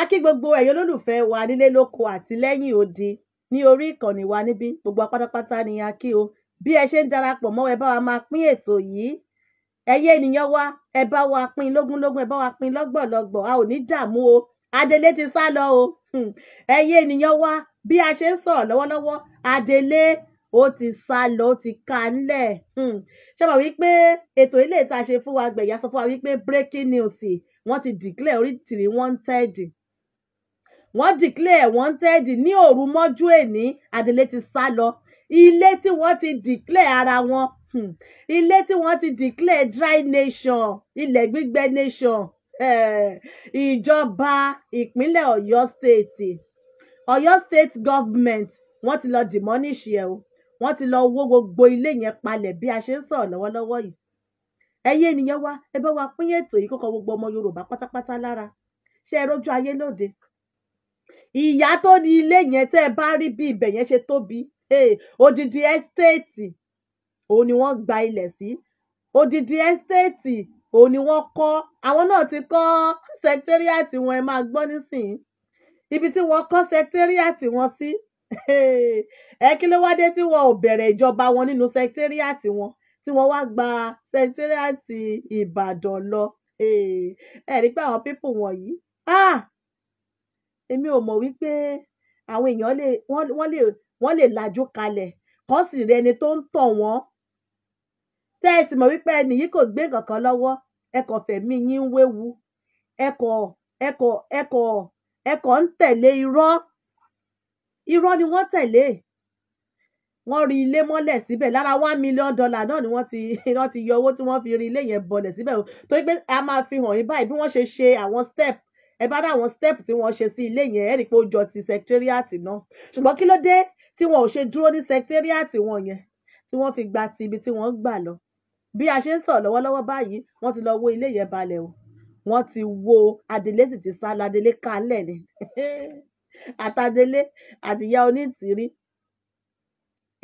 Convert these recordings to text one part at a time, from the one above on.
a kí gbogbo ẹ̀yin olólùfẹ́ wa nílé lóko àti lẹ́yìn odi ní orí ìkànnì wa níbí gbogbo apátápátá ni a kí o bí ẹ ṣe ń darapọ̀ mọ́ ẹ bá wa máa pín ètò yìí ẹyẹ ènìyàn wa ẹ bá wa pín lógúnlógún ẹ bá wa pín lọ́gbọ̀nlọ́gbọ̀n a ò ní dààmú o Adélé ti sá lọ o hmm. ẹyẹ ènìyàn wa bí a ṣe ń sọ̀rọ̀ lọ́wọ́lọ́wọ́ Adélé ó ti sá lọ ó ti ká nílẹ̀ hmm. ṣé wípé ètò ilé ìta ṣe fún wa gbẹ̀yà sọ fún wa wípé breaking news wọ́n ti declare orí tìrí wanted wọ́n declare wanted ní òru mọ́jú èní adelé ti sá lọ ilé tí wọ́n ti declare ara wọn hmm. ilé tí wọ́n ti declare dry nation ilẹ̀ gbígbẹ nation eh, ìjọba ìpínlẹ̀ Ọ̀yọ́ state Ọ̀yọ́ state government wọ́n ti lọ demolish ẹ̀ o wọ́n ti lọ wó gbogbo ilé yẹn palẹ̀ bí a ṣe ń sọ̀rọ̀ lọ́wọ́lọ́wọ́ yìí ẹyẹ ènìyàn wa ẹ bá wa pín ètò yìí kọ́kọ́ gbogbo ọmọ Yorùbá pátápátá lára ṣé ẹ rójú ayé lóde ìyá tó ní ilé yẹn tẹ́ ẹ bá rí bí ibẹ̀ yẹn ṣe tóbi odidi ẹ́stéètì òun ni wọ́n gba ilẹ̀ sí odidi ẹ́stéètì òun ni wọ́n kọ́ àwọn náà ti kọ́ sẹkítẹ́rìàtì wọn ẹ máa gbọ́ nísìnyí ibi tí wọ́n kọ́ sẹkítẹ́rìàtì wọn sí ẹ kí ló wá dé tí wọn ò bẹ̀rẹ̀ ìjọba wọn nínú sẹkítẹ́rìàtì wọn tí wọ́n wá gba sẹkítẹ́rìàtì Ìbàdàn lọ ẹ rí pé àwọn pípù wọ̀nyí ah èmi ò mọ̀ wípé àwọn èèyàn lè wọ́n lè wọ́n lè lajú kalẹ̀ kọ́ sì rẹ ẹni tó ń tọ̀ wọ́n tẹ́ ẹ sì mọ̀ wípé ẹni yìí kò gbé kankan lọ́wọ́ ẹ kò fẹ̀mí yín ń wéwu ẹ kò ẹ kò ẹ kò ẹ kò ń tẹ̀lé irọ́ irọ́ ni wọ́n tẹ̀lé wọ́n rí ilé mọ́lẹ̀ síbẹ̀ lára one million dollar náà ni wọ́n ti wọ́n ti yọ owó tí wọ́n fi rí ilé yẹn bọlẹ̀ síbẹ̀ o torí pé a máa fi hàn yín báyìí bí wọ́n ṣe ṣe àwọn step ẹ bá dáwọn step tí wọ́n ṣe sí ilé yẹn ẹ rí i pé ó jọ ti secretariat náà ṣùgbọ́n kí ló dé tí wọn ò ṣe dúró ní secretariat wọn yẹn tí wọ́n fi gba ti ibi tí wọ́n gbà lọ bí a ṣe ń sọ lọ́wọ́lọ́wọ́ báyìí wọ́n ti lọ wó ilé yẹn balẹ̀ o wọ́n ti wo adelé sì ti sá lọ adelé kalẹ̀ ni àtàdélé àtìyá onítìrí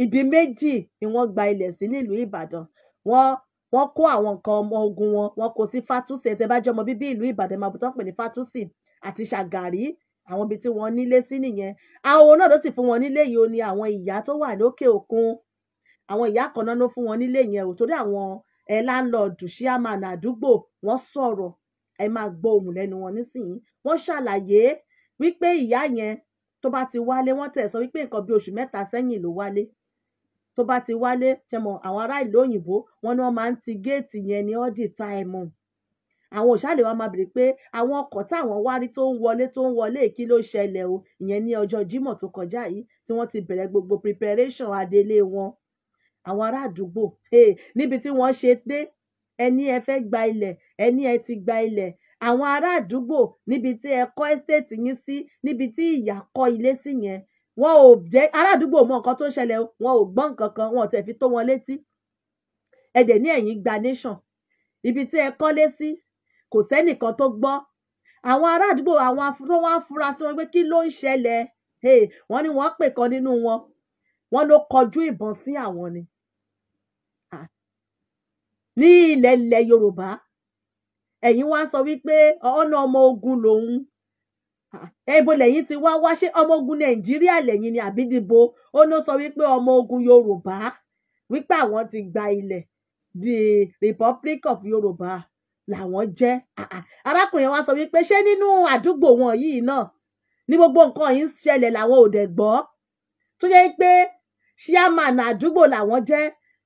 ibi méjì ni wọ́n gba ilẹ̀ sí nílùú Ìbàdàn wọ́n wọ́n kó àwọn nǹkan ọmọ ogun wọn wọ́n kó sí fatusi ẹ̀ tẹ́ bá jẹ́ ọmọ bíbí ìlú ìbàdàn máa bùtọ́ pè ní fatusi àti ṣàgàrí àwọn ibi tí wọ́n nílé sí nìyẹn àwọn náà ló sì fún wọn nílé yìí ó ní àwọn ìyá tó wà lókè òkun àwọn ìyá kan náà ló fún wọn nílé yẹn ò torí àwọn ẹ láńlọọdù ṣíàmánà àdúgbò wọ́n sọ̀rọ̀ ẹ máa gbọ́ ohùn lẹ́nu wọn nísìnyí wọ́n ṣàlàyé wípé ìyá yẹn tó bá ti wálé wọ́n tẹ̀ sọ wípé nǹkan bí oṣù mẹ́ta sẹ́yìn ló wálé tó bá ti wálé ṣe mọ̀ àwọn ará ìlú òyìnbó wọn ni wọ́n máa ń ti géètì yẹn ní all the time àwọn òṣàlẹ̀ wa máa bèrè pé àwọn ọkọ̀ táwọn wá rí tó ń wọlé tó ń wọlé kí ló ṣẹlẹ̀ o ìyẹn ní ọjọ́ Jímọ̀ tó kọjá yìí tí wọ́n ti bẹ̀rẹ̀ gbogbo preparation adelé wọn àwọn ará àdúgbò níbi tí wọ́n ṣe dé ẹni ẹ fẹ́ gba ilẹ̀ ẹni ẹ ti gba ilẹ̀ àwọn ará àdúgbò níbi tí ẹ kọ́ ẹ́stéètì yín sí níbi tí ìyá kọ́ ilé sí yẹn wọn ò jẹ́ aládùúgbò mọ nǹkan tó ń ṣẹlẹ̀ wọn ò gbọ́ nǹkan kan wọn ò tẹ̀ fi tó wọn létí ẹ dẹ̀ ní ẹ̀yin gba nation ibi tí ẹ kọ́lé sí kò sẹ́nìkan tó gbọ́ àwọn ará àdúgbò àwọn tó wá fura sí wọn pé kí ló ń ṣẹlẹ̀ wọ́n ní wọ́n pè kan nínú wọn wọ́n ló kọjú ìbọn sí àwọn ni ní ilẹ̀ ilẹ̀ Yorùbá ẹ̀yin wá sọ wípé ọ̀nà ọmọ ogun lòun ebo lẹ́yìn ti wá wá ṣé ọmọ ogun nàìjíríà lẹ́yìn ni àbí dìbò ó ló sọ wípé ọmọ ogun yorùbá wípé àwọn ti gba ilẹ̀ the republic of yorùbá làwọn jẹ́ arákùnrin wa sọ wípé ṣé nínú àdúgbò wọn yìí náà ní gbogbo nǹkan yìí ń ṣẹlẹ̀ làwọn ò dẹ̀ gbọ́ tó yẹ pé ṣíàmàn àdúgbò làwọn jẹ́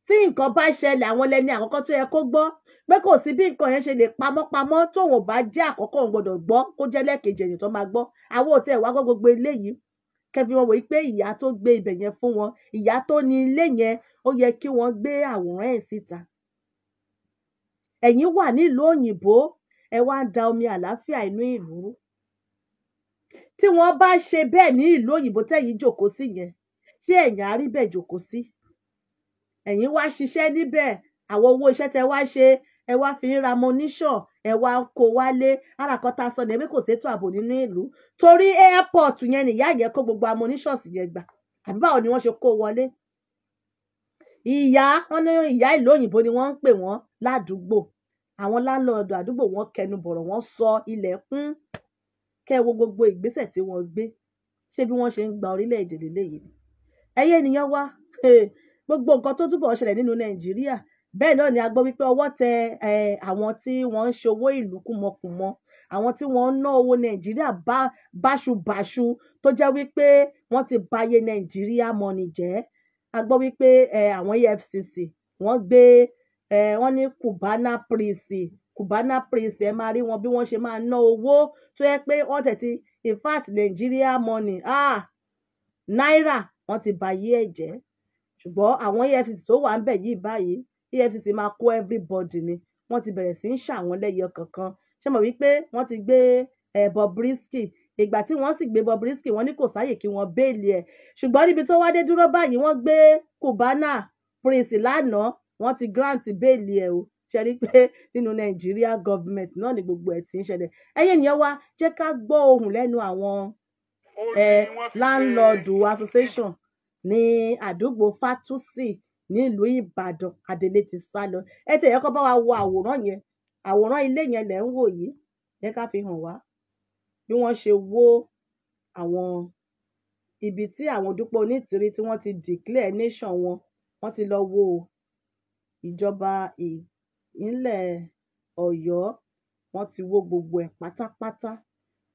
tí nǹkan bá ṣẹlẹ̀ àwọn lẹni àkọ́kọ́ tó yẹ kó gbọ́ pé kò sí bí nǹkan yẹn ṣe lè pamọ́pamọ́ tóun ò bá jẹ́ àkọ́kọ́ òun gbọ́dọ̀ gbọ́ kó jẹ́ lẹ́ẹ̀kejì èyàn tó máa gbọ́ àwọn ò tẹ̀ wá gbọ́ gbogbo eléyìí kẹfì wọn wòye pé ìyá tó gbé ibẹ̀ yẹn fún wọn ìyá tó ní ilé yẹn ó yẹ kí wọ́n gbé àwòrán ẹ̀ síta ẹ̀yin wà nílùú òyìnbó ẹ wá ń da omi àlàáfíà inú ìlú tí wọ́n bá ṣe bẹ́ẹ̀ ní ìlú òyìnbó tẹ̀yìn jòkó sí yẹn ṣé ẹ̀yin á rí bẹ́ẹ̀ jòkó sí ẹ̀yin wá ṣiṣẹ́ níbẹ̀ àwọn owó iṣẹ́ tẹ wá ṣe ẹ wá fi ń ra ammunition ẹ wá ń kó wálé alákọ̀ọ́ta sọ ni pé kò sétò ààbò nínú ìlú torí airport yẹn nìyá yẹn kó gbogbo ammunition sì yẹn gbà àbí báwo ni wọ́n ṣe kó wọlé ìyá wọn ní ìyá ìlú òyìnbó ni wọ́n ń pè wọ́n ládùúgbò àwọn lálọ́ọ̀dù àdúgbò wọn kẹnu bọ̀rọ̀ wọ́n sọ ilẹ̀ kún kẹwo gbogbo ìgbésẹ̀ tí wọ́n gbé ṣé bí wọ́n ṣe ń gba orílẹ̀-èdè lélẹ́yìí ẹ̀yẹ́ ènìyàn wá gbogbo nǹkan tó túbọ̀ ṣẹlẹ̀ nínú nàìjíríà bẹ́ẹ̀ náà ni a gbọ́ wípé ọwọ́ tẹ àwọn tí wọ́n ń ṣòwò ìlú kùmọ̀kùmọ̀ àwọn tí wọ́n ń ná owó nàìjíríà bá báṣubàṣu tó jẹ́ wípé wọ́n ti báyé nàìjíríà mọ́ni jẹ́ a gbọ́ wípé àwọn EFCC wọ́n gbé wọ́n ní Cubana Prince Cubana Prince ẹ máa rí wọn bí wọ́n ṣe máa ná owó tó yẹ pé wọ́n tẹ̀tí in fact Nigeria money ah náírà wọ́n ti bàyé ẹ̀ jẹ́ ṣùgbọ́n àwọn EFCC tó wà ń bẹ̀ yìí báyìí EFCC máa kó everybody ni wọ́n ti bẹ̀rẹ̀ sí ń ṣàwọn lẹ́yọ kankan ṣé mọ̀ wípé wọ́n ti gbé eh, Bobrisky ìgbà tí wọ́n sì gbé Bobrisky wọ́n ní kò sáyè kí wọ́n béèlì ẹ̀ ṣùgbọ́n níbi tó wádé dúró báyìí wọ́n gbé Cubana Prince lánàá wọ́n ti grant béèlì ẹ̀ o ṣe rí pé nínú Nàìjíríà government náà ni gbogbo ẹ̀ ti ń ṣẹlẹ̀ ẹ̀yẹ́ ìyẹn wá jẹ́ ká gbọ́ ohùn lẹ́nu àwọn landlord association ní àdúgbò fátúsì nílùú ìbàdàn adelé ti sá lọ ẹ ti ẹ̀yẹ́ kọ́ bá wa wo àwòrán yẹn àwòrán ilé yẹn lẹ̀ ń wò yìí yẹ ká fi hàn wá bí wọ́n ṣe wó àwọn ibi tí àwọn Dúpẹ́ Onítìrí tí wọ́n ti declare nation wọn wọ́n ti lọ wó ìjọba ìpínlẹ̀ ọ̀yọ́ wọ́n ti wó gbogbo ẹ̀ pátápátá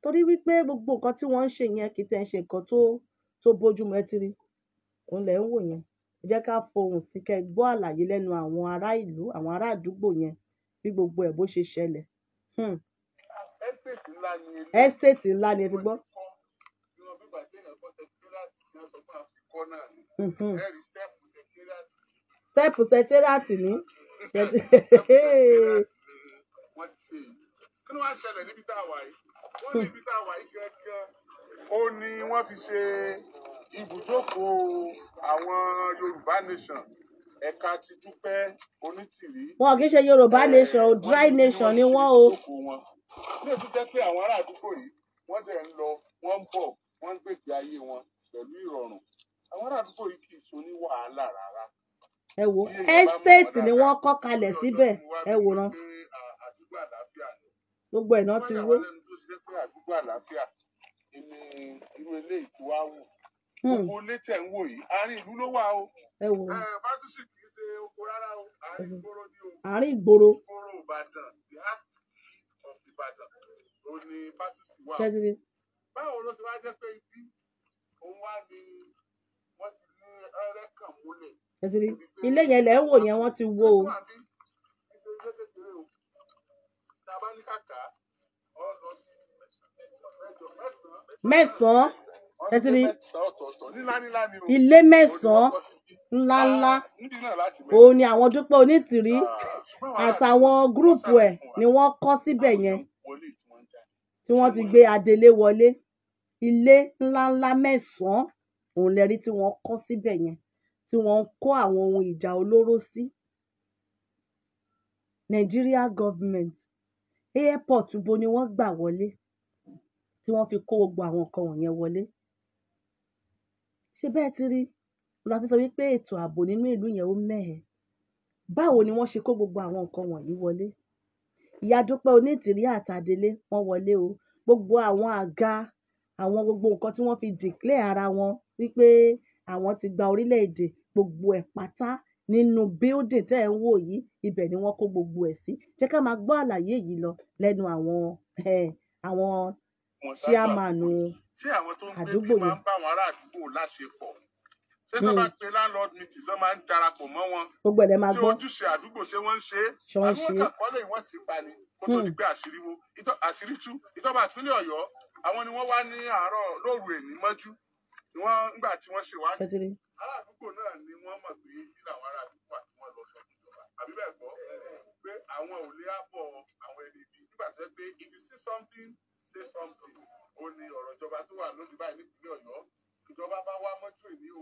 torí wípé gbogbo nǹkan tí wọ́n ń ṣe yẹn kì í tẹ̀ ń ṣe nǹkan tó tó bójúmu ẹ ti rí òun lẹ̀ ń wò yẹn ẹ jẹ́ ká fohùn sí kẹ́ gbọ́ àlàyé lẹ́nu àwọn ará ìlú àwọn ará àdúgbò yẹn bí gbogbo ẹ̀ bó ṣe ṣẹlẹ̀. Hmm. ẹ́stéètì ńlá ni ẹ ti gbọ́. sẹ́ẹ̀pù hmm, hmm. sẹtẹ́rìàtì ni. kí ló wá ṣẹlẹ̀ níbi tá a wà yìí wọ́n níbi tá a wà yìí gángan ó ní wọ́n fi ṣe ibùjókòó àwọn Yorùbá nation ẹ̀ka ti dúpẹ́ onítìrí. wọn kì í ṣe Yorùbá nation o dry nation ni wọn o. ní ètò jẹ́ pé àwọn ará àdúgbò yìí wọ́n dẹ̀ ń lọ wọ́n ń bọ̀ wọ́n ń gbègbè ayé wọn pẹ̀lú ìrọ̀rùn àwọn ará àdúgbò yìí kì í so ní wàhálà rárá. ẹ wo estate ni wọ́n kọ́ kalẹ̀ síbẹ̀ ẹ wòran gbogbo ẹ̀ náà ti wó. àdúgbò àlàáfíà ìní irú eléyìí ti wá wù gbogbo hmm. ilé tẹ̀ ń wò yìí àárín ìlú ló wà o bátúsì kì í ṣe oko rárá o àárín ìgboro ni o àárín ìgboro ìbàdàn the heart of ìbàdàn ló ní bátúsì wà o báwo ló ṣe wá jẹ́ pé ibi òun wá ní wọ́n ti ní ẹrẹ́ kàn múlẹ̀. ilé yẹn lẹ́ wò yẹn wọ́n ti wó o. mẹ́sàn ẹtìrí ilé mẹ́sàn-án ńláńlá òun ni àwọn dúpẹ́ onítìrí àtàwọn gúrùpù ẹ̀ ni wọ́n kọ́ síbẹ̀ yẹn tí wọ́n ti gbé adelé wọlé ilé ńláńlá mẹ́sàn-án òun lẹ́rí tí wọ́n kọ́ síbẹ̀ yẹn tí wọ́n ń kó àwọn ohun ìjà olóró sí. Nigeria government airport bo ni wọ́n gbà wọlé tí wọ́n fi kó gbogbo àwọn nǹkan wọ̀nyẹn wọlé ṣé bẹ́ẹ̀ ti rí la fi sọ wípé ètò ààbò nínú ìlú yẹn ó mẹ́hẹ báwo ni wọ́n ṣe kó gbogbo àwọn nǹkan wọ̀nyí wọlé ìyá dúpẹ́ onítìrí àtàdélé wọ́n wọlé o gbogbo àwọn àga àwọn gbogbo nǹkan tí wọ́n fi dìklẹ́ ara wọn wípé àwọn ti gba orílẹ̀-èdè gbogbo ẹ̀ pátá nínú building tẹ́ ẹ̀ ń wò yìí ibẹ̀ ni wọ́n kó gbogbo ẹ̀ sí jẹ́ ká máa gbọ́ àlàyé yìí lọ lẹ́nu àwọn àwọn tí àwọn tó ń gbé bí máa ń bá àwọn ará àdúgbò láṣepọ̀ ṣé tó bá hmm. pe landlord meeting tó máa ń darapọ̀ mọ́ wọn ṣé ojúṣe àdúgbò ṣé wọ́n ń ṣe é àwọn kan kọ́lé ìwọ́n ti bá ní kó tó hmm. di pé àṣírí wo àṣírí tú ìjọba àpínlẹ̀ ọ̀yọ́ àwọn ni wọ́n wá ní àárọ̀ lóru èní mọ́jú ni tí wọ́n ṣe wá ní ará àdúgbò náà ni wọ́n mọ̀ pé kí làwọn ará àdúgbò àti wọn lọ sọ ìjọba àbí bẹ́ẹ̀ kọ́ pé àwọn ò say something ó ní ọ̀rọ̀ ìjọba tó wà lónìí báyìí nípínlẹ̀ ọ̀yọ́ ìjọba bá wá mọ́tò ìní o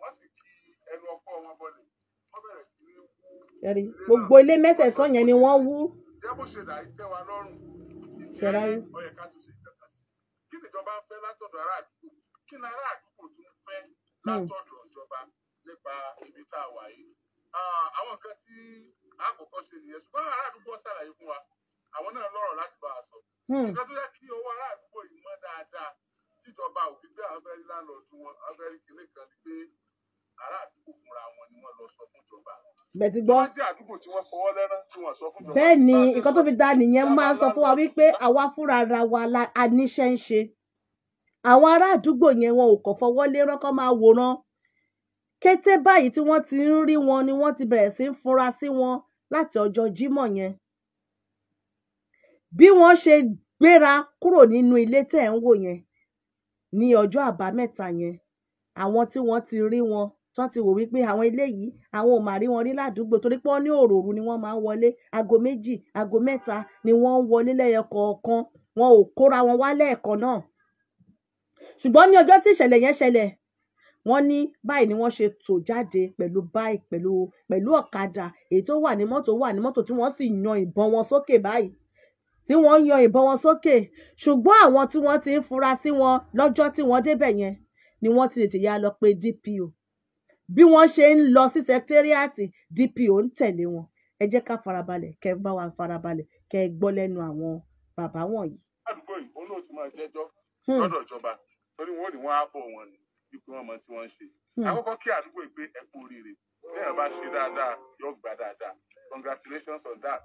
wọ́n sì kí ẹnu ọkọ wọn bọ̀lẹ̀ wọ́n bẹ̀rẹ̀ sí ní wú. gbogbo ilé mẹ́sẹ̀ẹ̀sán yẹn ni wọ́n wú. jẹ́ bó ṣe dàí tẹ́ wa lọ́rùn ìjẹ́ra ọ̀yẹ̀ ká tó ṣe ìjọba sí kí nìjọba fẹ́ látọ̀dọ̀ ará àdúgbò kí ni ará àdúgbò tún fẹ́ látọ̀dọ̀ ìjọba nípa ibi tá a wà yìí àwọn nǹkan tí àkọ́kọ́ ṣe nìyẹn ṣùgbọ́n ará àdúgbò ṣàlàyé fún wa àwọn náà lọ́rọ̀ láti bá a sọ̀rọ̀ Hmm. nǹkan tó yẹ kí owó ará àdúgbò yìí mọ́ dáadáa tíjọba ò fi gbé abẹ́rí lálọ́ọ̀dù wọn abẹ́rí kìnìún kan ni pé ará àdúgbò fúnra wọn ni wọ́n lọ sọ fún ìjọba. bẹ́ẹ̀ ti gbọ́ bẹ́ẹ̀ ni nǹkan tó fi da nìyẹn máa ń sọ fún wa wípé àwa fúnra ara wa la níṣẹ́ ń ṣe àwọn ará àdúgbò yẹn wọn ò kàn fọwọ́ lérọ́ kọ́ máa wòran kété báyìí tí wọ́n ti ń rí wọn ni wọ́n ti bẹ̀rẹ̀ sí ń fura sí wọn láti ọjọ́ Jímọ̀ yẹn bí wọ́n ṣe gbéra kúrò nínú ilé tẹ̀ ń wò yẹn ní ọjọ́ àbámẹ́ta yẹn àwọn tí wọ́n ti rí wọn tán ti wò wípé àwọn eléyìí àwọn ò mà rí wọn rí ládùúgbò torí pé wọ́n ní òròrù ni wọ́n máa ń wọlé aago méjì aago mẹ́ta ni wọ́n ń wọlé lẹ́yọ kọ̀ọ̀kan wọn ò kóra wọn wá lẹ́ẹ̀kan náà ṣùgbọ́n ní ọjọ́ tí ìṣẹ̀lẹ̀ yẹn ṣẹlẹ̀ wọ́n ní báyìí ni wọ́n ṣe tò jáde pẹ̀lú báyìí pẹ̀lú pẹ̀lú ọ̀kadà èyí tó wà ní mọ́tò wà ní mọ́tò tí wọ́n sì yan ìbọn wọn sókè báyìí tí wọ́n ń yan ìbọn wọn sókè ṣùgbọ́n àwọn tí wọ́n ti ń fura sí wọn lọ́jọ́ tí wọ́n débẹ̀ yẹn ni wọ́n ti tètè yá lọ pé DPO bí wọ́n ṣe ń lọ sí sẹkítẹ́rìàtì DPO ń tẹ̀lé wọn ẹ jẹ́ ká farabalẹ̀ kẹ́ bá wa farabalẹ̀ kẹ́ gbọ́ lẹ́nu àwọn bàbá wọ̀nyí. ládùúgbò yìí òun náà ti máa jẹ́jọ́ hmm. lọ́dọ̀ ìjọba torí wọn ò ní wọn á bọ̀ wọn ni ipò wọn mọ tí wọ́n ń ṣe. Hmm. àkọ́kọ́ kí àdúgbò yìí ẹ kú oríire bí ẹ bá ṣe dáadáa yóò gbà dáadáa congratulations on that.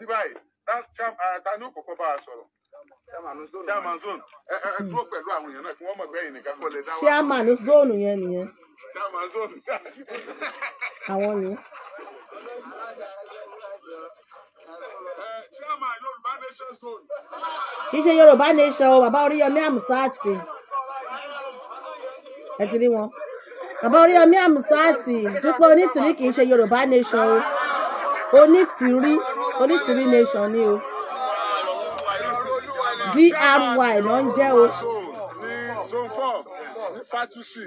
ní báyìí Uh, tani òkòkò bá a sọ̀rọ̀ chairman zone ẹ ẹ dúró pẹ̀lú àwọn èèyàn náà kí wọ́n mọ̀ bẹ́ẹ̀ nìkan kọ́ lè dá wa. chairman zone yẹn nìyẹn. chairman zone. àwọn ni. chairman yorùbá nation zone. kì í ṣe yorùbá nation o bàbá oríyọmí àmùsáàtì ẹ ti rí wọn bàbá oríyọmí àmùsáàtì dúpọ̀ onítìrí kì í ṣe yorùbá nation o onítìrí. Only three nation ni o dry ló ń jẹ́ o. zone four ní fatusi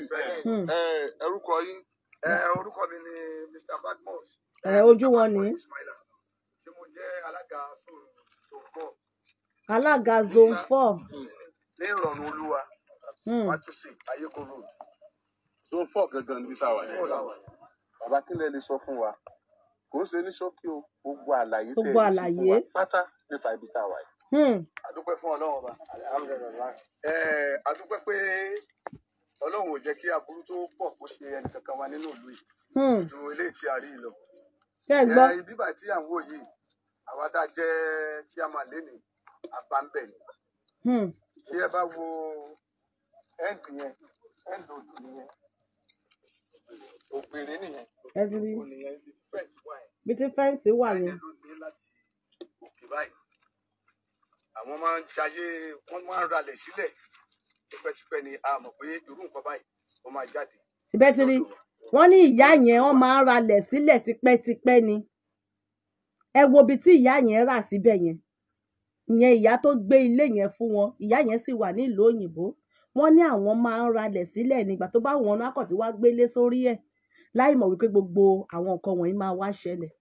orúkọ yín. Eh, orúkọ mi ni mr badmus. Eh, ojú wọn ni. tí mo jẹ́ alága zone four. alága zone four. Hmm. ní ìrọ̀rùn olúwa fatusi ayéko road. zone four gangan níbi tá a wà. bàbá kílẹ̀ lè sọ fún wa kò ṣe ní ṣókí o gbogbo àlàyé tẹ gbogbo àlàyé pátá nípa ibi tá a wà yìí. àdúpẹ́ hmm. fún ọlọ́run ọba àdúpẹ́ pé ọlọ́run ò jẹ́ kí aburú tó pọ̀ kó ṣe ẹnì kankan wa nínú ìlú yìí hmm. ju eléyìí tí a rí lọ. ibi bá tí à ń wò yìí àwa jẹ́ tí a máa lé ní àbámbẹ̀ ni. Hmm. tí ẹ bá wo ẹ́ǹdì yẹn ẹ́ǹdì òdù nìyẹn ògbèrè nìyẹn ògbèrè nìyẹn mi ti fẹ́ǹsì wà ní. àwọn máa ń jayé wọ́n máa ń ralẹ̀ sílẹ̀ tipẹ́tipẹ́ ni a mọ̀ pé irú nǹkan báyìí wọ́n máa jáde. tibẹ́tiri wọ́n ní ìyá yẹn wọ́n máa ń ralẹ̀ sílẹ̀ tipẹ́tipẹ́ ni ẹ wo ibi tí ìyá yẹn rà síbẹ̀ yẹn ìyẹn ìyá tó gbé ilé yẹn fún wọn ìyá yẹn sì wà nílùú òyìnbó wọ́n ní àwọn máa ń ralẹ̀ sílẹ̀ nígbà tó bá wọn náà kàn gbélé sórí ẹ̀ láì mọ̀ wípé gbogbo àwọn nǹkan wọ̀nyí máa wá ṣẹlẹ̀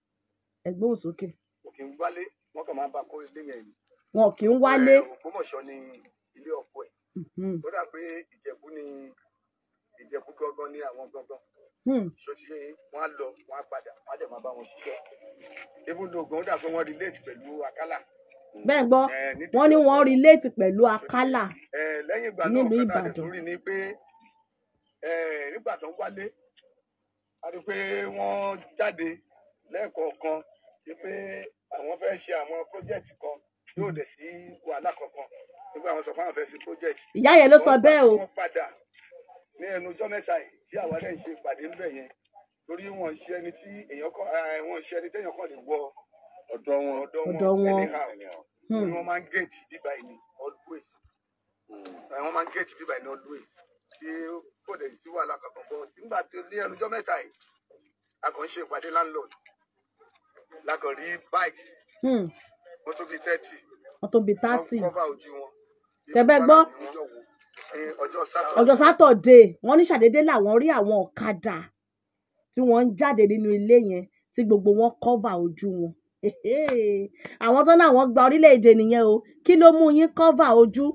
ẹgbẹ́ òsókè. wọn kì í wálé wọn kàn máa bá kó ilé yẹn ni. wọn kì í wálé. Ògbómọ̀ṣọ́ ni ilé ọkọ ẹ̀. tó mm-hmm. dà pé Ìjẹ̀bú ni Ìjẹ̀bú gangan ni àwọn gangan. sotí hmm. wọn á lọ wọn á padà wọn á dẹ̀ máa bá wọn ṣiṣẹ́. ibùdó ogun dà pé wọ́n relate pẹ̀lú Akálà bẹ́ẹ̀ gbọ́ wọ́n ní wọ́n relate pẹ̀lú Akálà nílùú Ìbàdàn. lẹ́yìn ìgbà náà kọ́ńtà a rí i pé wọ́n jáde lẹ́ẹ̀kọ̀ọ̀kan sí pé àwọn fẹ́ ṣe àwọn project kan yóò dẹ̀ sí wàhálà kankan nígbà àwọn sọ fún àwọn fẹ́ ṣe project. ìyá yẹn ló sọ bẹ́ẹ̀ o. wọ́n padà ní ẹnu ọjọ́ mẹ́ta yìí tí àwa náà ṣe ìpàdé ńbẹ̀ yẹn torí wọn ṣe ẹni tí èèyàn kọ wọn ṣe ẹni téèyàn kàn lè wọ ọ̀dọ̀ wọn ọ̀dọ̀ wọn anyhow ni hmm. wọ́n máa ń gẹ̀ẹ́tì bíbá ìní always. Hmm tí kò dẹ̀ sí wàhálà kankan bọ̀ nígbà tó ní ẹnujọ́ mẹ́ta yìí a kàn ń ṣe ìpàdé landlord la kàn rí bike wọ́n tó thirty wọ́n tó bí thirty wọ́n kọ́fà ojú wọn. tẹ́bẹ́ gbọ́ ọjọ́ sátọ̀dé wọ́n ní ṣàdédé làwọn rí àwọn ọ̀kadà tí wọ́n ń jáde nínú ilé yẹn tí gbogbo wọn kọ́fà ojú wọn àwọn tó náà wọ́n gba orílẹ̀-èdè nìyẹn o kí ló mú yín kọ́fà ojú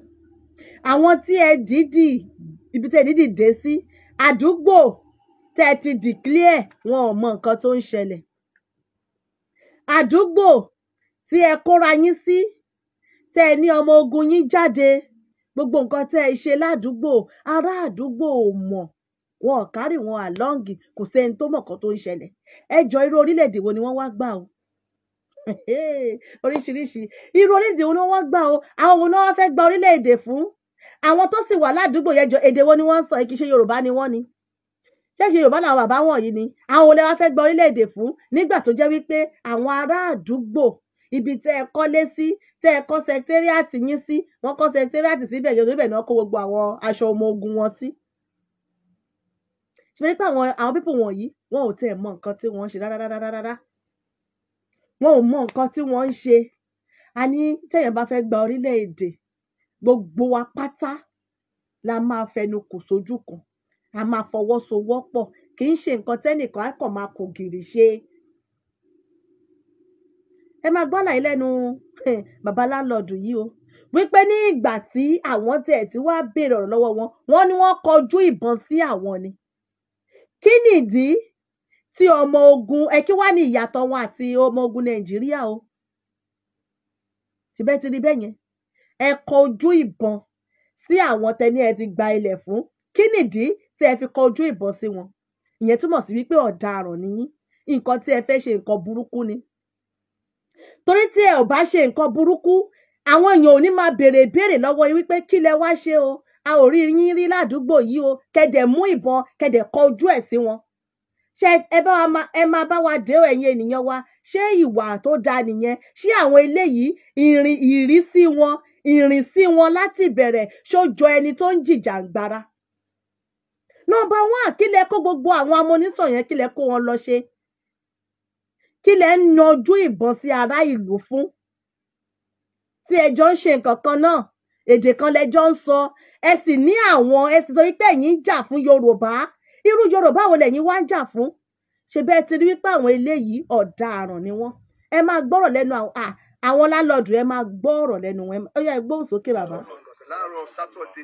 àwọn tí ẹ dìídì ibi tẹ́ ní dìde sí àdúgbò tẹ́ ti declare wọn ò mọ nǹkan tó ń ṣẹlẹ̀ àdúgbò tí ẹ kóra yín sí tẹ́ ní ọmọ ogun yín jáde gbogbo nǹkan tẹ́ ẹ ṣe ládùúgbò ará àdúgbò ò mọ̀ wọn ò kárì wọn àlọ́ǹgì kò sẹ́ni tó mọ̀ kan tó ń ṣẹlẹ̀ ẹ irú orílẹ̀-èdè wo ni wọ́n wá gbà o oríṣiríṣi irú orílẹ̀-èdè wo ni wọ́n wá gbà o àwọn wo ni wọ́n fẹ́ gba orílẹ̀-èdè fún àwọn tó sì wà ládùúgbò yẹn jọ èdè wo ni wọ́n ń sọ kì í ṣe yorùbá ni wọ́n ni ṣẹ́ẹ̀ṣì yorùbá làwọn bàbá wọ̀nyí ni àwọn olè wa fẹ́ gba orílẹ̀-èdè fún nígbà tó jẹ́ wípé àwọn ará àdúgbò ibi tẹ́ ẹ kọ́lé sí tẹ́ ẹ kọ́ sẹkítẹ́rìàtì yín sí wọ́n kọ́ sẹkítẹ́rìàtì síbẹ̀ yẹn níbẹ̀ náà kó gbogbo àwọn aṣọ ọmọ ogun wọn sí. ṣùgbọ́n nípa àwọn àwọn pípò wọ̀nyí wọn ò tiẹ̀ mọ nǹkan tí wọ́n ń ṣe rárá wọn ò mọ nǹkan tí wọ́n ń ṣe a ní tẹ́yàn bá fẹ́ gba orílẹ̀ gbogbo wa pátá la máa fẹnu kò sójú kan a máa fọwọ́sowọ́pọ̀ kì í ṣe nǹkan tẹ́nìkan á kàn máa kò gìrì ṣe ẹ máa gbọ́ àlàyé lẹ́nu eh, bàbá láńlọ́ọ̀dù yìí o wípé ní ìgbà tí àwọn tẹ̀ tí wàá béèrè ọ̀rọ̀ lọ́wọ́ wọn wọ́n ní wọ́n kọjú ìbọn sí àwọn ni kí nìdí tí ọmọ ogun ẹ kí wá ní ìyàtọ̀ wọn àti ọmọ ogun Nàìjíríà o ṣùgbọ́n ti rí bẹ́ẹ̀ yẹn ẹ kọjú ìbọn sí àwọn tẹni ẹ ti gba ilẹ̀ fún kí nìdí tí ẹ fi kọjú ìbọn sí wọn ìyẹn túmọ̀ sí wípé ọ̀daràn nìyí nǹkan tí ẹ fẹ́ ṣe nǹkan burúkú ni torí tí ẹ ò bá ṣe nǹkan burúkú àwọn èèyàn ò ní máa béèrè ìbéèrè lọ́wọ́ yín wípé kí lẹ wá ṣe o a ò rí yín rí ládùúgbò yìí o kẹdẹ mú ìbọn kẹdẹ kọjú ẹ sí wọn ṣé ẹ bá wa ẹ máa bá wa dé ẹ̀yin ènìyàn wa ṣé ìwà tó dáa nìyẹn ṣé àwọn eléyìí ìrìn ìrísí wọn ìrìnsí wọn láti bẹ̀rẹ̀ ṣójọ ẹni tó ń jìjàǹgbara nọ́mbà one kílẹ̀ kó gbogbo àwọn amúnisàn yẹn kílẹ̀ kó wọn lọ ṣe kílẹ̀ ń yanjú ìbọn sí ará ìlú fún tí ẹjọ́ ń ṣe nǹkan kan náà èdè kan lẹjọ́ ń sọ ẹ sì ní àwọn ẹ sì sọ wípé ẹ̀yin ń jà fún Yorùbá irú Yorùbá wo lẹ̀yin wá ń jà fún ṣe bẹ́ẹ̀ ti rí wípé àwọn eléyìí ọ̀daràn ni wọ́n ẹ máa gbọ́rọ̀ lẹ́nu àwọn àwọn lálọ́ọ̀dù ẹ máa gbọ́ ọ̀rọ̀ lẹ́nu wọn ó yá ẹgbọ́n sókè bàbá. láàárọ̀ sátọ̀dé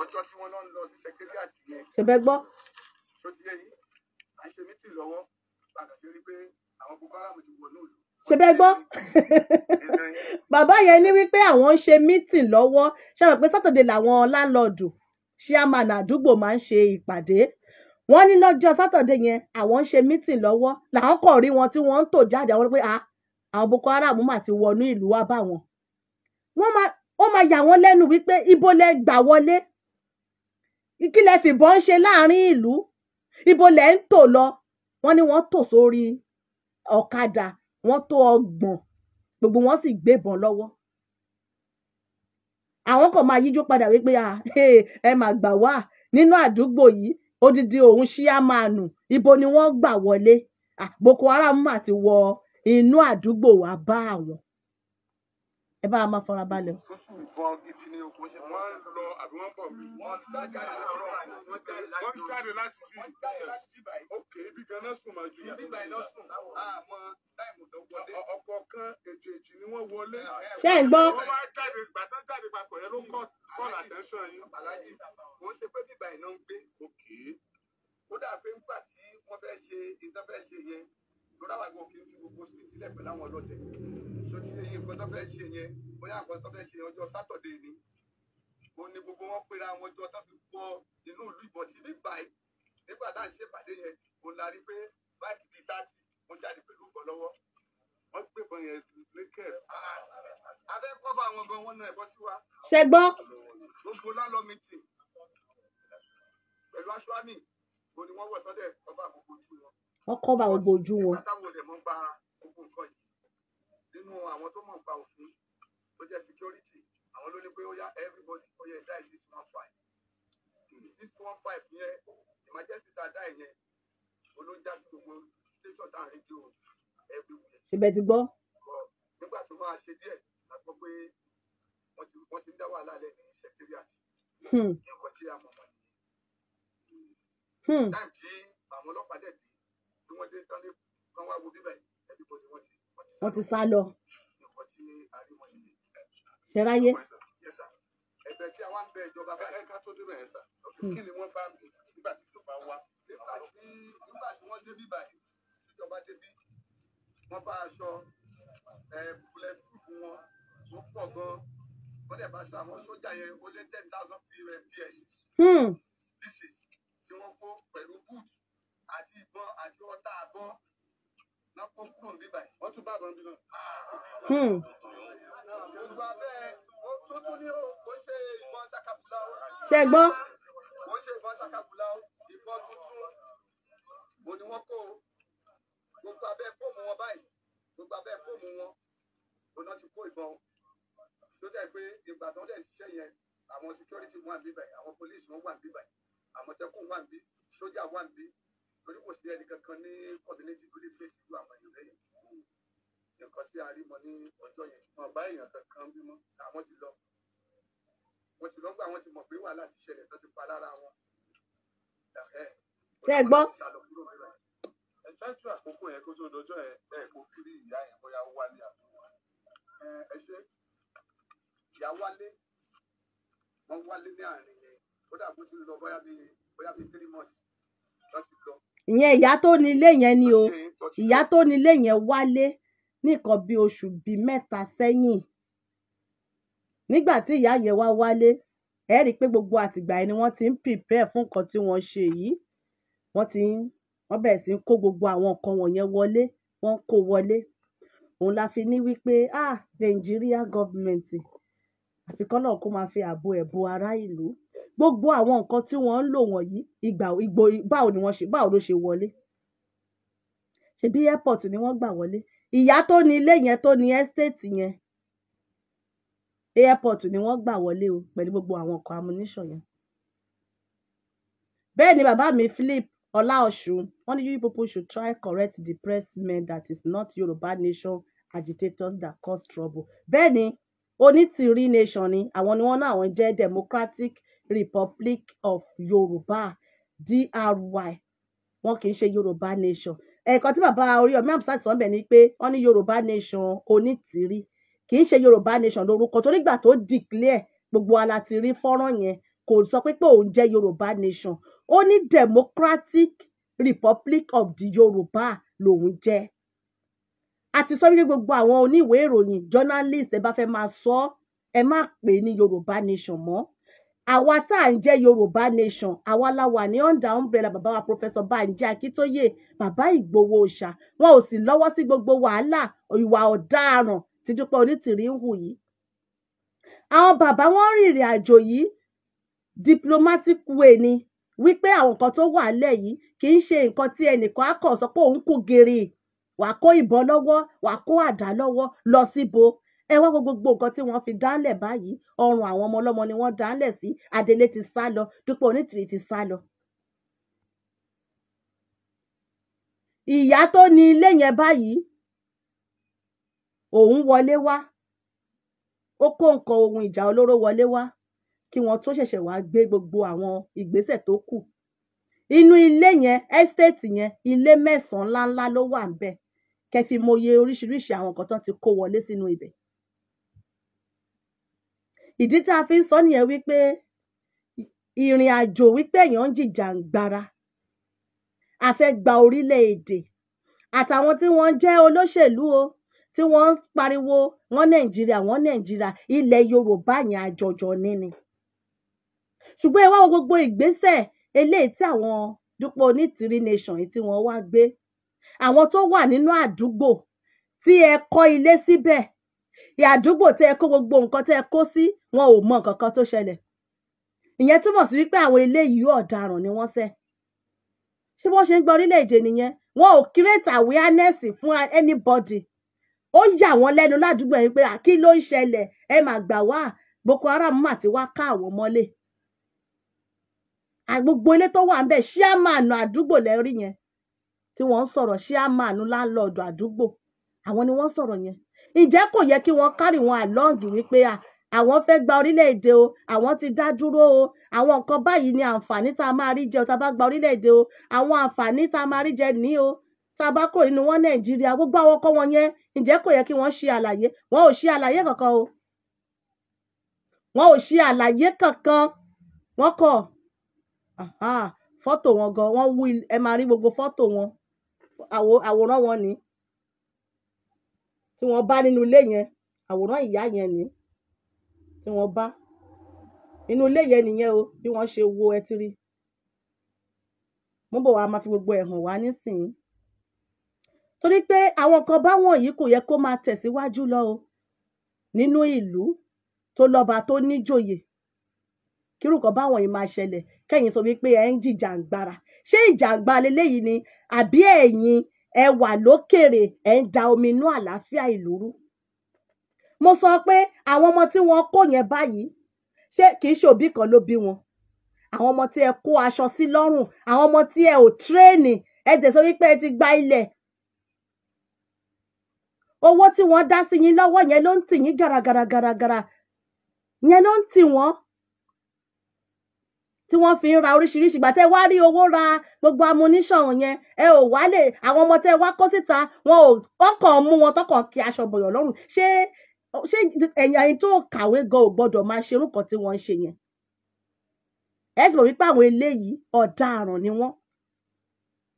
ọjọ́ tí wọ́n lọ lọ sí sẹkẹ́rìàtì yẹn. ṣèbẹ́ gbọ́. ṣó ti yẹ yìí à ń ṣe mítì lọ́wọ́ padà sí rí pé àwọn Boko Haram ti wọ̀ náà lò. ṣèbẹ́ gbọ́. bàbá yẹn ní wípé àwọn ń ṣe mítì lọ́wọ́ ṣe àwọn pé sátọ̀dé làwọn lálọ́ọ̀dù ṣíàmàn àdúgbò máa ń ṣe ìpàdé wọ́n ní lọ́jọ́ sátọ̀dé yẹn àwọn ń ṣe mítì lọ́wọ́ làwọn kò rí wọn tí wọ́n ń tò jáde àwọn pé ah àwọn boko haram mà ti wọnú ìlú wá bá wọn wọ́n máa ó máa yà wọ́n lẹ́nu wípé ibo lẹ gbà wọlé kí lẹ fìbọn ṣe láàrin ìlú ibo lẹ ń tò lọ wọ́n ní wọ́n tò sórí ọ̀kadà wọ́n tó ọgbọ̀n gbogbo wọn sì gbébọn lọ́wọ́ àwọn kan máa yíjú padà wípé eh, ẹ máa gbà wá nínú àdúgbò yìí odidi òun ṣíà máa nù ibo ni wọ́n gbà wọlé boko haram mà ti wọ inú àdúgbò wa bá àwọn ẹ bá a máa fara balẹ̀. ṣé ń gbọ́. wọ́n pé ń gbà tí wọ́n fẹ́ ṣe ìtàn ṣe yẹn lọ́dà wà gbọ́ kí n fi gbogbo street ilẹ̀ pẹ̀lú àwọn ọlọ́dẹ ṣé ti yẹ nǹkan tó fẹ́ ṣe yẹn bóyá nǹkan tó fẹ́ ṣe yẹn ọjọ́ sátọ̀dẹ̀ ni ó ní gbogbo wọn pera wọn jọ tó fi wọ inú ìlú ìbọn tí báyìí nígbà tá à ń ṣèpàdé yẹn òun la rí pé báàkì bíi táàtì wọn jáde pẹ̀lú ìbọn lọ́wọ́ wọ́n gbé ìbọn yẹn lékẹ́ abẹ́kọ́ bá wọn gan wọn náà ẹ̀kọ́ sí wa. ṣe gbogbo wọ́n kọ́ bá gbogbo ojú wọn. nínú ti gbọ́. nígbà tó máa wọ́n dé tán lé kán wá wo ti. sá lọ. nǹkan tí àríwọ̀n hmm. yìí. ṣẹ́ráyé ìbọn àti ọta àbọ lọ́pọ̀ kúrò bíbà yìí. wọ́n tún bá àbọn bí náà. Hmm. olùwà bẹ́ẹ̀ tó tún ní o kò ṣe ìbọn sakabula o. ṣe gbọ́. kò ṣe ìbọn sakabula o ìbọn tuntun mo ni wọ́n kó o gbogbo abẹ́ fóònù wọn báyìí gbogbo abẹ́ fóònù wọn òun ti kó ìbọn tó dẹ̀ pé ìgbà tó dẹ̀ ṣiṣẹ́ yẹn àwọn security wà níbẹ̀ àwọn police wọn wà níbẹ̀ àmọ̀tẹ́kùn wà níbẹ̀ sójà wà níbẹ̀ torí kò sí ẹni kankan ní kọ́bínéjì tó lè fèsì ju àwọn èèyàn lẹ́yìn nǹkan tí a rí mọ ní ọjọ́ yẹn wọn bá èèyàn kankan bímọ àwọn ti lọ wọn ti lọ gbà wọn ti mọ̀ pé wàhálà ti ṣẹlẹ̀ tó ti pa lára wọn. ṣe é gbọ́. ẹ ṣáájú àkókò yẹn kó tó dọjọ́ ẹ ẹ kó kiri ìyá yẹn bóyá ó wálé àtúwọ̀ ẹ ṣe ìyá wálé wọ́n wálé ní àárín yẹn ó dà bó ti lọ bóyá bíi bóyá bíi three months láti ìyẹn ìyá tó ní ilé yẹn ni o ìyá tó ní ilé yẹn wálé ní nǹkan bí oṣù bíi mẹ́ta sẹ́yìn nígbà tí ìyá yẹn wá wálé ẹ rí i pé gbogbo àtìgbà yẹn ni wọ́n ti ń prepare fún nǹkan tí wọ́n ṣe yìí wọ́n ti ń wọ́n bẹ̀rẹ̀ sí ń kó gbogbo àwọn nǹkan wọ̀nyẹn wọlé wọ́n ń kó wọlé òun la fi ní wípé ah Nàìjíríà gọ́ọ̀mẹ̀ntì àfi kọ́nà kó máa fi ààbò ẹ̀bù ará ìlú gbogbo àwọn nǹkan tí wọ́n ń lò wọ̀nyí ìgbà ìgbò báwo ni wọ́n ṣe báwo ló ṣe wọlé ṣebí airport ni wọ́n gbà wọlé ìyá tó ní ilé yẹn tó ní estate yẹn airport ni wọ́n gbà wọlé o pẹ̀lú gbogbo àwọn ọkọ̀ ammunition yẹn bẹ́ẹ̀ ni bàbá mi Philip Ọláọ̀ṣun wọ́n ní you people should try correct the press men that is not Yorùbá nation agitators that cause trouble bẹ́ẹ̀ ni onítìrí nation ni àwọn ni wọ́n ní àwọn jẹ́ democratic republic of yorùbá dry wọn kì í ṣe yorùbá nation ẹ̀ẹ̀kan tí bàbá Oríyọ̀mí Hamzat sọ ń bẹ̀ ni pé wọ́n ní yorùbá nation onítìrí kì í ṣe yorùbá nation lórúkọ torí gbà tó declare gbogbo ala ti rí fọ́nrán yẹn kò sọ pé pé òun jẹ́ yorùbá nation ó ní democratic republic of the yorùbá lòun jẹ́ àti sọ wípé gbogbo àwọn oníwèé ìròyìn journalist ẹ bá fẹ́ máa sọ ẹ má pè ní yorùbá nation mọ́ àwa tá à ń jẹ́ yorùbá nation àwa la wà ní under umbrella bàbá wa professor banji akitoye bàbá ìgbòho òòṣà wọn ò sì lọ́wọ́ sí gbogbo wàhálà ìwà ọ̀daràn tí Dúpẹ́ Onítìrí ń hù yìí àwọn bàbá wọn rìnrìn àjò yìí diplomatic way ni wípé àwọn nǹkan tó wà lẹ̀ yìí kì í ṣe nǹkan tí ẹnìkan á kàn sọ pé òun kù gírí wàá kó ìbọn lọ́wọ́ wàá kó àdá lọ́wọ́ lọ síbo ẹ wá wo gbogbo nǹkan tí wọ́n fi dálẹ̀ báyìí ọrùn àwọn ọmọ ọlọ́mọ ni wọ́n dálẹ̀ sí adelé ti sá lọ Dúpẹ́ Onítìrí ti sá lọ. ìyá tó ní ilé yẹn báyìí òun wọlé wá ó kó nǹkan ohun ìjà olóró wọlé wá kí wọ́n tó ṣẹ̀ṣẹ̀ wá gbé gbogbo àwọn ìgbésẹ̀ tó kù inú ilé yẹn ẹ́stéètì yẹn ilé mẹ́sànán ńláńlá ló wà ń bẹ̀ kẹ́ fi mọye oríṣiríṣi àwọn nǹkan tó ti kó wọlé sínú ibẹ̀ ìdí tá a fi ń sọ nìyẹn wípé ìrìn àjò wípé èèyàn ń jìjàǹgbara a fẹ́ gba orílẹ̀-èdè àtàwọn tí wọ́n jẹ́ olóṣèlú o tí wọ́n ń pariwo wọ́n nàìjíríà wọ́n nàìjíríà ilẹ̀ yorùbá yẹn àjọjọ níní ṣùgbọ́n ẹ wá wo gbogbo ìgbésẹ̀ eléyìí tí àwọn Dúpẹ́ Onítìrí nation yìí tí wọ́n wá gbé àwọn tó wà nínú àdúgbò tí ẹ kọ́ ilé síbẹ̀ àdúgbò tí ẹ kó gbogbo nǹkan tí ẹ kó sí wọn ò mọ nǹkan kan tó ṣẹlẹ̀ ìyẹn túmọ̀ sí wípé àwọn ilé yìí ọ̀daràn ni wọ́n ṣe ṣé wọ́n ṣe ń gba orílẹ̀-èdè nìyẹn wọn ò create awareness fún anybody ó yà wọ́n lẹ́nu ládùúgbò yẹn pé kí ló ń ṣẹlẹ̀ ẹ mà gbà wá Boko Haram mà ti wá ká àwọn mọ́lé gbogbo ilé tó wà ń bẹ̀ ṣíàmánù àdúgbò lẹ́rí yẹn tí wọ́n ń sọ̀rọ̀ ṣíàmánu láńlọ́ọ̀dù àdúgbò àwọn ni wọ́n sọ̀rọ̀ yẹn ǹjẹ́ kò yẹ kí wọ́n kárì wọn àlọ́ọ̀gì wípé àwọn fẹ́ gba orílẹ̀-èdè o àwọn ti dá dúró o àwọn nǹkan báyìí ni àǹfààní tá a máa rí jẹ o tá a bá gba orílẹ̀-èdè o àwọn àǹfààní tá a máa rí jẹ ní o tá a bá kúrò nínú wọn nàìjíríà gbogbo àwọn ọkọ wọn yẹn ǹjẹ́ kò yẹ kí wọ́n ṣe àlàyé wọn ò ṣe àlàyé kankan o wọn ò ṣe àlàyé kankan wọn kọ fọ́tò wọn gan wọ́n wú ẹ máa rí gbogbo fọ́tò wọn àwòrán wọn ni tí wọ́n bá nínú ilé yẹn àwòrán ìyá yẹn ni tí wọ́n bá inú ilé yẹn nìyẹn o bí wọ́n ṣe wo ẹtí rí mo bọ̀ wá máa fi gbogbo ẹ̀ hàn wá nísìnyí torí pé àwọn kan báwọn yìí kò yẹ kó máa tẹ̀síwájú lọ o nínú ìlú tó lọ́ba tó níjòyè kírù kan báwọn yìí máa ṣẹlẹ̀ kẹ́yìn sọ wípé ẹ̀ ń jìjàǹgbara ṣé ìjàǹgbara lélẹ́yìí ni àbí ẹ̀yin ẹ wà lókèrè ẹ̀ ń da omi inú àlàáfíà ìlú rú. mo sọ pé àwọn ọmọ tí wọ́n kó yẹn báyìí ṣé kìí ṣòbí kan ló bí wọn àwọn ọmọ tí ẹ kó aṣọ sí lọ́rùn àwọn ọmọ tí ẹ ò tírèènì ẹ tẹ̀ sọ wípé ẹ ti gba ilẹ̀ owó tí wọ́n dá sí yín lọ́wọ́ yẹn ló ń tì yín gàràgàràgàràgàrà yẹn ló ń tì wọ́n tí wọ́n fi ń ra oríṣiríṣi ìgbà tẹ́ wá rí owó ra gbogbo amúníṣàn yẹn ẹ ò wá lè àwọn ọmọ tẹ́ wá kó síta wọn ò ọkàn mú wọn tọkàn kí aṣọ bọ̀yọ̀ lọ́rùn ṣé ṣé ẹ̀yìn àyìn tó kàwé gan ò gbọ́dọ̀ máa ṣerú kan tí wọ́n ń ṣe yẹn ẹ sì mọ̀ wípé àwọn eléyìí ọ̀daràn ni wọ́n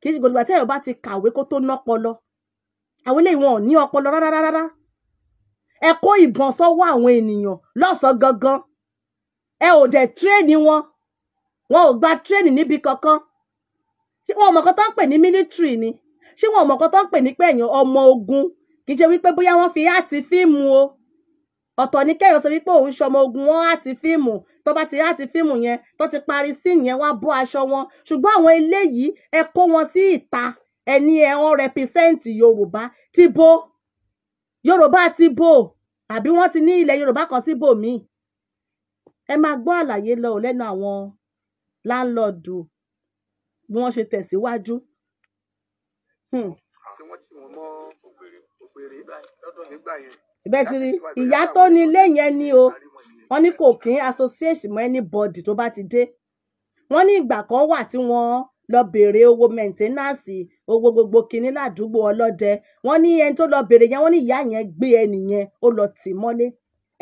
kì í ṣe gbogbo àtẹ́yọ̀ bá ti kàwé kó tó nọ́pọlọ àwọn eléyìí wọn ò ní ọpọlọ rárá ẹ kó ìbọn sọ́wọ́ àwọn ènìyàn lọ́sàn gangan ẹ ò dẹ̀ tírẹ́ẹ̀nì wọn wọn ò gba tírẹ́nì níbi kankan ṣé wọn ò mọ̀kan tó ń pè ní mílítírì ni ṣé wọn ò mọ̀kan tó ń pè ní pẹ̀yìn ọmọ ogun kì í ṣe wípé bóyá wọ́n fi áàtì fíìmù o ọ̀tọ̀ ní kẹ́yọ̀ sọ wípé òun ṣọmọ ogun wọn áàtì fíìmù tó bá ti áàtì fíìmù yẹn tó ti parí síìnì yẹn wá bọ́ aṣọ wọn ṣùgbọ́n àwọn eléyìí ẹ kó wọn sí ìta ẹni ẹ wọn rẹpísẹ́ǹtì Yorùbá ti bo Yorùbá ti bo àbí wọ́n ti ní ilẹ̀ Yorùbá kan síbòmíì ẹ máa gbọ́ àlàyé lọ lẹ́nu àwọn láńlọ́ọ̀dù bí wọ́n ṣe tẹ̀síwájú. Hmm. bẹ́ẹ̀ ti rí ìyá tó ní ilé yẹn ni o wọ́n ní kò kí associate mọ́ anybody tó bá ti dé wọ́n ní ìgbà kan wà tí wọ́n lọ béèrè owó mẹ̀ǹtẹ́nàsì owó gbogbo kínní ládùúgbò ọlọ́dẹ wọ́n ní ẹni tó lọ béèrè yẹn wọ́n ní ìyá yẹn gbé ẹnì yẹn ó lọ tì mọ́lé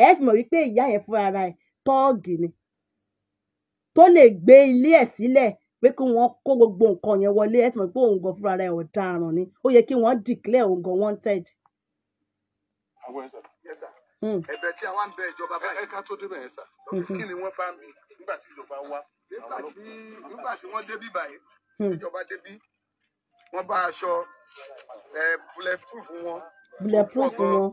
ẹ mọ̀ wípé ìyá yẹn fúnra ara tọ́ọ̀gì ni tó lè gbé ilé ẹ̀ sílẹ̀ pé kí wọ́n kó gbogbo nǹkan yẹn wọlé ẹ̀ sì mọ̀ pé òun gan fúnra rẹ̀ ọ̀daràn ni ó yẹ kí wọ́n declare òun gan wanted. Hmm. ẹ̀bẹ̀ tí a wá ń bẹ ìjọba báyìí. ẹ tó débẹ̀ yẹn sà hmm. kí ni wọ́n bá mi nígbà tí ìjọba wá. nígbà tí wọ́n débí báyìí hmm. ìjọba débí wọ́n bá aṣọ bulletproof wọn. wọn.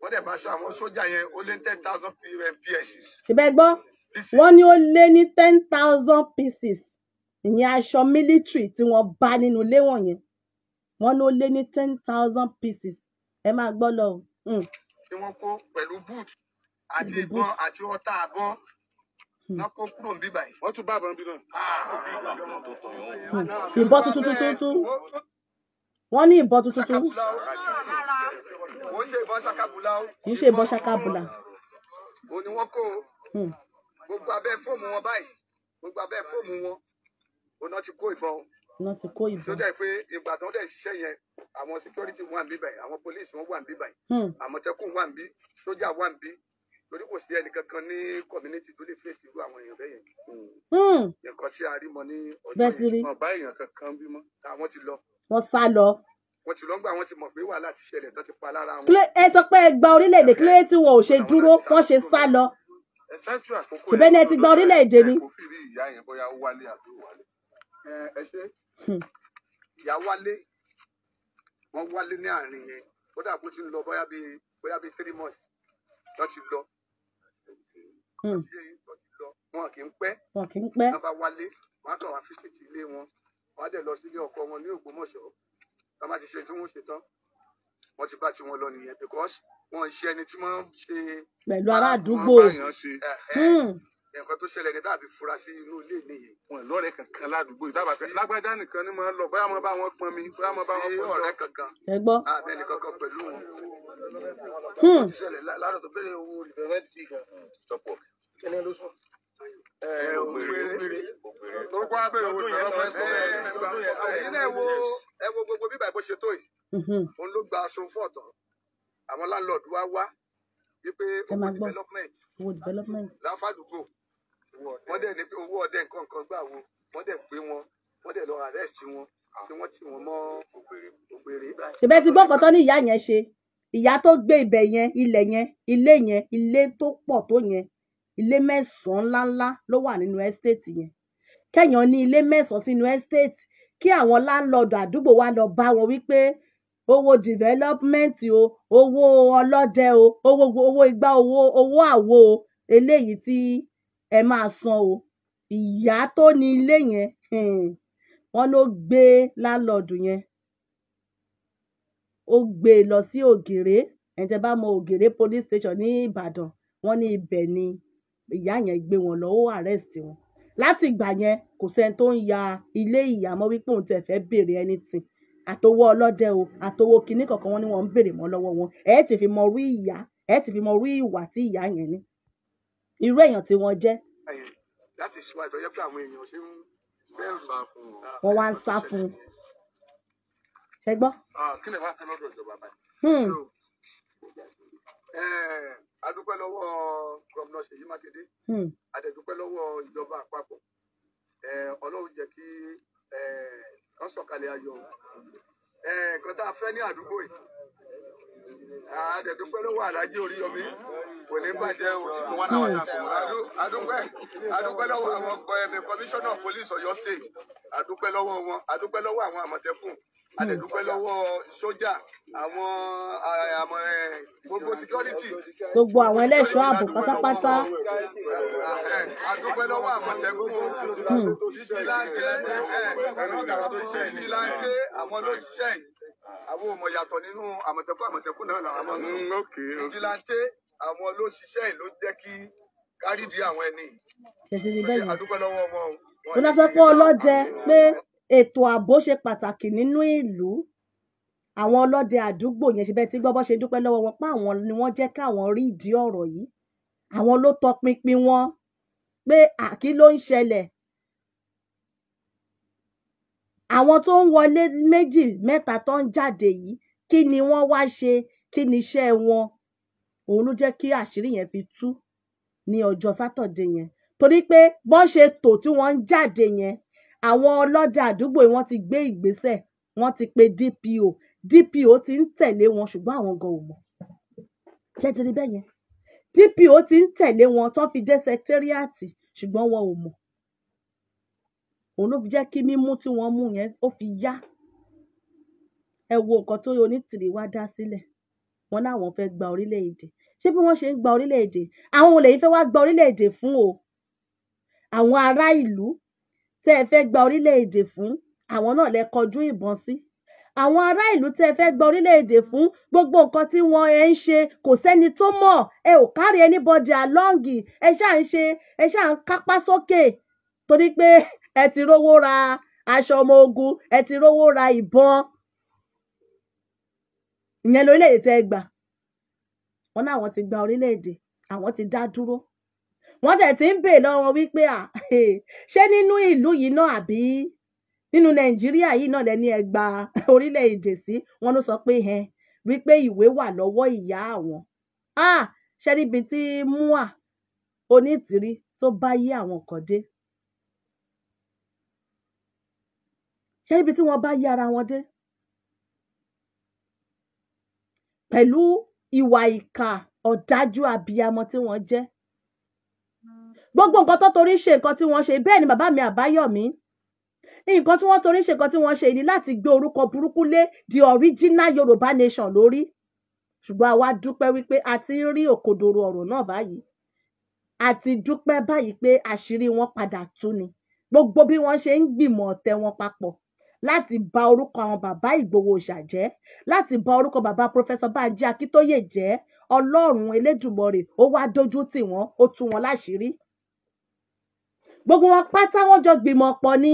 wọ́n bá aṣọ àwọn sójà yẹn ó lé ten thousand pm ps. gbọ́ wọ́n ní ó lé ní ten thousand pieces ìyẹn aṣọ mílítírì tí wọ́n bá nínú ilé wọ̀nyẹn wọ́n ní ó lé ní ten thousand pieces ẹ máa gbọ́ lọ. Hmm. tí wọ́n kó pẹ̀lú boot àti ìbọn àti ọta àbọ̀ hmm. náà kúrò níbí báyìí. wọ́n tún bá àbọn bí náà. Ah. Hmm. ìbọn tuntun tuntun tún wọ́n ní ìbọn tuntun tún. kì í ṣe ìbọn ṣakabula. òun ni kó gbogbo abẹ́ fóòmù wọn báyìí gbogbo abẹ́ fóòmù wọn oná ti kó ìbọn o. ti kó ìbọn. sódà pé ìgbà tó ń dẹ̀ ṣiṣẹ́ yẹn àwọn security wà níbí àwọn police wọn wà níbí hmm. àmọ̀tẹ́kùn wà níbí sójà wà níbí torí kò sí ẹnì kankan ní community tó lè fèsì irú àwọn èèyàn bẹ́ẹ̀ yẹn. Hmm. nǹkan tí a rí mọ ní ọjọ́ yìí mọ̀ bá èèyàn kankan bímọ àwọn ti lọ. wọ́n sá lọ. wọ́n ti lọ gbà ti mọ̀ pé wàhálà ti ṣẹlẹ̀ tó ti pa lára wọn. ẹ sọ pé ẹ orílẹ̀-èdè kílẹ̀ tí wọn ò ṣe dúró wọ́n ṣe sá lọ ṣùgbọ́n ẹ ti gba orílẹ̀-èdè ni. Hmm. ìyá wálé wọ́n wálé ní àárín yẹn ó dà bó ti ń lọ bóyá bíi bóyá bíi three months lọ́ ti lọ hmm. wọn kì í pẹ́ wọn kì í pẹ́ wọn bá wálé wọn kàn wá fíṣítì ilé wọn wọn á dẹ̀ lọ sílé ọkọ wọn ní Ògbómọ̀ṣọ́ wọn bá ti ṣe tí wọ́n ṣe tán wọ́n ti bá tiwọn lọ nìyẹn because wọ́n ṣe ẹni tí wọ́n ṣe. pẹ̀lú ará àdúgbò hmm. nǹkan tó ṣẹlẹ̀ ní dàbí fura sí inú ilé mi yìí. wọn lọ́rẹ̀ kankan ládùúgbò ìdábà fẹ lágbájá nìkan ni máa ń lọ bóyá mo bá wọn pọn mi bóyá mo bá wọn pọn ọ̀rẹ́ kankan. ẹ gbọ́. abẹ́ni kankan pẹ̀lú wọn. Hmm. ó ti ṣẹlẹ̀ ládùúgbò bẹ́ẹ̀ ni owó rẹ̀ rẹ̀ ti fi gan ògbèrè orúkọ abẹ́rẹ́ owó ìrànlọ́wọ́ ẹ̀yin náà wo ẹ wo gbogbo bíbá ìbò ṣe tó yìí mhm. òun ló gba aṣọ fún ọ̀tọ̀ àwọn landlord wa wá wípé owó development development. láfàdúgbò wọ́n dẹ̀ ní owó ọdẹ nǹkan kan gbà wo wọ́n dẹ̀ pé wọn wọ́n dẹ̀ lọ arrest wọn ah. tí wọ́n tì wọ́n mọ́ ògbèrè. ṣèbẹ́ ti gbọ́ pọ̀tọ́ ní ìyá yẹn ṣe ìyá tó gbé ibẹ̀ yẹn ilẹ̀ yẹn ilé yẹn ilé tó pọ̀ tó yẹn ilé mẹ́sàn-án ńláńlá ló wà nínú ẹ́stéètì yẹn kẹ́yàn ní ilé mẹ́sàn-án sínú ẹ́stéètì kí àwọn láńlọ́ọ̀dù àdúgbò wa lọ bá wọn wípé owó dìvẹ́lọ́pmẹ́ǹtì o owó ọlọ́dẹ o owó owó igbá owó owó àwo o eléyìí tí ẹ máa san o ìyá tó ní ilé yẹn hmm, wọn ló gbé láńlọ́ọ̀dù yẹn ó gbé e lọ sí ògèrè ẹ̀jẹ̀ bá mọ ògèrè police station ní Ìbàdàn wọn ní ibẹ̀ ni ìyá yẹn gbé wọn lọ ó arrest wọn láti ìgbà yẹn kò sẹ́ni tó ń ya ilé ìyàmọ́ wípé òun tiẹ̀ fẹ́ béèrè anything àtowó ọlọ́dẹ o àtowó kinní kankan wọn ni wọ́n ń béèrè mọ́ lọ́wọ́ wọn ẹ̀ ti fi mọ orí ìyá ẹ̀ ti fi mọ orí ìwà tí ìyá yẹn ní irú èèyàn tí wọ́n jẹ́. that is why ìtọ́jọ́ pé àwọn èèyàn ṣe wọ́n wá ń sá fún un. ṣe ah, kí lè wá sí lọ́dọ̀ ìjọba báyìí. Hmm. Eh, adúpẹ́ lọ́wọ́ gómìnà Ṣèyí Mákindé hmm. adẹ̀dúpẹ́ lọ́wọ́ ìjọba àpapọ̀ ọlọ́run jẹ́ kí wọ́n sọ̀kalẹ̀ ayọ̀ nǹkan tá a fẹ́ ní àdúgbò yìí adẹ̀dúpẹ́ lọ́wọ́ alájí Oríyọmí kò ní bàjẹ́ òtítù wọn náà adúpẹ́ adúpẹ́ lọ́wọ́ àwọn kọ́míṣánná pólísì Ọ̀yọ́ state adúpẹ́ lọ́wọ́ wọn adúpẹ́ lọ́wọ́ àwọn àmọ̀tẹ́kùn a lè hmm. dúpẹ́ lọ́wọ́ sójà àwọn àmọ́ gbogbo security. gbogbo àwọn ẹlẹ́ṣọ́ ààbò pátápátá. a dúpẹ́ lọ́wọ́ àmọ̀tẹ́kùn ṣíṣíláńtẹ́ ṣíṣíláńtẹ́ àwọn hmm. ló àwọn ò yàtọ̀ nínú àmọ̀tẹ́kùn àmọ̀tẹ́kùn náà làwọn máa ń sọ ṣíṣíláńtẹ́ hmm, àwọn ló ló jẹ́ kí kárídìí àwọn ẹni. tètè ní bẹ́ẹ̀ ni. a dúpẹ́ lọ́wọ́ wọn ètò ààbò ṣe pàtàkì nínú ìlú àwọn ọlọ́dẹ àdúgbò yẹn ṣe bẹ́ẹ̀ tí gbọ́ bọ́ ṣe dúpẹ́ lọ́wọ́ wọn pé àwọn ni wọ́n jẹ́ káwọn rí ìdí ọ̀rọ̀ yìí àwọn ló tọpinpin wọn pé àkí ló ń ṣẹlẹ̀ àwọn tó ń wọlé méjì mẹ́ta tó ń jáde yìí kí ni wọ́n wá ṣe kí ni iṣẹ́ wọn òun ló jẹ́ kí àṣírí yẹn fi tú ní ọjọ́ sátọ̀dé yẹn torí pé bọ́n ṣe tò tí wọ́n ń jáde yẹn àwọn ọlọ́jà àdúgbò yìí wọ́n ti gbé ìgbésẹ̀ wọ́n ti pe DPO DPO ti ń tẹ̀lé wọn ṣùgbọ́n àwọn gan ò mọ̀ ṣẹ́tìrì bẹ́ẹ̀ yẹn DPO ti ń tẹ̀lé wọn tó fi dé sẹkítẹ́ríàtì ṣùgbọ́n wọn ò mọ̀ òun ló fi jẹ́ kí mímú tí wọ́n mú yẹn ó fi yá ẹ wo nǹkan tó yọ onítìrì wá dá sílẹ̀ wọn láwọn fẹ́ gba orílẹ̀-èdè ṣé bí wọ́n ṣe ń gba orílẹ̀-èdè àwọn olè yìí fẹ́ wá gba orílẹ̀-èdè fún o àwọn ará ìlú tẹ́ ẹ fẹ́ gba orílẹ̀-èdè fún àwọn náà lẹ kọjú ìbọn sí àwọn ará ìlú tẹ́ ẹ fẹ́ gba orílẹ̀-èdè fún gbogbo nǹkan tí wọ́n ẹ ń ṣe kò sẹ́ni tó mọ̀ ẹ ò kárí anybody along ẹ ṣáà ń ṣe ẹ ṣáà ń kápá sókè torí pé ẹ ti rówó ra aṣọ ọmọ ogun ẹ ti rówó ra ìbọn ìyẹn lórílẹ̀-èdè tẹ́ ẹ gbà wọ́n náà àwọn ti gba orílẹ̀-èdè àwọn ti dá dúró wọ́n dẹ̀ ti ń bè lọ́wọ́ wípé à eh, ṣé nínú ìlú yìí náà àbí nínú nàìjíríà yìí náà lẹni ẹgbà orílẹ̀-èdè sí wọ́n ló sọ pé hẹn wípé ìwé wà lọ́wọ́ ìyá àwọn ṣé níbi tí mua onítìrí tó bá yé àwọn kan dé ṣé níbi tí wọ́n bá yé ara wọn dé pẹ̀lú ìwà ìkà ọ̀dájú abiyamọ tí wọ́n jẹ́ gbogbo nǹkan tó torí ṣe nǹkan tí wọ́n ṣe bẹ́ẹ̀ ni bàbá mi àbáyọ̀mí nǹkan tí wọ́n torí ṣe nǹkan tí wọ́n ṣe ni láti gbé orúkọ burúkú lé the original Yorùbá nation lórí ṣùgbọ́n àwa dúpẹ́ wípé a ti ń rí òkodoro ọ̀rọ̀ náà báyìí a ti dúpẹ́ báyìí pé àṣírí wọn padà tú ni gbogbo bí wọ́n ṣe ń gbìmọ̀ ọ̀tẹ̀ wọn papọ̀ láti ba orúkọ àwọn bàbá Ìgbòho Òòṣà jẹ́ láti ba orúkọ bàbá pọfẹsọ Bánjí Akíntóyè jẹ́ Ọlọ́run Elédùmarè ó wá dójú tì wọ́n ó tú wọn láṣìírí gbogbo wọn pátá wọn jọ gbìmọ̀ pọ̀ ni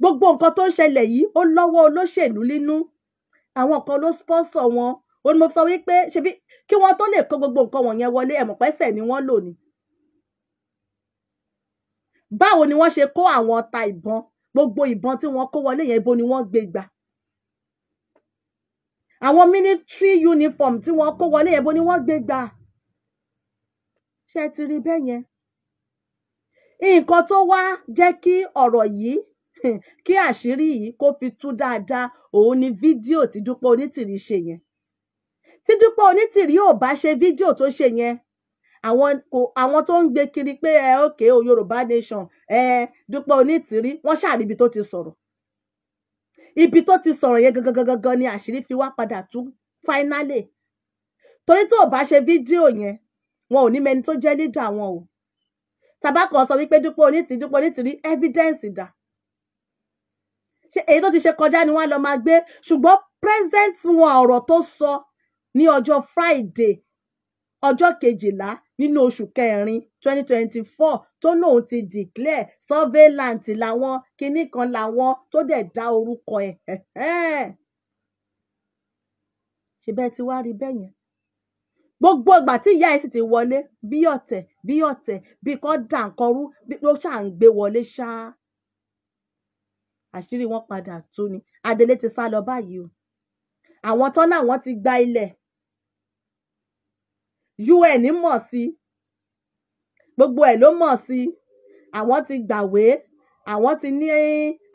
gbogbo nǹkan tó ń ṣẹlẹ̀ yìí ó lọ́wọ́ olóṣèlú nínú àwọn kan ló sponsor wọn ó ní mo sọ wípé ṣebí kí wọ́n tó lè kó gbogbo nǹkan wọ̀nyẹn wọlé ẹ̀mọ̀pẹ́sẹ̀ ni wọ́n lò ní. báwo ni wọ́n ṣe kó àwọn ọta ìbọn gbogbo ìbọn tí wọ́n kó wọlé yẹn ibo ni wọ́n gbé gbà. àwọn military uniform tí wọ́n kó wọlé yẹn ibo ni wọ́n gbé gbà. ṣé ẹ ti rí bẹ́ẹ̀ yẹn nǹkan tó wá jẹ́ kí ọ̀rọ̀ yìí kí àṣírí yìí kó fi tú dáadáa òun ni fídíò tí Dúpẹ́ Onítìrí ṣe yẹn tí Dúpẹ́ Onítìrí ò bá ṣe fídíò tó ṣe yẹn àwọn kò àwọn tó ń gbé kiri pé ẹ òkè o Yorùbá nation ẹ Dúpẹ́ Onítìrí wọ́n ṣàrí ibi tó ti sọ̀rọ̀ ibi tó ti sọ̀rọ̀ yẹn gangan ni àṣírí fi wá padà tú finally torí tó bá ṣe fídíò yẹn wọn ò ní mẹni tó jẹ́ leader wọn o tàbá kan sọ wípé dúpọ̀ onítìrí dúpọ̀ onítìrí evidence dà ṣé èyí tó ti ṣe kọjá ni wọ́n lọ máa gbé ṣùgbọ́n present wọn ọ̀rọ̀ tó sọ ní ọjọ́ Friday ọjọ́ kejìlá nínú oṣù kẹrin twenty twenty four tó lóun ti declare surveillance làwọn kinní kan làwọn tó dẹ̀ dá orúkọ ẹ̀ ṣe bẹ́ẹ̀ ti wá rí bẹ́ẹ̀ yẹn gbogbo ìgbà tí ìyá ẹ̀ sì ti wọlé bí ọ̀tẹ̀ bí ọ̀tẹ̀ bí kò dà nǹkan rú ló ṣáà ń gbé wọlé ṣáá àṣírí wọn padà tú ni adelé ti sá lọ báyìí o àwọn tán láwọn ti gba ilẹ̀ un mọ̀ sí gbogbo ẹ̀ ló mọ̀ sí àwọn ti gbàwé àwọn ti ní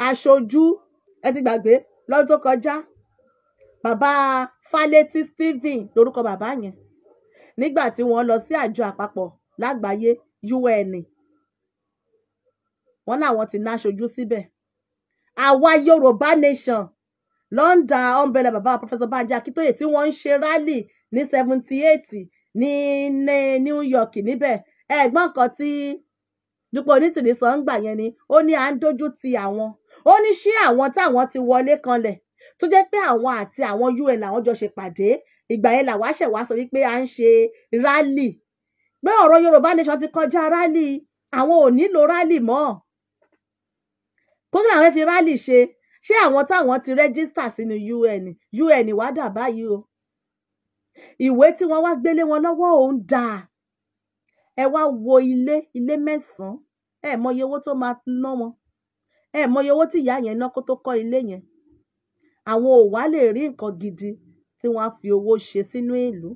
aṣojú ẹ ti gbàgbé lọ́dún tó kọjá bàbá Fálétí Stephen lórúkọ bàbá yẹn nígbà tí wọ́n lọ sí àjọ àpapọ̀ lágbàáyé UN wọ́n láwọn ti náṣojú síbẹ̀ àwa Yorùbá nation lọ́ndà ọ̀nbẹ̀lẹ̀ bàbá pọfẹ́sọ Bánjí Akíntóyè tí wọ́n ń ṣe rálì ní seventy eight ní New York níbẹ̀ ẹ̀gbọ́n kan tí Dúpẹ́ Onítìrí sọ ń gbà yẹn ni ó ní à ń dojú ti àwọn ó ní ṣé àwọn táwọn ti wọlé kanlẹ̀ tó jẹ́ pé àwọn àti àwọn UN làwọn jọ ṣèpàdé ìgbà yẹn làwa ṣẹ̀ wá sọ wípé à ń ṣe rálì pé ọ̀rọ̀ Yorùbá nation ti kọjá rálì àwọn ò nílò rálì mọ́ kó tó làwọn fi rálì ṣe ṣé àwọn táwọn ti rẹ́gísítà sínú UN UN wá dà báyìí o ìwé tí wọ́n wá gbélé wọn lọ́wọ́ ò ń dà ẹ wá wo ilé ilé mẹ́sàn-án ẹ mọye owó tó máa ná wọn ẹ mọye owó tí ìyá yẹn ná kó tó kọ́ ilé yẹn àwọn ò wá lè rí nǹkan gidi tí wọ́n á fi owó ṣe sínú ìlú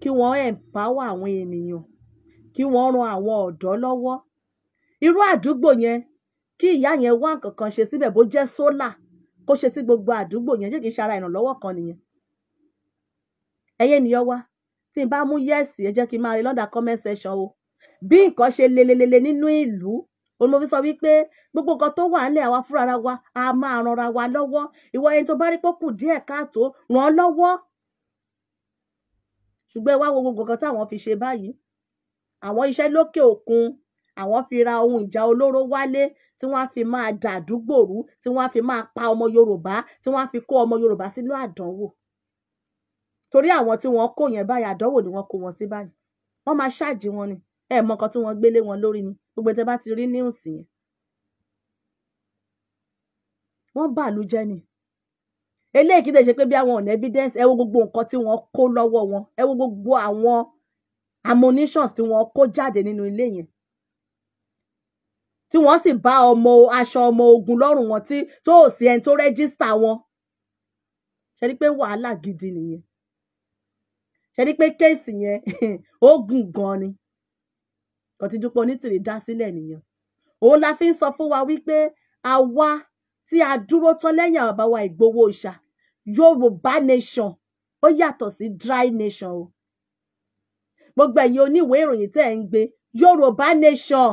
kí wọ́n empower àwọn ènìyàn kí wọ́n ran àwọn ọ̀dọ́ lọ́wọ́ irú àdúgbò yẹn kí ìyá yẹn wá nǹkan kan ṣe síbẹ̀ bó jẹ́ sólà kó ṣe sí gbogbo àdúgbò yẹn ṣé kìí ṣe ara ìrànlọ́wọ́ kan nìyẹn ẹ̀yin ènìyàn wa tí n bá mú yẹ́ẹ̀sì ẹ jẹ́ kí n máa rí lọ́dà comment section o bí nǹkan ṣe lelelele nínú ìlú òun mo fi sọ wípé gbogbo nǹkan tó wà nílẹ̀ àwa fúnra wa a máa ranra wa lọ́wọ́ ìwọ ẹni tó bá rí pọ́kù díẹ̀ káàtó ràn án lọ́wọ́ ṣùgbọ́n ẹ wá wo gbogbo nǹkan táwọn fi ṣe báyìí àwọn iṣẹ́ lókè òkun àwọn fi ra ohun ìjà olóró wálé tí wọ́n á fi máa dàdúgbò rú tí wọ́n á fi máa pa ọmọ Yorùbá tí wọ́n á fi kó ọmọ Yorùbá sínú àdánwò torí àwọn tí wọ́n kó yẹn báyìí àdánwò ni wọ́n kó wọn sí báyìí wọ́n máa ṣáàjì wọn ni ẹ mọ nǹkan tí wọ́n gbélé wọn lórí ni gbogbo tẹ bá ti rí news yẹn wọ́n bàlújẹ́ ni eléyìí kì í dẹ̀ ṣe pé bí àwọn ọ̀nà evidence ẹ wo gbogbo nǹkan tí wọ́n kó lọ́wọ́ wọn ẹ wo gbogbo àwọn ammunitions tí wọ́n kó jáde nínú ilé yẹn tí wọ́n sì bá ọmọ aṣọ ọmọ ogun lọ́rùn wọn tí tó ò sí ẹni tó rẹ́gísítà wọn ṣe rí pé wàhálà gidi nìyẹn ṣe rí pé kéèsì yẹn ó gùn gan ni kan tí Dúpẹ́ Onítìrí dá sílẹ̀ nìyẹn òun la fi ń sọ fún wa wípé àwa tí a dúró tán lẹ́yìn àwọn bàbá Ìgbòho Òòṣà Yorùbá nation ó yàtọ̀ sí dry nation o gbogbo ẹ̀yin oníwèé ìròyìn tẹ́ ẹ̀ ń gbé Yorùbá nation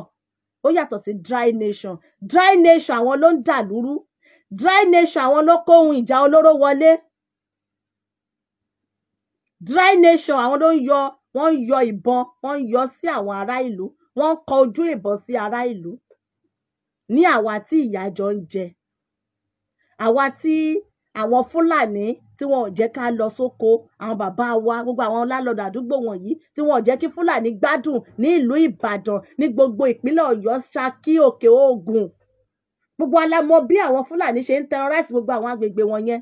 ó yàtọ̀ sí dry nation dry nation àwọn ló ń dà lúrú dry nation àwọn ló kó ohun ìjà olóró wọlé dry nation àwọn ló ń yọ wọ́n ń yọ ìbọn wọ́n ń yọ sí àwọn ará ìlú wọ́n ń kọ ojú ìbọn sí ará ìlú ní àwa tí ìyà jọ ń jẹ àwa tí àwọn fúlàní tí wọn ò jẹ́ ká lọ sóko àwọn bàbá wa gbogbo àwọn lálọ́dà àdúgbò wọ̀nyí tí wọn ò jẹ́ kí fúlàní gbádùn ní ìlú ìbàdàn ní gbogbo ìpínlẹ̀ ọ̀yọ́ ṣakí òkè ògùn gbogbo alámọ̀ bí àwọn fúlàní ṣe ń tẹrọráìsì gbogbo àwọn agbègbè wọn yẹn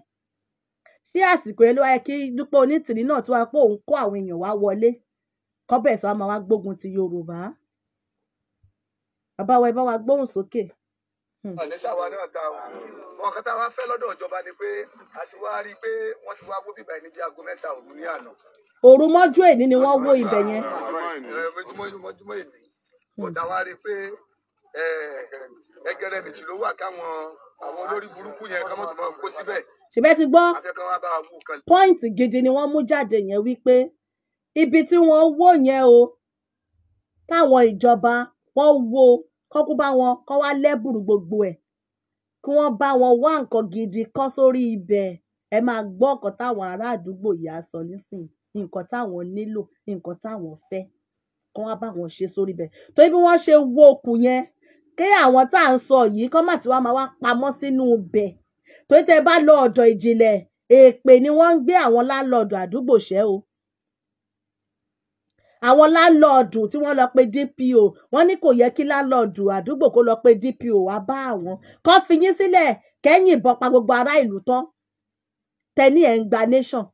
ṣé àsìkò yẹn ló wáyé kí Dúpẹ́ Onítìrí náà tí wàá pé òun kó àwọn èèyàn wá wọlé kọ́ bẹ̀rẹ̀ sọ máa wá gbógun ti Yorùbá bàbá wa ẹ bá wa gbóhùn sókè. Hmm. àníṣe àwa náà ta wọn kan tá a wá fẹ́ lọ́dọ̀ ìjọba ni pé a ti wá rí i pé wọ́n ti wá wó bíbá ẹni bí aago mẹ́ta òru ní àná. òru mọ́jú èní ni wọ́n wó ibẹ̀ yẹn. mọ́júmọ́ èní kò hmm. tá rí i pé ẹgẹrẹ nìtì ló wà káwọn àwọn olórí burúkú yẹn ká mọ̀tò máa kó síbẹ̀. ṣèbẹ́ ti gbọ́ pọ́ìntì gidi ni wọ́n mú jáde yẹn wípé ibi tí wọ́n wó yẹn o táwọn ìjọba wọ́n wo kọ́kú bá wọn kọ́ wá lẹ́bùrú gbogbo ẹ̀ kí wọ́n bá wọn wá nǹkan gidi kọ́ sórí ibẹ̀ ẹ máa gbọ́ nǹkan táwọn ará àdúgbò yìí á sọ nísìnyí nǹkan táwọn nílò nǹkan táwọn fẹ́ kọ́ wá bá wọn ṣe sórí ibẹ̀ torí bí wọ́n ṣe wó okùn yẹn kí àwọn tá à ń sọ yìí kọ́ mà tí wọ́n máa wá pamọ́ sínú ibẹ̀ torí tẹ́ bá lọ ọ̀dọ̀ ìjìnlẹ̀ èèpè ni wọ́n ń gbé àwọn láńlọ́ọ̀dù àdúgbò ṣẹ́ o àwọn láńlọ́ọ̀dù tí wọ́n lọ pe DPO wọ́n ní kò yẹ kí láńlọ́ọ̀dù àdúgbò kó lọ pe DPO wá bá àwọn kọ́ fi yín sílẹ̀ kẹ́yìn ìbọn pa gbogbo ará ìlú tán tẹ́ni ẹ̀ ń gba nation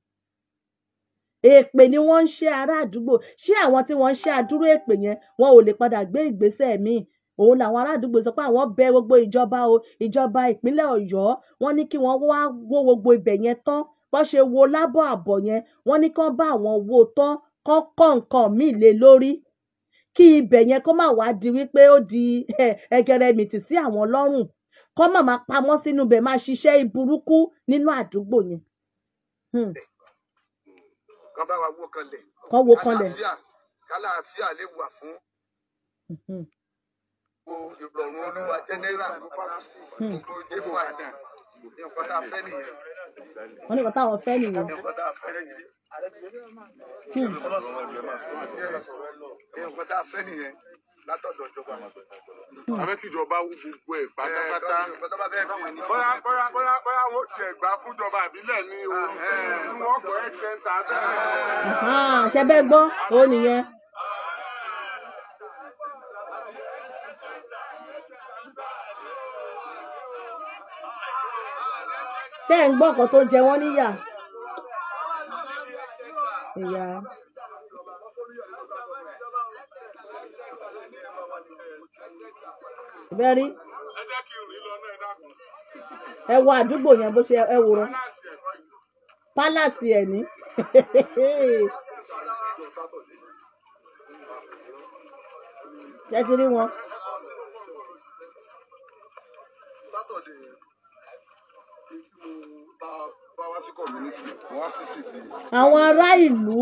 èpè ni wọ́n ń ṣe ará àdúgbò ṣé àwọn tí wọ́n ń ṣe àdúró èpè yẹn wọn ò lè padà gbé ìgbésẹ̀ míì òun làwọn ará àdúgbò sọ pé àwọn bẹ gbogbo ìjọba o ìjọba ìpínlẹ̀ Ọ̀yọ́ wọ́n ní kí wọ́n wá wó gbogbo ibẹ̀ yẹn tán bọ́n ṣe wo lábọ̀ àbọ̀ yẹn wọ́n ní kán bá àwọn wo tán kán kọ́ nǹkan míì lé lórí kí ibẹ̀ yẹn kó má wàá di wípé ó di ẹgẹrẹ mìtì sí àwọn lọ́rùn kọ́ má má pamọ́ sínú ibẹ̀ máa ṣiṣẹ́ burúkú nínú àdúgbò yẹn. Hmm. kán bá wa wó kanlẹ̀ kán wó kanlẹ̀ kálàáfíà lè wà fún hmm. ìrọ̀rùn olúwa jẹ́nẹ́rà hmm. gbogbo jẹ́fọ́ àdá nǹkan tá a fẹ́ nìyẹn. wọ́n ní nǹkan táwọn fẹ́ nìyẹn nǹkan tá a fẹ́ nìyẹn látọ̀dọ̀ ìjọba. Hmm. Àbẹ́ kíjọba wú gbogbo ẹ̀ pátápátá. Eh, bóyá bóyá bóyá bóyá wọ́n tiẹ̀ gbà fúnjọba àbílẹ̀ ní o. Ah, eh. Tí wọ́n ẹ̀ ah, ṣe ń ta bẹ́ẹ̀. gbọ́? Ó nìyẹn. Ṣé ẹ̀ ń gbọ́ ọ̀kan tó ń jẹ wọ́n níyà? Oya. Bẹ́rí. Ẹ wo àdúgbò yẹn bó ṣe ẹ wòran. Pálàsì ẹ̀ ní. Ṣé ti rí wọn? Saturday, it's àwọn ará ìlú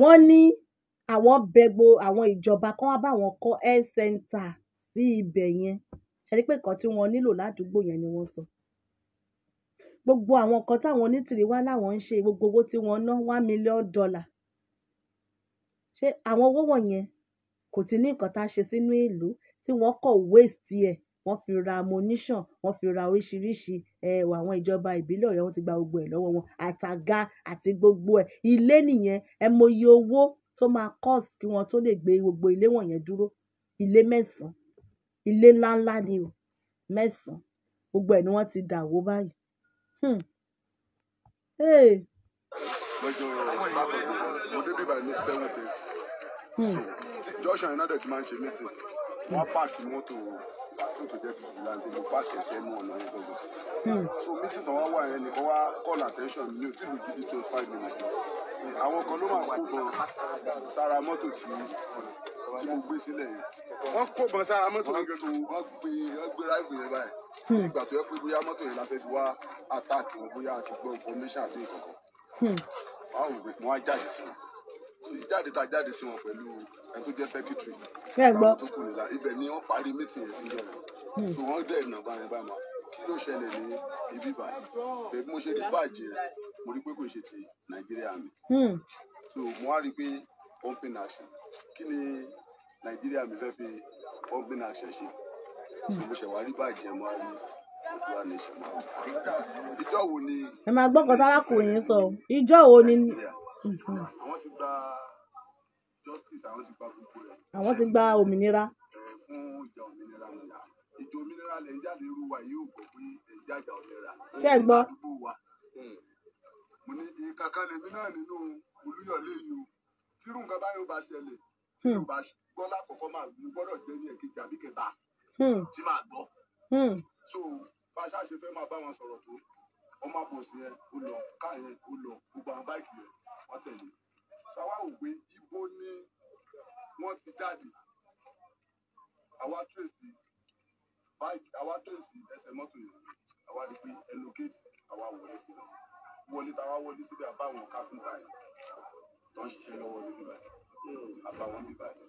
wọ́n ní àwọn bẹgbo àwọn ìjọba kan wá báwọn kọ́ health center sí ibẹ̀ yẹn ṣẹ́ni pé nǹkan tí wọ́n nílò ládùúgbò yẹn ni wọ́n sọ gbogbo àwọn nǹkan táwọn onítìrí wá láwọn ń ṣe gbogbo owó tí wọ́n ná one million dollar ṣé àwọn owó wọ̀nyẹn kò ti ní nǹkan tá a ṣe sínú ìlú tí wọ́n kọ̀ waste ẹ̀ wọ́n fi ra ammunition wọ́n fi ra oríṣiríṣi ẹ̀wà àwọn ìjọba ìbílẹ̀ ọ̀yọ́ wọ́n ti gba gbogbo ẹ̀ lọ́wọ́ wọn àtàgà àti gbogbo ẹ̀ ilé nìyẹn ẹ mọyì owó tó máa cost kí wọ́n tó lè gbé gbogbo ilé wọ̀nyẹn dúró ilé mẹ́sàn-án ilé ńláńlá ni o mẹ́sàn-án gbogbo ẹ̀ ni wọ́n ti dà wó báyìí. Hmm. Hey. Hmm. Joshua United ti máa ń ṣe mítìn wọ́n pààkì mọ́tò àtúntò hmm. so meeting tó wá wà yẹn nìkan wá call attention mi ò tí lu gidi twenty five minutes lọ. àwọn kan ló máa kó bọ̀ sára mọ́tò tí mo gbé sílẹ̀ yẹn. wọ́n kó bọ̀ sára mọ́tò yẹn tó wọ́n gbé gbé ráìfù yẹn báyìí. Hmm. ìgbà tó yẹ pé bóyá mọ́tò yẹn la fi wá attack wọn bóyá àti gbọ́ information àti ìkọ̀kọ̀. Hmm. wọ́n á jáde sí wọn jáde tá jáde sí wọn pẹ̀lú ẹ tó jẹ́ sẹ́kítírì. bẹ́ẹ̀ gbọ́. àwọn tó kù nílá ibẹ̀ ni wọ́n parí mítìn yẹn síjọ́ yẹn tó wọ́n dẹ̀ nà báyẹn báyìí mọ́ kí ló ṣẹlẹ̀ ní ibi báyìí bẹ́ẹ̀ bí mo ṣe rí bàjẹ́ mo rí pé kò ṣe ti nàìjíríà mi. Hmm. so mo wá rí pé pumping action kí ni nàìjíríà mi fẹ́ fi pumping action ṣe so mo ṣẹ̀ wá rí bàjẹ́ mo wá rí ìjọ wo ni. ẹ máa gbọ́ kọ́tà arákùnrin sọ ìjọ wo ni. Hmm, hmm. àwọn ti gba àwọn ti gba gbogbo rẹ̀. àwọn ti gba òmìnira. fún ìjà òmìnira nìyà ìjà òmìnira lè ń jáde irú wa yìí ò pé ẹ̀ ń òmìnira. ṣé ẹ gbọ́. mo ní ìkankan lèmi náà nínú olúyọ̀lé yìí o tírù nǹkan báyọ̀ bá ṣẹlẹ̀ tírù hmm. bá gbọ́ lákọ̀ọ́kọ́ máa mú gbọ́dọ̀ jẹ́ ní ẹ̀kejì àbí kẹta hmm. tí máa gbọ́. Hmm. so bá a ṣáà ṣe fẹ́ máa bá wọn sọ̀rọ̀ tó ọmọ àbòsí yẹn ó lọ káà yẹn ó lọ gbogbo àwọn báìkì yẹn wọ́n tẹ̀lé. ṣáwá ò ibo ni wọ́n ti jáde àwa tracy báyìí àwa tracy ẹsẹ̀ mọ́tò yẹn àwa rí pé ẹlòkéètì àwa wọlé síbẹ̀ wọlé táwa wọlé síbẹ̀ àbáwọn káfíńtà yẹn tó ń ṣiṣẹ́ lọ́wọ́ níbí báyìí àbáwọn níbí báyìí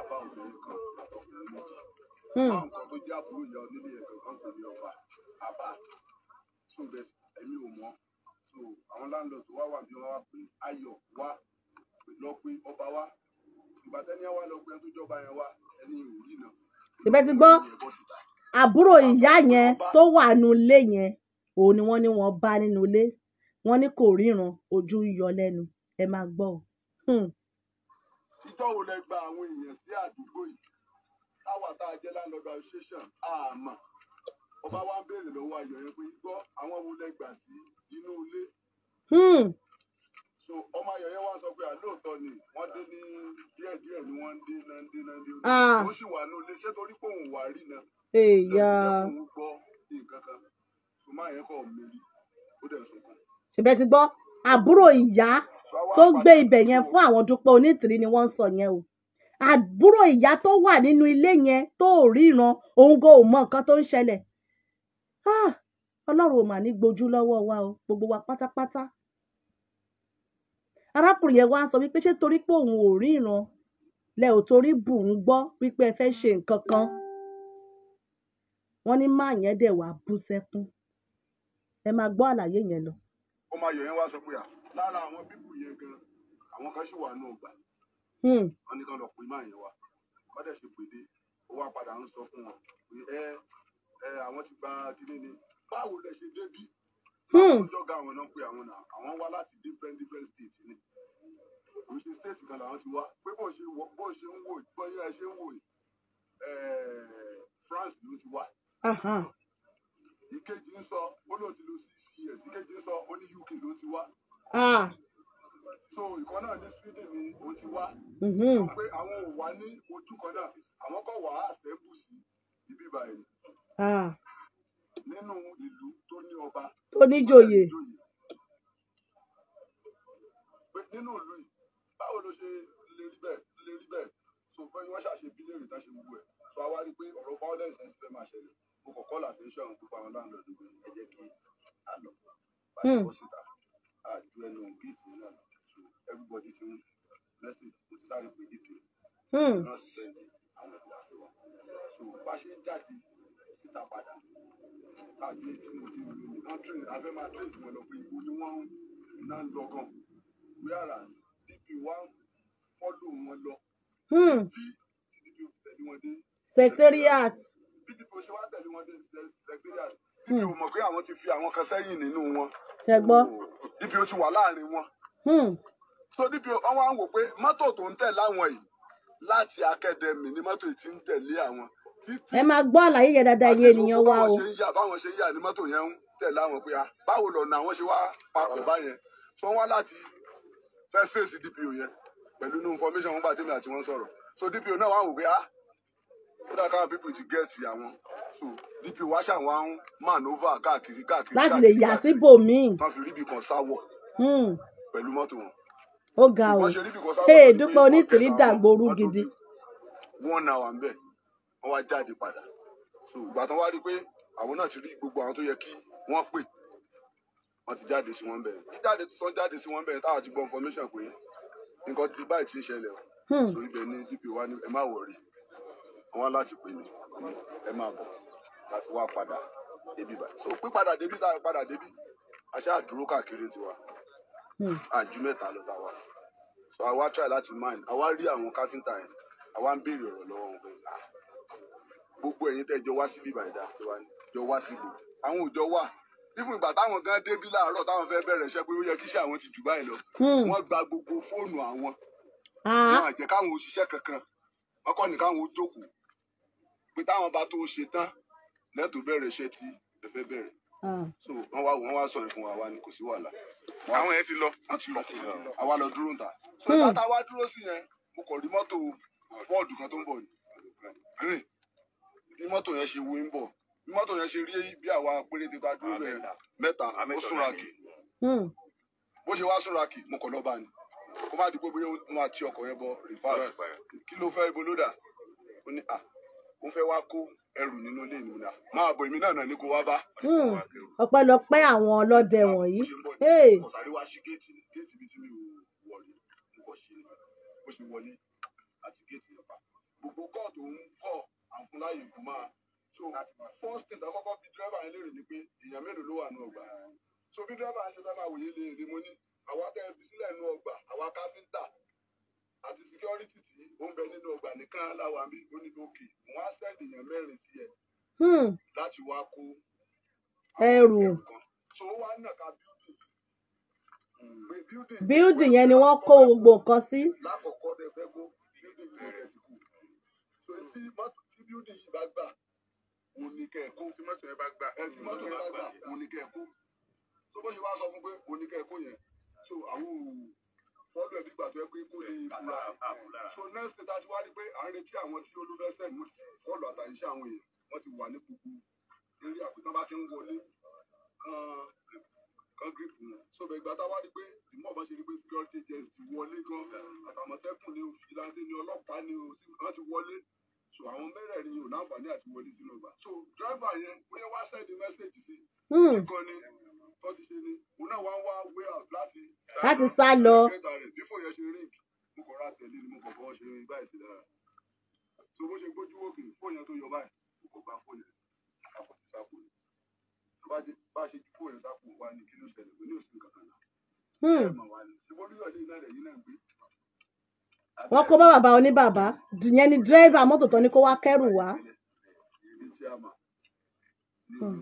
àbáwọn obìnrin kan àtọkùnrin méjì àwọn hmm. kan tó jẹ́ àbúrò ìyá onílé yẹn kankan kò ní ọba àbá so bẹ́ẹ̀ ẹ̀mí ò mọ́ so àwọn láńlọ́ọ̀tù wá wà bí wọ́n wá pé ayọ̀ wá lọ pé ọba wá ìgbàtẹ́ni àwa lọ pẹ́ tó jọba yẹn wá ẹni ìwúrí náà. ìbẹ́ ti gbọ́ àbúrò ìyá yẹn tó wà nù ilé yẹn òun ni wọ́n ní wọ́n bá nínú ilé wọ́n ní kò ríran ojú yọ lẹ́nu ẹ máa gbọ́ ọ. Hmm. ìjọ lẹ gba àwọn èèyàn sí àdúgbò yìí táwa tá a jẹ landlord association àmọ́ ọba wa ń béèrè lọ́wọ́ ayọ̀ yẹn pé gbọ́ àwọn wo lẹ gbà sí inú ilé. Hmm so ọmọ ayọ̀ yẹn wá sọ pé àlóòótọ́ ni wọ́n dé ní díẹ̀ díẹ̀ ni wọ́n ń dé náà ń dé náà ń dé ah. ó sì wà ní ilé iṣẹ́ torí pé òun wà rí náà èèyà òun gbọ́ nǹkan kan ṣùgbọ́n àyẹ̀ kọ́ mèrí ó dẹ̀ sunkún. ṣùgbọ́n ti gbọ́ àbúrò ìyá tó gbé ibẹ̀ yẹn fún àwọn dúpẹ́ onítìrí ni wọ́n ń sọ yẹn o àbúrò ìyá tó wà nínú ilé yẹn tó ríran òun kò mọ nǹkan tó ń ṣẹlẹ̀ ah, ọlọ́run ò mà ní gbojú lọ́wọ́ wa o gbogbo wa pátápátá arákùnrin yẹn wá ń sọ wípé ṣé torí pé òun ò rí ìran lẹ ò torí bù ń gbọ́ wípé ẹ fẹ́ ṣe nǹkan kan wọ́n ní máa yẹn dẹ̀ wá bú sẹ́kún ẹ máa gbọ́ àlàyé yẹn lọ. ọmọ ayọ̀ yẹn wá sọ pé lára àwọn bíbù yẹn gan àwọn kan ṣì wà nù ọgbà hmm. wọ́n ní kán lọ pè máa yẹn wá wọ́n ṣe pè ó wá padà ń sọ fún wọn pé ẹ ẹ àwọn ti gba kíní ni báwo lẹ ṣe débí láwọn hmm. ọjọ́ ga àwọn náà pé àwọn náà àwọn wá láti different different states ni kò ṣe state kan làwọn ti wá pé bó ṣe wọ bó ṣe ń wò bó ṣe ṣe ń wò yìí eh, France ló ti wá. ìkejì ń sọ ó lóun ti lo six years ìkejì ń sọ ó ní UK ló ti wá. Ah. so ìkan náà ní Sweden ni ó ti wá. Mm-hmm. pé àwọn ò wá ní ojú kan náà àwọn kan wà á assemble sí ibi báyìí. Ah nínú ìlú tó ní ọba. tó níjòyè. pé nínú ìlú yìí báwo ló ṣe lè rí bẹ́ẹ̀ lè rí bẹ́ẹ̀ so bẹ́ẹ̀ wọ́n ṣàṣe bílíọ̀nù tá ṣe gbogbo ẹ̀ so a wá rí i pé ọ̀rọ̀ violence ẹ̀ ń fẹ́ máa ṣẹlẹ̀ mo kọ̀ kọ́ làfin iṣẹ́ àwọn púpọ̀ àwọn láńlọ́ọ̀dù mi ẹ jẹ́ kí a lọ bá a hmm. síta a ẹnu gíìtì náà so everybody ti ń lẹ́sìn mo ti sáré pé gíìtì náà ti sẹ́yìn àwọn ìwà sí wa so bá a ṣe jáde ta padà láti tí mo ti lò ní country afẹ́ máa ni wọ́n ń lọ gan whereas dp wa fọ́dọ̀ wọn lọ hmm. tí dp tẹ̀lé wọn dé. secretariat. pdp ṣe wá tẹ̀lé wọn dé secretariat dp hmm. ò mọ̀ pé àwọn ti fi àwọn kan sẹ́yìn nínú wọn. ṣẹgbọ́. Oh. dp ó ti wà láàrin wọn. Hmm. so dp wọn wá ń wò pé mọ́tò tó ń tẹ̀ láwọn yìí láti akẹ́dẹ̀mì ni mọ́tò yìí ti ń tẹ̀lé àwọn ẹ máa gbọ́ àlàyé yẹn dáadáa ẹ̀yin ènìyàn wa o. báwọn ṣe ń yà ní mọ́tò yẹn ń tẹ̀lé àwọn pé ah, báwo lọ́nà àwọn ṣe wá papọ̀ báyẹn tó wá láti fẹ́ fèsì DPO yẹn pẹ̀lú new information wọn bá tèmi àti wọn sọ̀rọ̀ so DPO náà wà wò pé ah, ó dà káwọn people ti gẹ̀ẹ́tì àwọn so DPO wá ṣàwọn ń manova káàkiri káàkiri láti lè yà síbò míì tó fi ríbi kan sáwọ̀ hmm. pẹ̀lú mọ́tò wọn. ó ga o ee dúpẹ́ onítìrí dàgbòrú gidi. one hour ń bẹ́ẹ̀ wọ́n wá jáde padà so ìgbà tán wá rí i pé àwọn náà ti rí gbogbo àwọn tó yẹ kí wọ́n pè wọ́n ti jáde sí wọn bẹ̀rẹ̀ jíjáde tó ń jáde sí wọn bẹ̀rẹ̀ táwa ti gbọ́ information pé nǹkan ti báyìí ti ń ṣẹlẹ̀ o hmm. so ibẹ̀ ni dp wa ni ẹ má wọ̀rí wọn láti pè mí ẹ má bọ̀ láti wá padà débi báyìí so pípadà débi tá a padà débi àṣà àdúró káàkiri tiwa àjú hmm. mẹ́ta ló ta wa so àwa try láti mind àwa rí àwọn káfíńtà yẹn àwa ń béèrè ọ̀rọ̀ lọ́wọ́ wọn pé ah gbogbo ẹ̀yin tẹ́ jọ wá síbi ìbàdàn tó wá jọ wá síbi àwọn òjọ wà nífun ìgbà táwọn gan débí láàárọ̀ táwọn fẹ́ bẹ̀rẹ̀ iṣẹ́ pé ó yẹ kí iṣẹ́ àwọn ti jù báyìí lọ wọ́n gba gbogbo fóònù àwọn wọn àjẹ́ káwọn òṣìṣẹ́ kankan wọ́n kọ́ ní káwọn ó jókòó pé táwọn bá tó ṣe tán lẹ́tọ̀ bẹ̀rẹ̀ iṣẹ́ tí ẹ fẹ́ so wọ́n wá wọ́n wá sọ ìfún wa wá ní kò sí wàhálà àwọn yẹn ti lọ wọ́n ti lọ àwa lọ dúró níta so hmm. ìgbà táwa dúró sí yẹn mo kọ̀ rí mọ́tò fọ́ọ̀dù kan tó ń bọ̀ yìí bí mọ́tò yẹn ṣe wo ń bọ̀ bí mọ́tò yẹn ṣe rí bí àwa péréte ta dúró bẹ́ẹ̀ mẹ́ta ó súnrakì hmm. bó ṣe wá súnrakì mo kàn lọ́ọ́ bá ni ó má di pé bóyá mo àti ọkọ̀ yẹn bọ rìfáàsì kí ló fẹ́ ibolódà ó ní à ó fẹ́ wá kó ẹrù nínú ilé mi náà máa bọ èmi náà náà ní kó wá bá. Hmm. ọpẹ́lọpẹ́ àwọn ọlọ́dẹ wọ̀nyí. gbogbo kọ́ọ̀tù ń kọ́ àǹkún láàyè kú máa so first thing dákọ́kọ́ bí dírẹ́fà yẹn léèrè ni pé èèyàn mélòó ló wà ní ọgbà so bí dírẹ́fà yẹn ṣe fẹ́ máa wòye lè rí mo ní àwa tẹ́ ẹ sílẹ̀ nínú ọgbà àwa káfíńtà àti security tí ó ń bẹ nínú ọgbà nìkan láwa mi ó ní lókè wọn á sẹ́ẹ̀dì èèyàn mẹ́rin sí ẹ láti wá kó ẹrù so ó wá nàka building building yẹn ni wọ́n kó gbogbo nǹkan sí. lákọ̀ọ́kọ́ dẹ fẹ́ kó building bẹ̀rẹ̀ sí kù bíódì yìí bá gbà òun ni kẹ́ ẹ̀ kó tí mọ́tò yẹn bá gbà ẹ̀ tí mọ́tò yẹn bá gbà òun ni kẹ́ ẹ̀ kó tó bó ṣe wá sọ fún pé òun ni kẹ́ ẹ̀ kó yẹn so àwọn fọ́dọ̀ ẹ̀bí gbà tó yẹ pé kó ní ìfura so next day dájú wá rí pé à ń retí àwọn tí olúfẹ́sẹ̀ mú kọ́ọ̀lù àtàyíṣẹ́ àwọn èèyàn wọ́n ti wà ní gbogbo eré àpótán bá ti ń wọlé kan kan grip wọn so bẹ́ẹ̀ gbàtà wá rí pé ìmọ̀ bá ṣe rí pé security agents ti wọlé gan mm. àtàmọ̀tẹ́kùn ni òfìlà ni ọlọ́pàá ni òsì kan ti wọlé so àwọn mẹ́rẹ̀ẹ̀rin yóò láǹfààní àti wọlé sínú ọgbà so dráìvà yẹn bóyá wá sẹ́ẹ̀dì mẹ́sẹ̀jì sí hmm. nìkan ni tó ṣe ni òun náà wá ń wá way out láti láti sá lọ bífò yẹn ṣe ríǹkì mo kọ̀ ra tẹ̀lé ni mo kọ̀ bọ́ ṣe rin báyìí sí dára so bó ṣe gbójú òkè fóònù yẹn tó yọ báyìí mo kọ̀ gba yẹn sápò yẹn bá ṣe ju yẹn sápò wá ní kí wọ́n kó bá bàbá oníbàbá ìyẹn ni dírẹ́fà mọ́tò tó ní kó wá kẹ́rù wá. Hmm.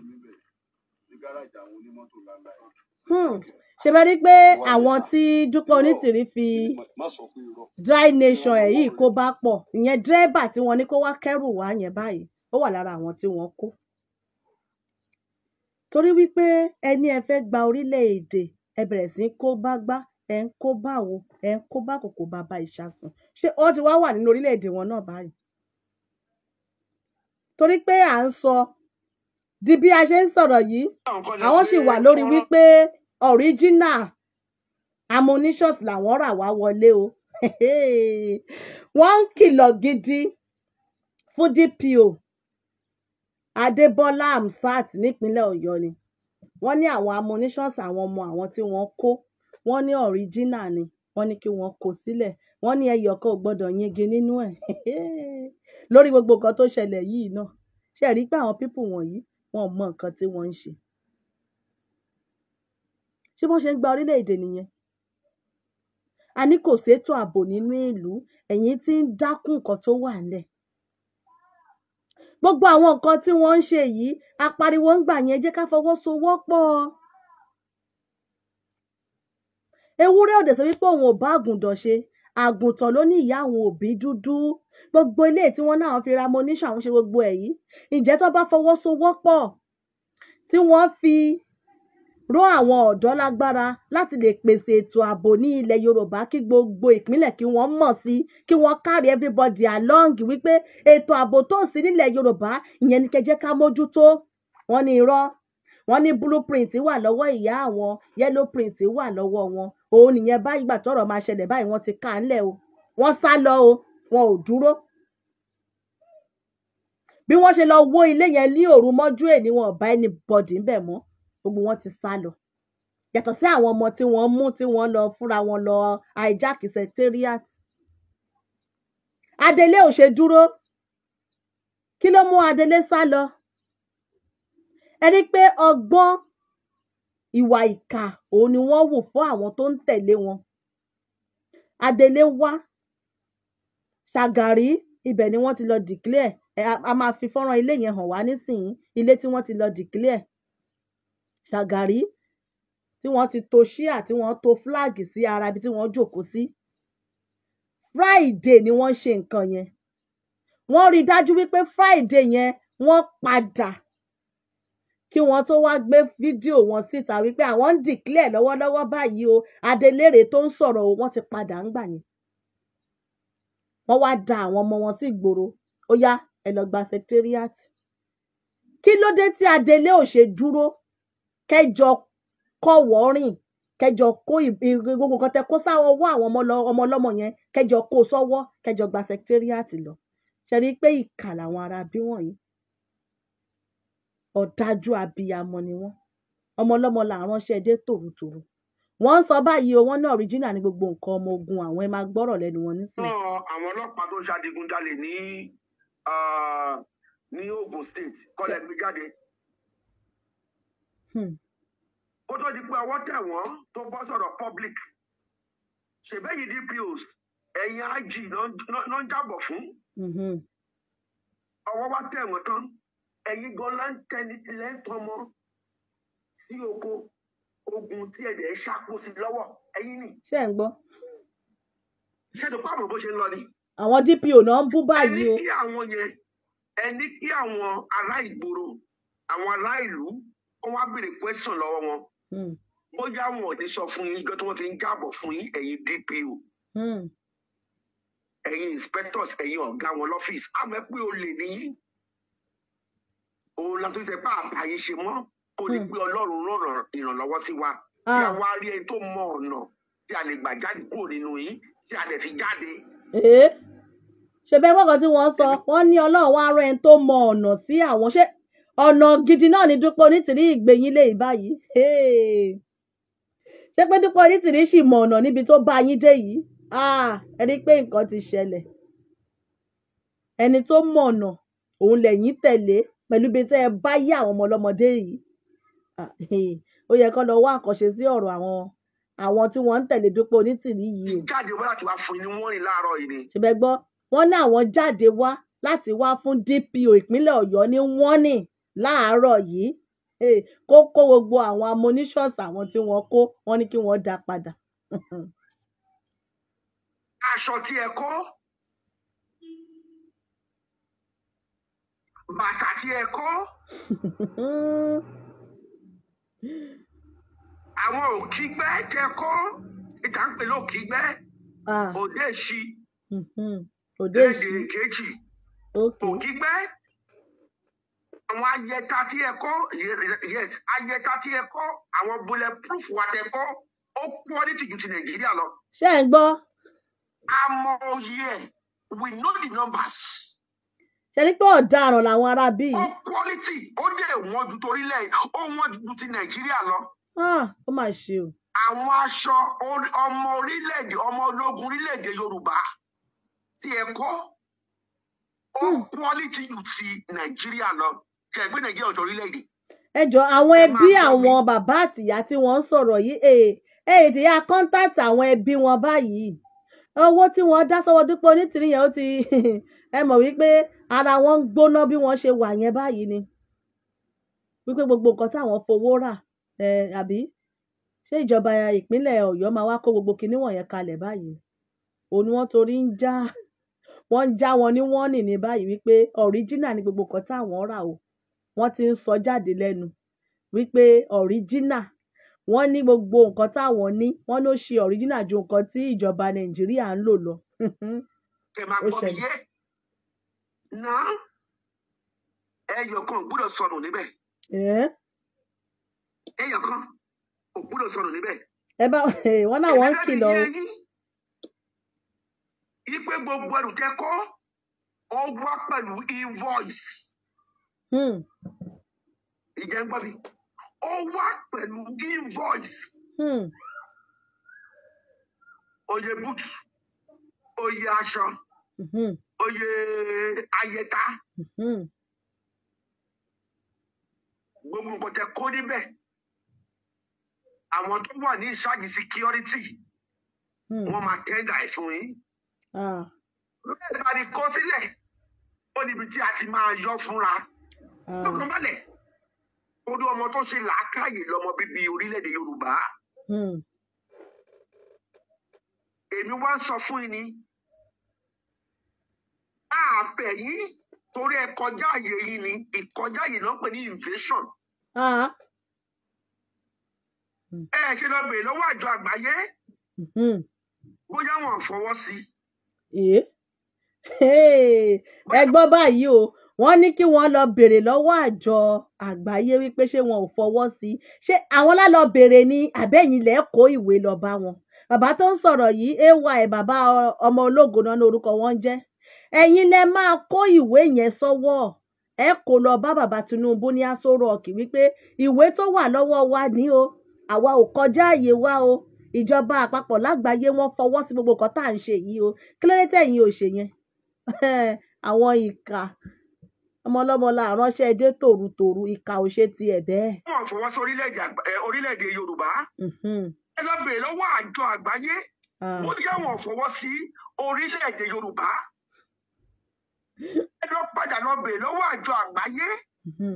Hmm. ṣe ni pé àwọn tí Dúpẹ́ Onítìrí fi dry nation ẹ̀ yìí kó bá pọ̀ ìyẹn dírẹ́fà tí wọ́n ní kó wá kẹ́rù wá yẹn báyìí ó wà lára àwọn tí wọ́n kó. torí wípé ẹni ẹ fẹ́ gba orílẹ̀-èdè ẹ bẹ̀rẹ̀ sí kó bá gbá ẹ̀ ń kó bá wo ẹ̀ ń kó bá kòkó bàbá ìṣàsùn ṣé ó ti wá wà nínú orílẹ̀-èdè wọn náà báyìí torí pé à ń sọ di bí a ṣe ń sọ̀rọ̀ yìí àwọn sì wà lórí wípé original ammunitions làwọn rà wá wọlé o wọ́n ń kìlọ̀ gidi fún DPO Adébọ́lá Hamsat nípínlẹ̀ Ọ̀yọ́ ni wọ́n ní àwọn ammunitions àwọn ọmọ àwọn tí wọ́n kó wọ́n ní ọ̀ríjínà ni wọ́n ní kí wọ́n kó sílẹ̀ wọ́n ní ẹyọ kan ò gbọ́dọ̀ yege nínú ẹ̀ lórí gbogbo nǹkan tó ṣẹlẹ̀ yìí náà ṣe rí pé àwọn pípù wọ̀nyí wọn mọ nǹkan tí wọ́n ń ṣe ṣé wọ́n ṣe ń gba orílẹ̀-èdè nìyẹn àní kò sétò ààbò nínú ìlú ẹ̀yin tí ń dákún nǹkan tó wà nílẹ̀ gbogbo àwọn nǹkan tí wọ́n ń ṣe yìí apariwo ń gbà yẹn jẹ́ ká fọwọ́sowọ́pọ̀ ọ́ ewúrẹ́ ò dẹ̀ sọ wípé òun ò bá àgùntàn ṣe àgùntàn ló ní ìyá àwọn òbí dúdú gbogbo ilé tí wọ́n náà fi ra amúníṣàn àwọn ṣe gbogbo ẹ̀ yìí ǹjẹ́ tó bá fọwọ́sowọ́pọ̀ tí wọ́n fi ró àwọn ọ̀dọ́ lágbára láti lè pèsè ètò ààbò ní ilẹ̀ Yorùbá kí gbogbo ìpínlẹ̀ kí wọ́n mọ̀ sí kí wọ́n carry everybody along wípé ètò ààbò tó sí nílẹ̀ Yorùbá ìyẹn ni kẹjẹ́ ká mójútó wọ́n ní irọ́ wọ́n ní blue print wà lọ́wọ́ ìyá àwọn yellow print wà lọ́wọ́ wọn òun nìyẹn báyìí gbà tọ́rọ̀ máa ṣẹlẹ̀ báyìí wọ́n ti ká ńlẹ̀ o wọ́n sá lọ o wọn ò dúró bí wọ́n ṣe lọ wó ilé yẹn ní òru mọ́jú ẹ̀ ni wọn ò bá anybody ńbẹ̀ mọ́ gbogbo wọn ti sá lọ yàtọ̀ sí àwọn ọmọ tí wọ́n mú tí wọ́n lọ fúnra wọn lọ hijack secretariat adelé ò ṣe dúró kí ló mú adelé sá lọ ẹ rí pé ọgbọ́n ìwà ìkà òun ni wọ́n hù fún àwọn tó ń tẹ̀lé wọn adelé wá ṣàgàrí ibẹ̀ ni wọ́n ti lọ declare ẹ a máa fi fọ́nrán ilé yẹn hàn wá nísìnyí ilé tí wọ́n ti lọ declare ṣàgàrí tí wọ́n ti to ṣíà tí wọ́n to flag sí ara ibi tí wọ́n jókòó sí Friday ni wọ́n ṣe nǹkan yẹn wọ́n rí i dájú wípé Friday yẹn wọ́n padà kí wọ́n tó wá gbé fídíò wọn síta wípé àwọn ń dìklẹ̀ lọ́wọ́lọ́wọ́ báyìí o adelére tó ń sọ̀rọ̀ o wọ́n ti padà ń gbà yẹn wọ́n wá da àwọn ọmọ wọn sí ìgboro ó yá ẹ lọ gba secretariat kí ló dé tí adelé ò ṣe dúró kẹjọ kọwọ́ rìn kẹjọ kó gbogbo kan tẹ kó sáwọ ọwọ́ àwọn ọmọ ọlọ́mọ yẹn kẹjọ kó sọ́wọ́ kẹjọ gba secretariat lọ ṣe rí i pé ìkà làwọn ará bí wọ̀nyí ọ̀dájú abiyamọ ni wọ́n ọmọlọ́mọ là ń ránṣẹ́ dé tòrutòru wọ́n ń sọ báyìí o wọ́n ní original ní gbogbo nǹkan ọmọ ogun àwọn ẹ máa gbọ́rọ̀ lẹ́nu wọn nísìnyí. àwọn ọlọ́pàá tó ṣàdígunjalè ní ní Ogun State kọ́lẹ̀ gbé jáde hmm. ó tó di pé ọwọ́ tẹ̀ wọ́n tó bọ́ sọ̀rọ̀ public ṣèbẹ́yìí DPOs ẹ̀yìn IG ló ń jábọ̀ fún mm-hmm. ọwọ́ wá tẹ̀ wọ́n tán ẹ̀yin gan láńtẹ́ni lẹ́ńtọ́mọ́ sí oko ogun tí ẹ̀dẹ̀ ṣàkó sí lọ́wọ́ ẹ̀yin ni. ṣé ẹ̀ ń gbọ́. ṣètò pàmò bó ṣe ń lọ ni. àwọn DPO náà ń bú báyìí o. ẹni kí àwọn yẹn ẹni kí àwọn ará ìgboro àwọn ará ìlú kó wá béèrè question lọ́wọ́ wọn. Hmm. bóyá wọn ò ní sọ fún yín gan tí wọ́n ti ń jábọ̀ fún yín ẹ̀yin DPO. Hmm. ẹ̀yin inspectors ẹ̀yin ọ̀gá wọn lọ́fíìsì àmọ́ ẹ pé olè nìyí òun la tó ṣe pé àbáyé ṣe mọ́ kó ní hmm. pé ọlọ́run rọ̀rọ̀ ìrànlọ́wọ́ sí wa kí a wá rí ẹni tó mọ ọ̀nà tí a lè gbà jáde kúrò nínú yìí tí a lè fi jáde. Eh? ṣèbẹ́ gbọ́dọ̀ tí wọ́n sọ wọ́n ní ọlọ́run wá rẹ́ ẹni tó mọ ọ̀nà sí àwọn ṣé ọ̀nà gidi náà ni Dúpẹ́ Onítìrí ìgbẹ̀yìn lè báyìí eh. ṣé pé Dúpẹ́ Onítìrí sì mọ ọ̀nà níbi tó bá yín dé yìí ah, ẹni pé nǹkan ti ṣẹlẹ̀ ẹni tó mọ ọ̀nà òun lẹ́yìn tẹ̀lé pẹ̀lú ibi tẹ́ ẹ bá yé àwọn ọmọ ọlọ́mọdé yìí ó yẹ kó lọ wá àkànṣe sí ọ̀rọ̀ àwọn àwọn tí wọ́n ń tẹ̀lé Dúpẹ́ Onítìrí yìí o. jáde wá láti wá fún ni wọ́n rìn láàárọ̀ yìí ni. ṣùgbọ́n gbọ́ wọ́n ní àwọn jáde wá láti wá fún DPO ìpínlẹ̀ Ọ̀yọ́ ní wọ́nì láàárọ̀ yìí kó kó gbogbo àwọn ammunitions àwọn tí wọ́n kó wọ́n ní kí wọ́n dá padà. aṣọ tí ẹ kó bàtà tí ẹ kọ́ àwọn òkígbẹ́ tẹ kọ́ ìta ń pè lókígbẹ́ òde èsì òde èkejì òkígbẹ́ àwọn ayẹta tí ẹ kọ́ yes ayẹta tí ẹ kọ́ àwọn bullet proof wa tẹ kọ́ ó quality ju ti nàìjíríà lọ. ṣé ẹ ń gbọ́. a mọ we know the numbers ṣe ní pé ọ̀daràn làwọn ará bí yìí. ó quality ó dẹ̀ wọ́n ju torílẹ̀ ó wọ́n ju ti nàìjíríà lọ. Ah, ó mà ṣe o. àwọn aṣọ ọmọ orílẹ̀-èdè ọmọ ológun orílẹ̀-èdè yorùbá ti ẹ̀kọ́ ó quality hmm. ju ti nàìjíríà lọ ti ẹ̀gbẹ́ nàìjíríà ọ̀jọ̀ orílẹ̀-èdè. ẹ jọ àwọn ẹbí àwọn bàbá àtìyá tí wọ́n ń sọ̀rọ̀ yìí ẹ ẹ ti yá contact àwọn ẹbí wọn báyìí owó tí wọ́n dá sọ́wọ́ dípò onítìrí yẹn ó ti ẹ mọ̀ wípé ara wọn ń gbóná bí wọ́n ṣe wà yẹn báyìí ni wípé gbogbo nǹkan táwọn fowó rà àbí ṣé ìjọba ìpínlẹ̀ Ọ̀yọ́ máa wá kó gbogbo kinní wọ̀nyẹn kalẹ̀ báyìí òun ni wọ́n torí ń já wọ́n ń já wọn ní wọ́n nì ní báyìí wípé ọ̀ríjínà ni gbogbo nǹkan táwọn rà o wọ́n ti ń sọ jáde lẹ́nu wípé ọ̀ríjínà wọ́n ní gbogbo nǹkan táwọn ní wọ́n ló ṣe ọ̀ríjínà ju nǹkan tí ìjọba Nàìjíríà ń lò lọ. ẹ máa gbọ́ mi yé ná ẹyọ kan ò gbúdọ̀ sọnù níbẹ̀. ẹyọ kan ò gbúdọ̀ sọnù níbẹ̀. ẹ bá wọn náà wọn kìlọ̀ o. ipe gbogbo ẹrù tẹ kó ó wá pẹ̀lú invoice. ìjẹ́ hmm. ń gbọ́ mi ó wá pẹ̀lú invoice. Hmm. oye búùtù oye aṣọ. Hmm. Oye ayeta, hmm. gbogbo nǹkan tẹ kó níbẹ̀ àwọn tó wà ní ìṣáàjì síkírọ́rìtì hmm. wọ́n máa tẹ́ndà ẹ̀ fún yín ah. bẹ́ẹ̀ bá ní kó sílẹ̀ ó níbi tí a ti máa yọ fúnra ah. lọ́kàn balẹ̀ ó dún ọmọ tó ṣe làákàyè lọ́mọ bíbí orílẹ̀-èdè Yorùbá hmm. èmi wá sọ fún yín ni àbẹ̀ yín torí ẹ kọjá àyè yìí ni ìkọjá yìí ló ń pè ní invasion. ẹ ṣe lọ bèrè lọ́wọ́ àjọ àgbáyé mm-hmm. bóyá wọn fọwọ́ sí i. Eh. ẹ gbọ́ báyìí o wọ́n ní kí wọ́n lọ bèrè lọ́wọ́ àjọ àgbáyé wípé ṣé wọn ò fọwọ́ sí i ṣé àwọn lálọ́ bèrè ni àbẹ́yìn lẹ́ kó ìwé lọ bá wọn bàbá tó ń sọ̀rọ̀ yìí ay bàbá ọmọ ológo náà ní orúkọ wọn jẹ́ ẹ̀yin lẹ máa kó ìwé yẹn sọ́wọ́ ẹ kò lọ bá bàbá Tinubu ní Aso Rock wípé ìwé tó wà lọ́wọ́ wa ní o àwa ò kọjá àyè wa o ìjọba àpapọ̀ lágbàáyé wọn fọwọ́ sí gbogbo nǹkan tá à ń ṣe yìí o kí ló dé tẹ̀yin ò ṣe yẹn àwọn ìka ọmọlọ́mọ la ránṣẹ́ edé tòrutòru ìka ò ṣe tiẹ̀ bẹ́ẹ̀. wọn fọwọ́ sí orílẹ̀-èdè Yorùbá ẹ lọ bèèrè lọ́wọ́ àjọ àgbáyé wọ́n ti yá wọn fọwọ́ sí orílẹ̀-èdè Yorùbá ẹ lọ padà lọ bèè lọ́wọ́ àjọ àgbáyé mm-hmm.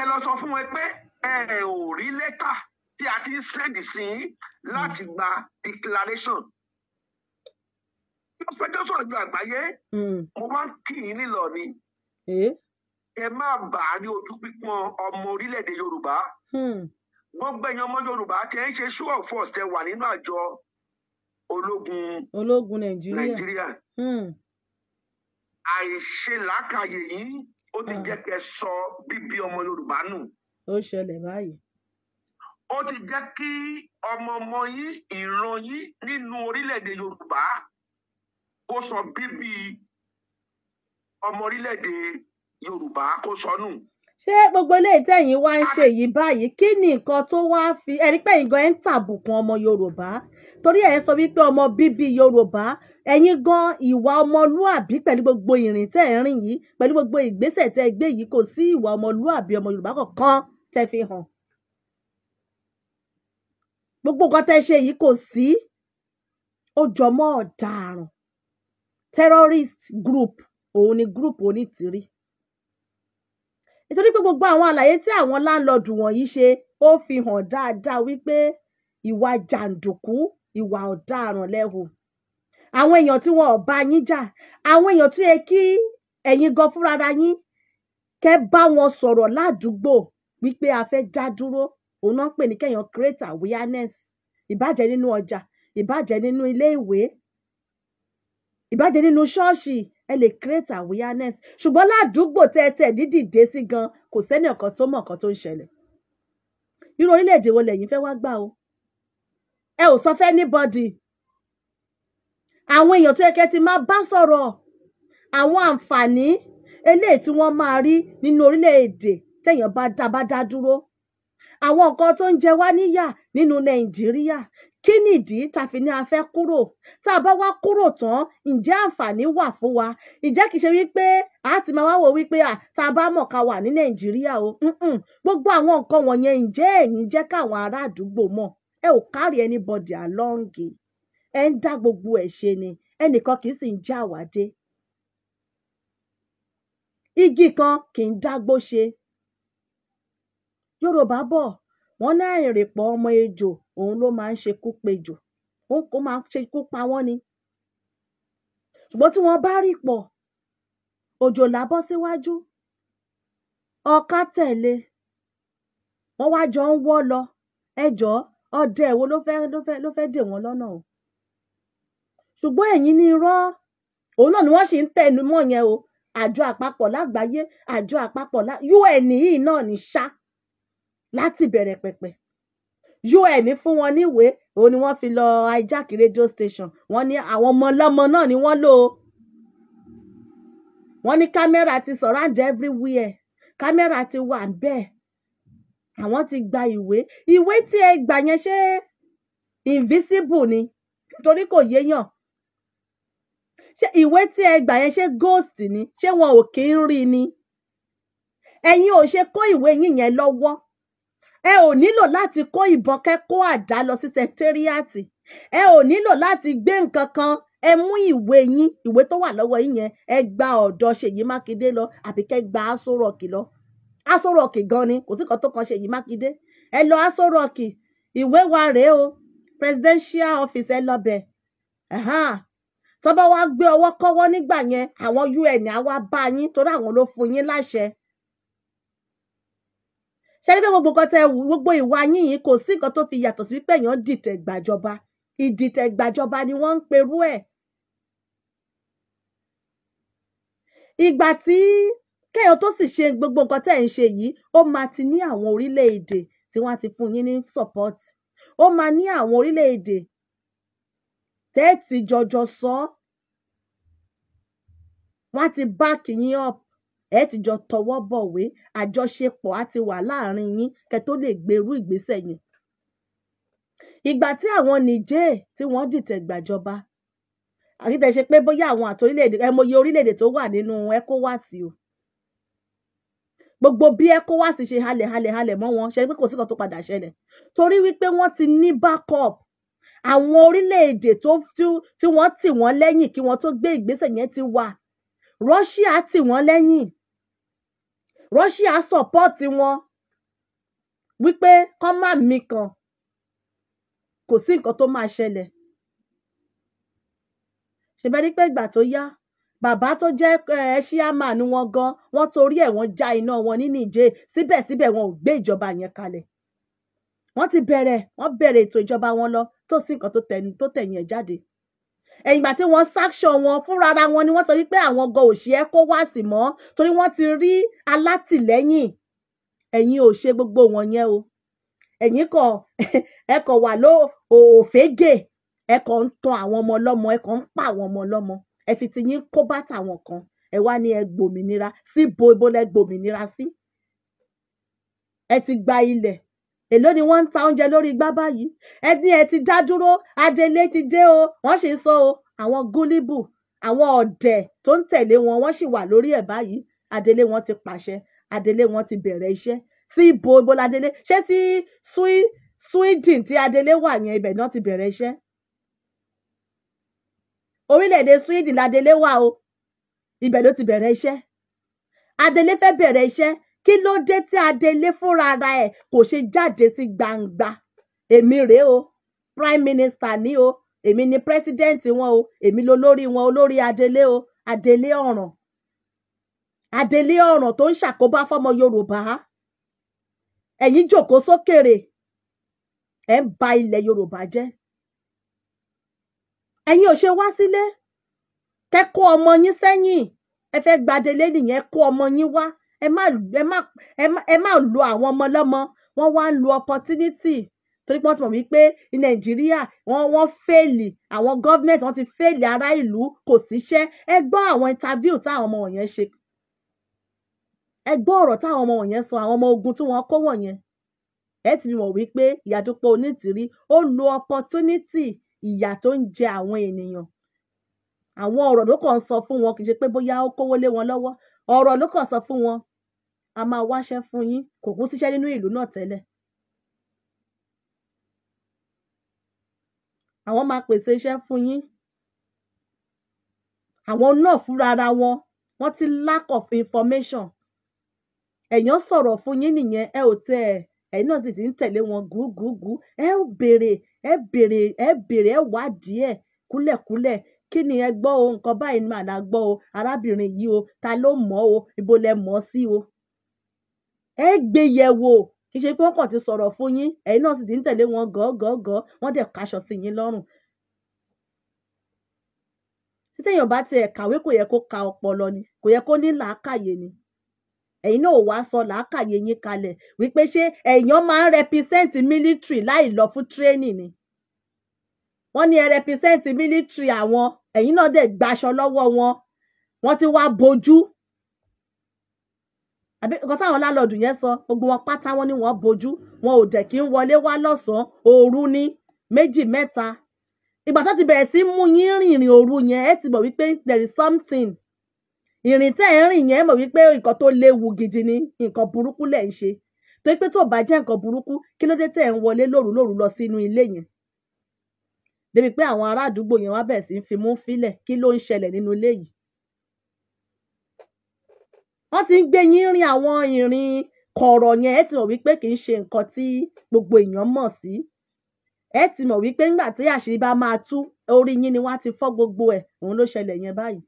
ẹ lọ sọ fún wọn pé ẹ ò rí lẹ́tà tí a ti ń sẹ́ẹ̀dì sí láti gba declaration ló fẹ́ tó sọ̀rọ̀ ju àgbáyé mm. mo máa ń kì í nílọ ni eh? ẹ má bà á ní ojú pípọ́n ọmọ orílẹ̀-èdè Yorùbá hmm. gbogbo ẹ̀yin ọmọ Yorùbá tẹ́ ń ṣe show of force tẹ́ wà nínú àjọ ológun ológun nàìjíríà hmm. àìṣe làákàyè yìí ó ti hmm. jẹ́ kẹ́ sọ bíbí ọmọ yorùbá nù. ó ṣẹlẹ̀ báyìí. ó ti jẹ́ kí ọmọ ọmọ yín ìran yín nínú orílẹ̀-èdè yorùbá kó sọ bíbí ọmọ orílẹ̀-èdè yorùbá kó sọ nù. ṣé gbogbo ilé ìtẹ̀yìn wá ń ṣe yìí báyìí kí ni nǹkan tó wá fi ẹ̀rí pé ìgàn ẹ̀ ń tàbùkù ọmọ yorùbá torí ẹ̀ sọ wípé ọmọ bíbí Yorùbá ẹ̀yin gan ìwà ọmọlúàbí pẹ̀lú gbogbo ìrìn tẹ́ ẹ̀ rìn yìí pẹ̀lú gbogbo ìgbésẹ̀ tẹ́ ẹ gbé yìí kò sí ìwà ọmọlúàbí ọmọ Yorùbá kankan tẹ́ fi hàn gbogbo nǹkan tẹ́ ṣe yìí kò sí ó jọmọ́ terrorist group òun ni group onítìrí nítorí pé gbogbo àwọn àlàyé tí àwọn láńlọ́ọ̀dù wọ̀nyí ṣe ó fi hàn dáadáa wípé ìwà jàǹdùkú ìwà ọ̀daràn lẹ́wọ̀ àwọn èèyàn tí wọn ò bá yín jà àwọn èèyàn tí ẹ kí ẹ̀yin gan fúnra yín kẹ́ bá wọn sọ̀rọ̀ ládùúgbò wípé a fẹ́ já dúró òun náà pè ní kẹ́yàn create awareness ìbàjẹ́ nínú ọjà ìbàjẹ́ nínú ilé ìwé ìbàjẹ́ nínú ṣọ́ọ̀ṣì ẹ lè create awareness ṣùgbọ́n ládùúgbò tẹ́tẹ́ dídìde sí gan kò sẹ́ni ọ̀kan tó mọ̀ ọ̀kan tó ń ṣẹlẹ̀ irú orílẹ̀-èdè wo lẹ̀yin fẹ́ wá gbà o ẹ ò sọ fẹ́ anybody àwọn èèyàn tó yẹ kẹ́ ti máa bá sọ̀rọ̀ àwọn àǹfààní eléyìí tí wọ́n máa rí nínú orílẹ̀-èdè téèyàn bá dá bá dá dúró àwọn nǹkan tó ń jẹ wá níyà nínú nàìjíríà kí nìdí tá fi ní a fẹ́ kúrò tá a bá wá kúrò tán ǹjẹ́ àǹfààní wà fún wa ǹjẹ́ kìí ṣe wípé a ti máa wá wò wípé à tá a bá mọ̀ ká wà ní nàìjíríà o gbogbo àwọn nǹkan wọ̀nyẹn ǹjẹ́ ẹ̀yin jẹ́ káwọn ará àdúgbò mọ̀ ẹ ò carry anybody along ẹ ń dá gbogbo ẹ̀ ṣe ni ẹnìkan kì í sì ń já àwádé igi kan kì í dágbó ṣe yorùbá bọ̀ wọ́n náà ìrìpọ̀ ọmọ ejò òun ló máa ń ṣekú pejò ó máa ń ṣekú pa wọ́n ni ṣùgbọ́n tí wọ́n bá rì pọ̀ òjò lábọ́ síwájú ọ̀ká tẹ̀lé wọ́n wá jọ ń wọ́ lọ ẹjọ́ ọdẹ wo ló fẹ́ ló fẹ́ ló fẹ́ dè wọ́n lọ́nà o ṣùgbọ́n ẹ̀yin ní irọ́ òun náà ni wọ́n sì ń tẹnu mọ́ yẹn o àjọ àpapọ̀ lágbàáyé àjọ àpapọ̀ lá UN e yìí náà ní ṣá láti bẹ̀rẹ̀ pẹ̀pẹ̀ UN e fún wọn níwèé òun ni wọ́n fi lọ hijack radio station wọ́n ní àwọn ọmọ ọlọ́mọ náà ni wọ́n lò ó wọ́n ní kámẹ́rà ti surround everywhere kámẹ́rà ti wà bẹ́ẹ̀ àwọn ti gba ìwé ìwé tí ẹ gbà yẹn ṣé invisible ni torí kò yéèyàn ṣé ìwé tí ẹ gbà yẹn ṣé ghost ni ṣé wọn ò kí ń rí ni ẹ̀yin ò ṣe kó ìwé yín yẹn lọ́wọ́ ẹ ò nílò láti kó ìbọn kẹ́kọ́ àdá lọ sí sẹkítẹ́ríàtì ẹ ò nílò láti gbé nǹkan kan ẹ mú ìwé yín ìwé tó wà lọ́wọ́ yín yẹn ẹ gba ọ̀dọ̀ Ṣèyí Mákindé lọ àbí kẹ́ gba Aṣọ Rock lọ Asoro Rock gan ni kò sí kan tó kan ṣe yìí Mákindé ẹ lọ Aso Rock ìwé wa rèé o presidential office ẹ lọ bẹ̀ tọ́bọ̀ wá gbé ọwọ́ kọ́wọ́ nígbà yẹn àwọn UN àwa bá yín torí àwọn ló fún yín láṣẹ ṣe ní pé gbogbo nǹkan tẹ gbogbo ìwà yín yìí kò sí nǹkan tó fi yàtọ̀ sí wípé èèyàn dìtẹ̀ gbàjọba ìdìtẹ̀ gbàjọba ni wọ́n ń perú ẹ̀. ìgbà tí kẹ́yàn tó sì ṣe gbogbo nǹkan tẹ́ ẹ̀ ń ṣe yìí ó máa ti ní àwọn orílẹ̀-èdè tí wọ́n ti fún yín ní support ó máa ní àwọn orílẹ̀-èdè tẹ́ ẹ̀ ti jọjọ sọ wọ́n ti back yín up ẹ ti jọ tọwọ́ bọ̀wé àjọṣepọ̀ á ti wà láàrin yín kẹ́ tó lè gbèrú ìgbésẹ̀ yẹn ìgbà tí àwọn nìjẹ́ tí wọ́n dìtẹ̀ gbàjọba àti tẹ̀ ṣe pé bóyá àwọn àti orílẹ̀-èdè ẹ orílẹ̀-èdè tó wà nínú ECOWAS o gbogbo bí ECOWAS ṣe halẹ̀ halẹ̀ halẹ̀ mọ́ wọn ṣe pé kò sí kan tó padà ṣẹlẹ̀ torí wípé wọ́n ti ní backup àwọn orílẹ̀-èdè tí wọ́n tì wọ́n lẹ́yìn kí wọ́n tó gbé ìgbésẹ̀ yẹn ti wà Russia tì wọ́n lẹ́yìn Russia support wọn wípé kán má mi kan kò sí nǹkan tó máa ṣẹlẹ̀ ṣèbẹ́rí pé ìgbà tó yá bàbá tó jẹ́ chairman wọn gan wọ́n torí ẹ̀ wọ́n já iná wọn ní Niger síbẹ̀síbẹ̀ wọn ò gbé ìjọba yẹn kalẹ̀ wọ́n ti bẹ̀rẹ̀ wọ́n bẹ̀rẹ̀ ètò ìjọba wọn lọ tó sì nǹkan tó tẹ̀yìn ẹ̀ jáde ẹ̀yìn ìgbà tí wọ́n sanction wọn fúnra ara wọn ni wọ́n sọ wípé àwọn gan òṣì ECOWAS mọ́ torí wọ́n ti rí alátìlẹ́yìn ẹ̀yin ò ṣe gbogbo wọn yẹn o ẹ̀yin kan ẹ kàn wà ló òfégè ẹ kàn ń tan àwọn ọmọ ọlọ́mọ ẹ kàn ń pa àwọn ọmọ ọlọ́mọ ẹ fi ti yín kó bàtà wọn kan ẹ wá ní ẹ sí ibo lẹ sí ẹ ti gba ilẹ̀ èló ni wọ́n ń ta oúnjẹ lórí igbá báyìí ẹ ní ẹ ti dá dúró adelé ti dé o wọ́n sì ń sọ o àwọn gúlíbù àwọn ọ̀dẹ̀ tó ń tẹ̀lé wọn wọ́n sì wà lórí ẹ̀ báyìí adelé wọn ti pàṣẹ adelé wọn ti bẹ̀rẹ̀ iṣẹ́ sí ibo ibo ladele ṣé sí sweden tí adelé wà yẹn ibẹ̀ náà ti bẹ̀rẹ̀ iṣẹ́ orílẹ̀-èdè Sweden ládélé wà o ibẹ̀ ló ti bẹ̀rẹ̀ iṣẹ́ adélé fẹ́ bẹ̀rẹ̀ iṣẹ́ kí ló dé tí adélé fúnra ara ẹ̀ kò ṣe jáde sí gbangba èmi rèé o prime minister ni o èmi ni president wọn o èmi lolórí wọn olórí adélé o adélé ọ̀ràn adélé ọ̀ràn tó ń ṣàkóbá fọmọ yorùbá ẹ̀yin jòkó sókèrè ẹ̀ ń ba ilẹ̀ yorùbá jẹ́ ẹ̀yin ò ṣe wá sílé kẹ́ kó ọmọ yín sẹ́yìn ẹ fẹ́ gbadélé nìyẹn kó ọmọ yín wá ẹ má ẹ má ẹ má lo àwọn ọmọ lọ́mọ wọ́n wá ń lo opportunity torí pé wọ́n ti mọ̀ wípé ní nàìjíríà wọ́n wọ́n fẹ́ẹ̀lì àwọn gọ́ọ̀mẹ̀ntì wọ́n ti fẹ́ẹ̀lì ará ìlú kò síṣẹ́ ẹ gbọ́ àwọn interview táwọn ọmọ wọ̀nyẹn ṣe ẹ gbọ́ ọ̀rọ̀ táwọn ọmọ wọ̀nyẹn sọ àwọn ọmọ ogun tí wọ́n kó wọ̀nyẹn ẹ ti mọ̀ wípé ìyàdúpọ̀ onítìrí ó lo opportunity ìyà tó ń jẹ àwọn ènìyàn àwọn ọ̀rọ̀ ló kàn ń sọ fún wọn kì í ṣe pé bóyá ó kówó lé wọn lọ́wọ́ ọ̀rọ̀ ló kàn sọ fún wọn a máa wáṣẹ́ fún yín kò kún síṣẹ́ nínú ìlú náà tẹ́lẹ̀ àwọn máa pèsè iṣẹ́ fún yín àwọn náà fúnra ara wọn wọ́n ti lack of information èèyàn sọ̀rọ̀ fún yín nìyẹn ẹ ò tẹ ẹ ẹ̀yin náà sì ti ń tẹ̀lé wọn gúgúgú ẹ ò béèrè ẹ bèrè ẹ bèrè ẹ wádìí ẹ̀ kúlẹ̀kúlẹ̀ kí ni ẹ gbọ́ o nǹkan báyìí ni màdà gbọ́ o arábìnrin yìí o ta ló mọ̀ o ibo lẹ mọ̀ sí o. ẹ gbé yẹ̀wò kì í ṣe pé wọ́n kàn ti sọ̀rọ̀ fún yín ẹ̀yin náà sì ti ń tẹ̀lé wọn gọ́gọ́gọ́ wọ́n dẹ̀ kaṣọ sí yín lọ́rùn. títẹ̀yàn bá tiẹ̀ kàwé kò yẹ kó ka ọpọlọ ni kò yẹ kó ní làákàyè ni ẹ̀yin náà wá sọ làákàyè yín kalẹ̀ wípé ṣé èèyàn máa ń represent military láì lọ fún training ni wọ́n ní ẹ represent military àwọn ẹ̀yin náà dẹ̀ gbaṣọ lọ́wọ́ wọn wọ́n ti wá bojú àbí nǹkan táwọn lálọ́ọ̀dù yẹn sọ gbogbo wọn pátá wọn ni wọ́n bojú wọn ò dẹ̀ kí ń wọlé wá lọ́sàn-án òru ni méjì mẹ́ta ìgbà tó ti bẹ̀rẹ̀ sí mú yín rìnrìn òru yẹn ẹ ti mọ̀ wípé there is something ìrìn tẹ́ ẹ̀ ń rìn yẹn mọ̀ wípé nǹkan tó léwu gidi ni nǹkan burúkú lẹ̀ ń ṣe tó pé tó bá jẹ́ nǹkan burúkú kí ló dé tẹ̀ ń wọlé lóru lóru lọ sínú ilé yẹn débi pé àwọn ará àdúgbò yẹn wá bẹ̀rẹ̀ sí í fimú fílẹ̀ kí ló ń ṣẹlẹ̀ nínú ilé yìí wọ́n ti ń gbé yín rin àwọn ìrìn kọ̀ọ̀rọ̀ yẹn ẹ ti mọ̀ wípé kì í ṣe nǹkan tí gbogbo èèyàn mọ̀ sí ẹ ti mọ̀ wípé nígbà tí àṣírí bá máa tú orí yín ni wọ́n ti fọ́ gbogbo ẹ̀ òun ló ṣẹlẹ̀ yẹn báyìí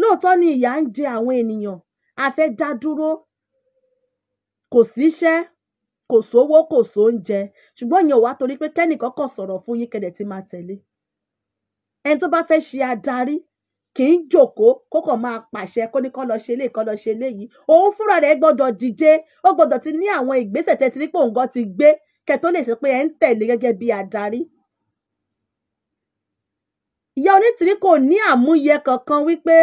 lóòótọ́ ni ìyà ń jẹ àwọn ènìyàn a fẹ́ dá dúró kò síṣẹ́ kò sówó kò sóúnjẹ ṣùgbọ́n ìyẹn ò wá torí pé kẹ́nìkan kàn sọ̀rọ̀ fún yín kẹ̀dẹ̀ tí máa tẹ̀lé ẹni tó bá fẹ́ ṣe adarí kì í jòkó kó kàn máa pàṣẹ kó ní kọ́ lọ ṣe eléyìí kọ́ lọ ṣe eléyìí òun fúnra rẹ̀ gbọ́dọ̀ dìde ó gbọ́dọ̀ ti ní àwọn ìgbésẹ̀ tẹ́tí ní pòǹgọ́ ti gbé kẹ́ tó lè ṣe pé ẹ ń tẹ̀lé gẹ́gẹ́ bí adarí ìyá onítìrí kò ní àmúyẹ kankan wípé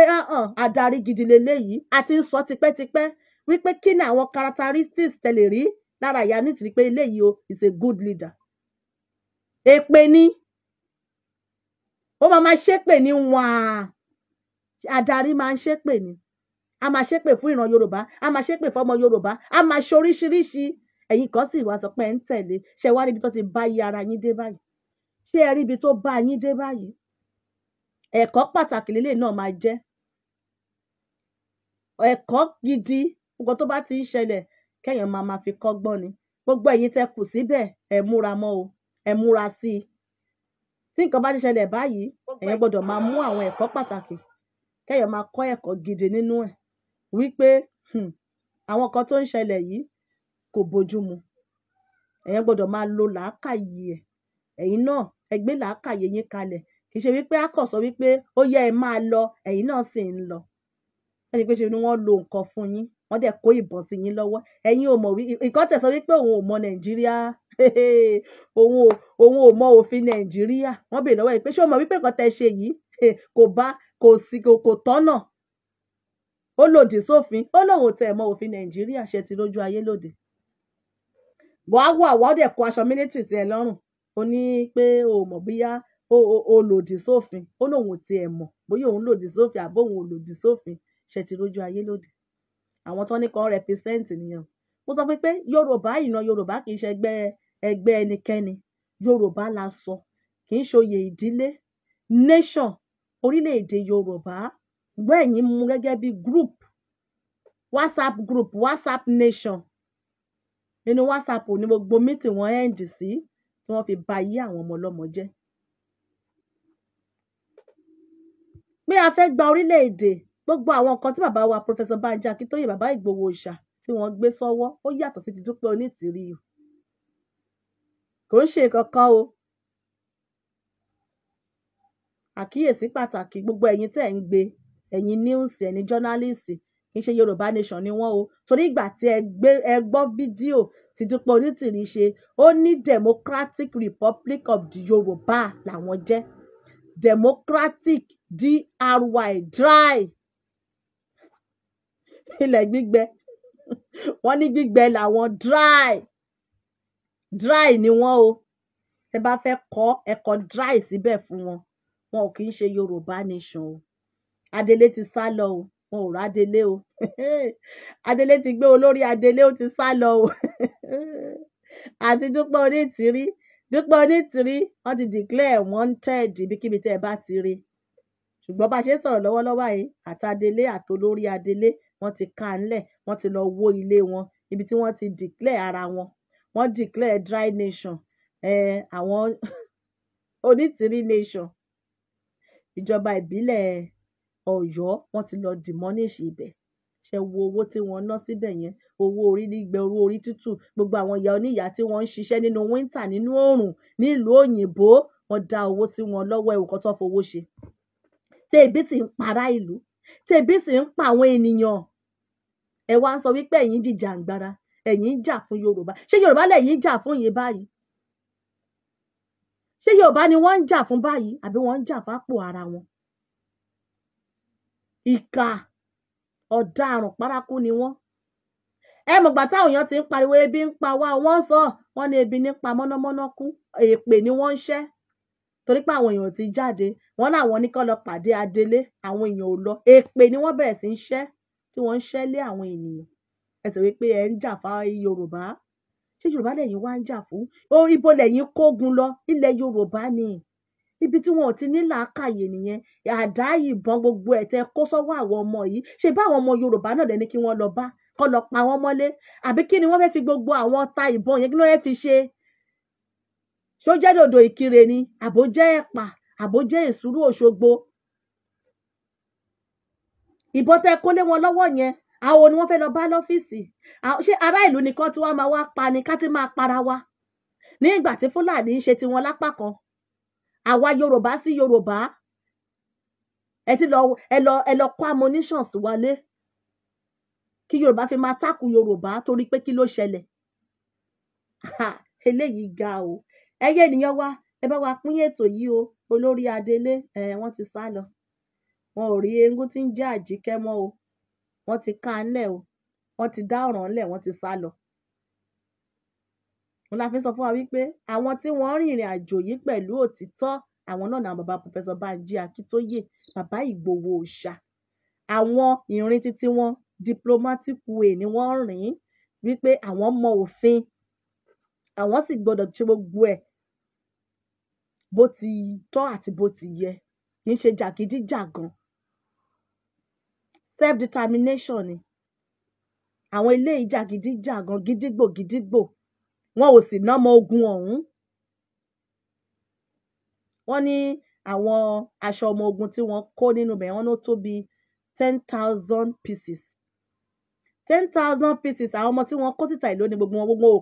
adarí gidi leléyìí àti ń sọ tipẹ́tipẹ́ wípé kí ni àwọn characteristics tẹ̀lé rí lára ìyá onítìrí pé eléyìí o is a good leader èpè ni ó máa ma ṣépè ní a adarí máa ń ṣépè ni a máa ṣépè fún ìran yorùbá a máa ṣépè fọmọ yorùbá a máa ṣe oríṣiríṣi ẹ̀yin kan sì wá sọ pé ẹ ń tẹ̀lé ṣe wá ríbi tó ti bá yí ara yín dé báyìí ṣé ẹ ríbi tó bá yín dé báyìí ẹ̀kọ́ pàtàkì lélẹ̀ náà máa jẹ́ ẹ̀kọ́ gidi nǹkan tó bá ti ń ṣẹlẹ̀ kẹ́yàn máa máa fi kọ́gbọ́n ni gbogbo ẹ̀yin tẹ́ kù síbẹ̀ ẹ̀ múra mọ́ o ẹ̀ múra sí i tí nǹkan bá ti ṣẹlẹ̀ báyìí ẹ̀yin gbọ́dọ̀ máa mú àwọn ẹ̀kọ́ pàtàkì kẹ́yàn máa kọ́ ẹ̀kọ́ gidi nínú ẹ̀ wípé hmm, àwọn kan tó ń ṣẹlẹ̀ yìí kò bójú mu ẹ̀yin gbọ́dọ̀ máa lo làákàyè ẹ̀ náà ẹ làákàyè yín kalẹ̀ kì í ṣe wípé a kàn sọ wípé ó yẹ ẹ máa lọ ẹ̀yin náà sì ń lọ ẹni pé ṣe ni wọ́n lo nǹkan fún yín wọ́n dẹ̀ kó ìbọn sí yín lọ́wọ́ ẹ̀yin ò mọ̀ wí nǹkan tẹ̀ sọ wípé òun ò mọ̀ nàìjíríà òun òun ò mọ̀ òfin nàìjíríà wọ́n bèèrè lọ́wọ́ ẹ̀ pé ṣé o mọ̀ wípé nǹkan tẹ̀ ṣe yìí kò bá kò sí kò tọ́nà ó lòdì sófin ó lòun ò tẹ̀ mọ̀ òfin nàìjíríà ṣe ti lójú ayé lòdì wàá wà wàá dẹ̀ kó aṣọ mílítì sí ẹ lọ́rùn ó ní pé o mọ̀ bóyá ó lòdì sófin ó lóun ti ẹ̀ mọ̀ bóyá òun lòdì sófin àbóun ò lòdì sófin ṣe ti rójú ayé lòdì àwọn tó ní kan represent nìyẹn mo sọ fún pé yorùbá ìran no yorùbá kì í ṣe ẹgbẹ́ ẹgbẹ́ ẹnikẹ́ni yorùbá la sọ kì í ṣoyè ìdílé nation orílẹ̀-èdè yorùbá gbọ́ ẹ̀yìn mu gẹ́gẹ́ bí group whatsapp group whatsapp nation nínú whatsapp ò ní gbogbo meeting wọn end sí tí wọ́n fi ba ayé àwọn ọmọ ọlọ́mọ jẹ́ pé a fẹ́ gba orílẹ̀-èdè gbogbo àwọn nǹkan tí bàbá wa Professor Banji Akintoye bàbá Ìgbòho Òòṣà tí wọ́n gbé sọ́wọ́ ó yàtọ̀ sí ti Dúpẹ́ Onítìrí o kò ń ṣe kankan o àkíyèsí pàtàkì gbogbo ẹ̀yin tẹ́ ń gbé ẹ̀yin news ẹ̀yin jọ́nálìsì kì í ṣe Yorùbá Nation ni wọ́n o torí ìgbà tí ẹ gbé ẹ gbọ́ fídíò tí Dúpẹ́ Onítìrí ṣe ó ní Democratic Republic of the Yorùbá làwọn jẹ́ democratic dry dry ilẹ̀ gbígbẹ wọ́n ní gbígbẹ làwọn dry dry ni wọ́n o ẹ bá fẹ́ kọ́ ẹ̀kọ́ dry síbẹ̀ fún wọn wọn ò kì í ṣe Yorùbá nation o Adelé ti sá lọ o wọn ò rà o Adelé ti gbé olórí Adelé o ti sá lọ o àti Dúpẹ́ Onítìrí dípò onítìrí wọ́n ti declare wanted ibikíbi tẹ́ ẹ bá ti rí ṣùgbọ́n bá a ṣe ń sọ̀rọ̀ lọ́wọ́lọ́wọ́ yìí àtàdélé àtolórí adélé wọ́n ti ká ńlẹ̀ wọ́n ti lọ wó ilé wọn ibi tí wọ́n ti declare ara wọn wọ́n declare dry nation àwọn onítìrí nation ìjọba ìbílẹ̀ ọ̀yọ́ wọ́n ti lọ demolish ibẹ̀ ṣe wo owó tí wọ́n ná síbẹ̀ yẹn owó orí gbígbẹ owó orí tútù gbogbo àwọn ìyá oníyà tí wọ́n ń ṣiṣẹ́ nínú wíńtà nínú oòrùn nílùú òyìnbó wọ́n dá owó tí wọ́n lọ́wọ́ ẹ̀wọ̀n kan tó fowó ṣe tẹ̀bí sì ń para ìlú tẹ̀bí sì ń pa àwọn ènìyàn ẹ wá ń sọ wípé ẹ̀yin jìjàǹgbara ẹ̀yin ń jà fún Yorùbá ṣé Yorùbá lẹ̀yin ń jà fún yín báyìí ṣé Yorùbá ni wọ́n ń jà fún báyìí àbí wọ́n ń jà fápò ara wọn ìkà ọ̀daràn paraku ni wọ́n ẹ mọ̀gbà táwọn èèyàn ti ń pariwo ebi ń pa wá wọ́n sọ wọ́n ní ebi pa mọ́nàmọ́ná kú èèpè ni wọ́n ń ṣẹ́ torí pé àwọn èèyàn ti jáde wọ́n láwọn ní kó lọ pàdé adelé àwọn èèyàn ò lọ èèpè ni wọ́n bẹ̀rẹ̀ sí ń ṣẹ́ tí wọ́n ń ṣẹ́ lé àwọn ènìyàn ẹ sì wí pé ẹ ń jà fáwọn Yorùbá ṣé Yorùbá lẹ́yìn wá ń jà fún ibo lẹ́yìn kógun lọ ilẹ̀ Yorùbá ni ibi tí wọn ò ti ní làákàyè nìyẹn àdá ìbọn gbogbo ẹ̀ tẹ́ kó sọ́wọ́ àwọn ọmọ yìí ṣe bá àwọn ọmọ Yorùbá náà lẹ́ni kí wọ́n lọ bá kọ́ lọ pa wọ́n mọ́lé àbí kí ni wọ́n fẹ́ fi gbogbo àwọn ọta ìbọn yẹn kí ló fẹ́ fi ṣe ṣó ìkirè ni àbó jẹ́ ẹ̀pà àbó jẹ́ èsúrú òṣogbo ìbọn tẹ kó lé wọn lọ́wọ́ yẹn àwọn ni wọ́n fẹ́ lọ bá lọ́fíìsì ṣé ará ìlú nìkan tí wọ́n máa wá pa ni ká ti máa para wa ní ìgbà tí fúlàní ń ṣe tiwọn lápá kan àwa yorùbá sí yorùbá ẹ ti lọ ẹ lọ ẹ lọ kó ammunitions wálé kí yorùbá fi máa tákù yorùbá torí pé kí ló ṣẹlẹ̀ eléyìí ga o ẹyẹ ènìyàn wa ẹ bá wa pín ètò yìí o olórí adelé ẹ wọ́n ti sá lọ wọn ò rí eégún tí ń jẹ́ àjíkẹ́ mọ́ o wọ́n ti ká a ńlẹ̀ o wọ́n ti dá ọ̀ràn ńlẹ̀ wọ́n ti sá lọ mo la fi sọ fún wa wípé àwọn tí wọ́n rìnrìn àjò yìí pẹ̀lú òtítọ́ àwọn náà náà bàbá pòfẹ́sọ̀ Bánjí Akíntóyè bàbá Ìgbòho Òòṣà àwọn ìrìn títí wọn diplomatic way ni wọ́n rìn wípé àwọn mọ òfin àwọn sì gbọ́dọ̀ ṣe gbogbo ẹ̀ bó ti tọ́ àti bó ti yẹ kì í ṣe jàgídíjàgan self determination ni àwọn eléyìí jàgídíjàgan gídígbò gídígbò wọn ò sì ná ọmọ ogun ọ̀hún wọ́n ní àwọn aṣọ ọmọ ogun tí wọ́n kó nínú bẹ̀ wọ́n ló tó bíi ten thousand pieces ten thousand pieces àwọn ọmọ tí wọ́n kó síta ìlú ní gbogbo wọn gbogbo ò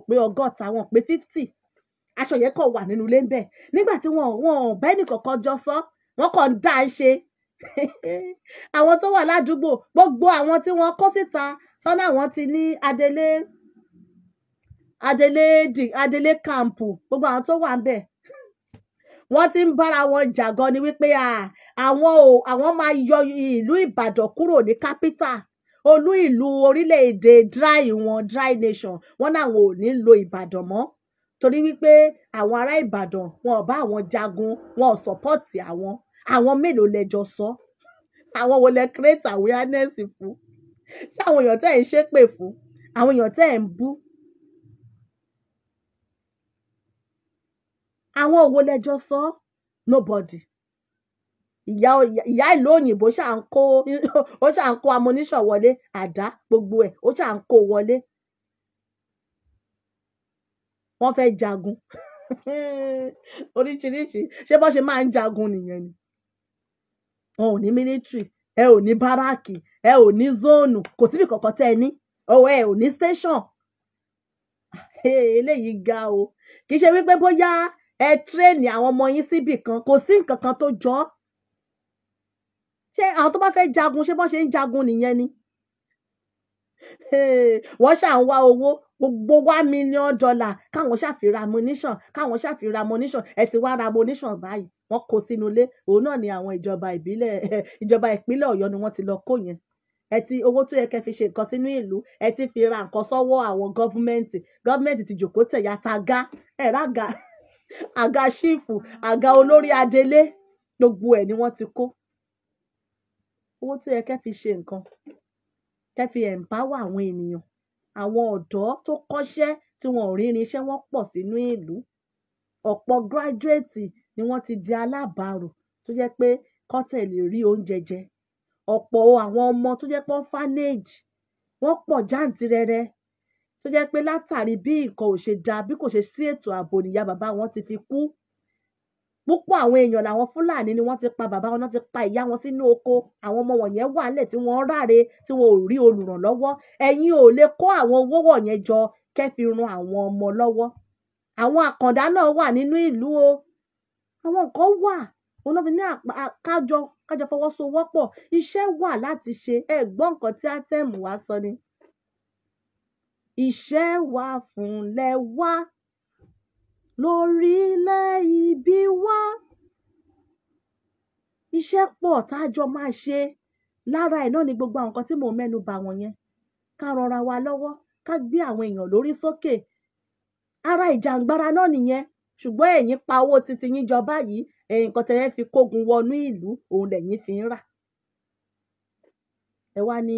pé wọn ò fifty aṣọ yẹn kò wà nínú ilé ń bẹ̀ nígbà tí wọn wọn ò bá ẹnì kọ̀ọ̀kan jọ sọ wọn kàn ń dá a ṣe àwọn tó wà ládùúgbò gbogbo àwọn tí wọ́n kó síta sọ́nà àwọn ti ní adelé adelé di adelé kàmpù gbogbo àwọn tó wà ń bẹ̀ wọ́n ti ń bára wọn jà gan ni wípé àwọn ò àwọn máa yọ ìlú Ìbàdàn kúrò ní kápítà olú ìlú orílẹ̀-èdè dry wọn dry nation wọn náà wọn ò ní lo ìbàdàn mọ́ torí wípé àwọn ará ìbàdàn wọn ò bá àwọn jagun wọn ò sọ́pọ́ọ̀tì àwọn àwọn mélòó lẹjọ sọ àwọn wo lẹ create awareness fún ṣé àwọn èèyàn tẹ́ ẹ̀ ń ṣépè fún àwọn èèyàn tẹ́ ẹ̀ ń bú àwọn wo lẹjọ sọ nobody ìyá ìyá ìlú òyìnbó ṣáà ń kó ó ṣáà ń kó amúníṣàn wọlé àdá gbogbo ẹ̀ ó ṣáà ń kó wọlé wọ́n fẹ́ jagun oríṣiríṣi ṣé bọ́ ṣe máa ń jagun nìyẹn ni wọn ò ní mílítírì ẹ ò ní báráàkì ẹ ò ní zóònù kò síbi kankan tẹ́ ẹ ní ọwọ́ ẹ ò ní station eléyìí ga o kì í ṣe wípé bóyá ẹ tírèènì àwọn ọmọ yín síbì kan kò sí nǹkan kan tó jọ ọ́ ṣé àwọn tó bá fẹ́ jagun ṣé bọ́n ṣe ń jagun nìyẹn ni wọ́n ṣà ń wá owó gbogbo one million dollar káwọn ṣàfihàn ammunition káwọn ṣàfihàn ammunition ẹ ti wá ra ammunition báyìí wọ́n kó sínú ilé òun náà ni àwọn ìjọba ìbílẹ̀ ìjọba ìpínlẹ̀ Ọ̀yọ́ ni wọ́n ti lọ kó yẹn ẹ ti owó tó yẹ kẹ́ fi ṣe nǹkan sínú ìlú ẹ ti fi ra nǹkan sọ́wọ́ àwọn gọ́fúmẹ́ǹtì gọ́fúmẹ́ǹtì ti jòkó tẹ̀yà ta ga ẹ̀ rága àga ṣífù àga olórí adelé gbogbo ẹ̀ ni wọ́n ti kó owó tó yẹ kẹ́ fi ṣe nǹkan kẹ́ fi empower àwọn ènìyàn àwọn ọ̀dọ́ tó kọ́ṣẹ́ tí wọn ò rí irinṣẹ́ wọ́n pọ̀ sínú ìlú ọ̀pọ̀ gíráduéètì ni wọ́n ti di alábàárò tó jẹ́ pé kọ́tẹ̀ lè rí oúnjẹ jẹ ọ̀pọ̀ àwọn ọmọ tó jẹ́ pé orphanage wọ́n pọ̀ jàǹtìrẹrẹ tó jẹ́ pé látàrí bí nǹkan ò ṣe dáa bí kò ṣe sí ètò ààbò nìyá bàbá wọn ti fi kú púpọ̀ àwọn èèyàn làwọn fúlàní ni wọ́n ti pa bàbá wọn ti pa ìyá wọn sínú oko àwọn ọmọ wọ̀nyẹn wà lẹ̀ tí wọ́n ráre tí wọn ò rí olùrànlọ́wọ́ ẹ̀yin ò lè kó àwọn owó wọ̀nyẹn jọ kẹ́ fi àwọn ọmọ lọ́wọ́ àwọn àkàndá náà wà nínú ìlú o àwọn nǹkan wà òun náà fi ní àkájọ kájọ fọwọ́sowọ́pọ̀ iṣẹ́ wà láti ṣe ẹ gbọ́ nǹkan tí átẹ́mù wá sọ ni iṣẹ́ wà fúnlẹ̀ wá lórílẹ̀ ìbí wa. Iṣẹ́ pọ̀ tá jọ máa ṣe. Lára ẹ̀ náà ni gbogbo àwọn nǹkan tí mò ń mẹ́nu bà wọ̀nyẹn. Ká ranra wa lọ́wọ́, ká gbé àwọn èèyàn lórí sókè. Ara ìjàǹgbara náà nìyẹn. Ṣùgbọ́n ẹ̀yin pa owó titi yín jọ báyìí, ẹ̀yin nǹkan tẹ fẹ́ fi kógun wọnú ìlú, òun lẹ̀yin fi ń rà. Ẹ wá ní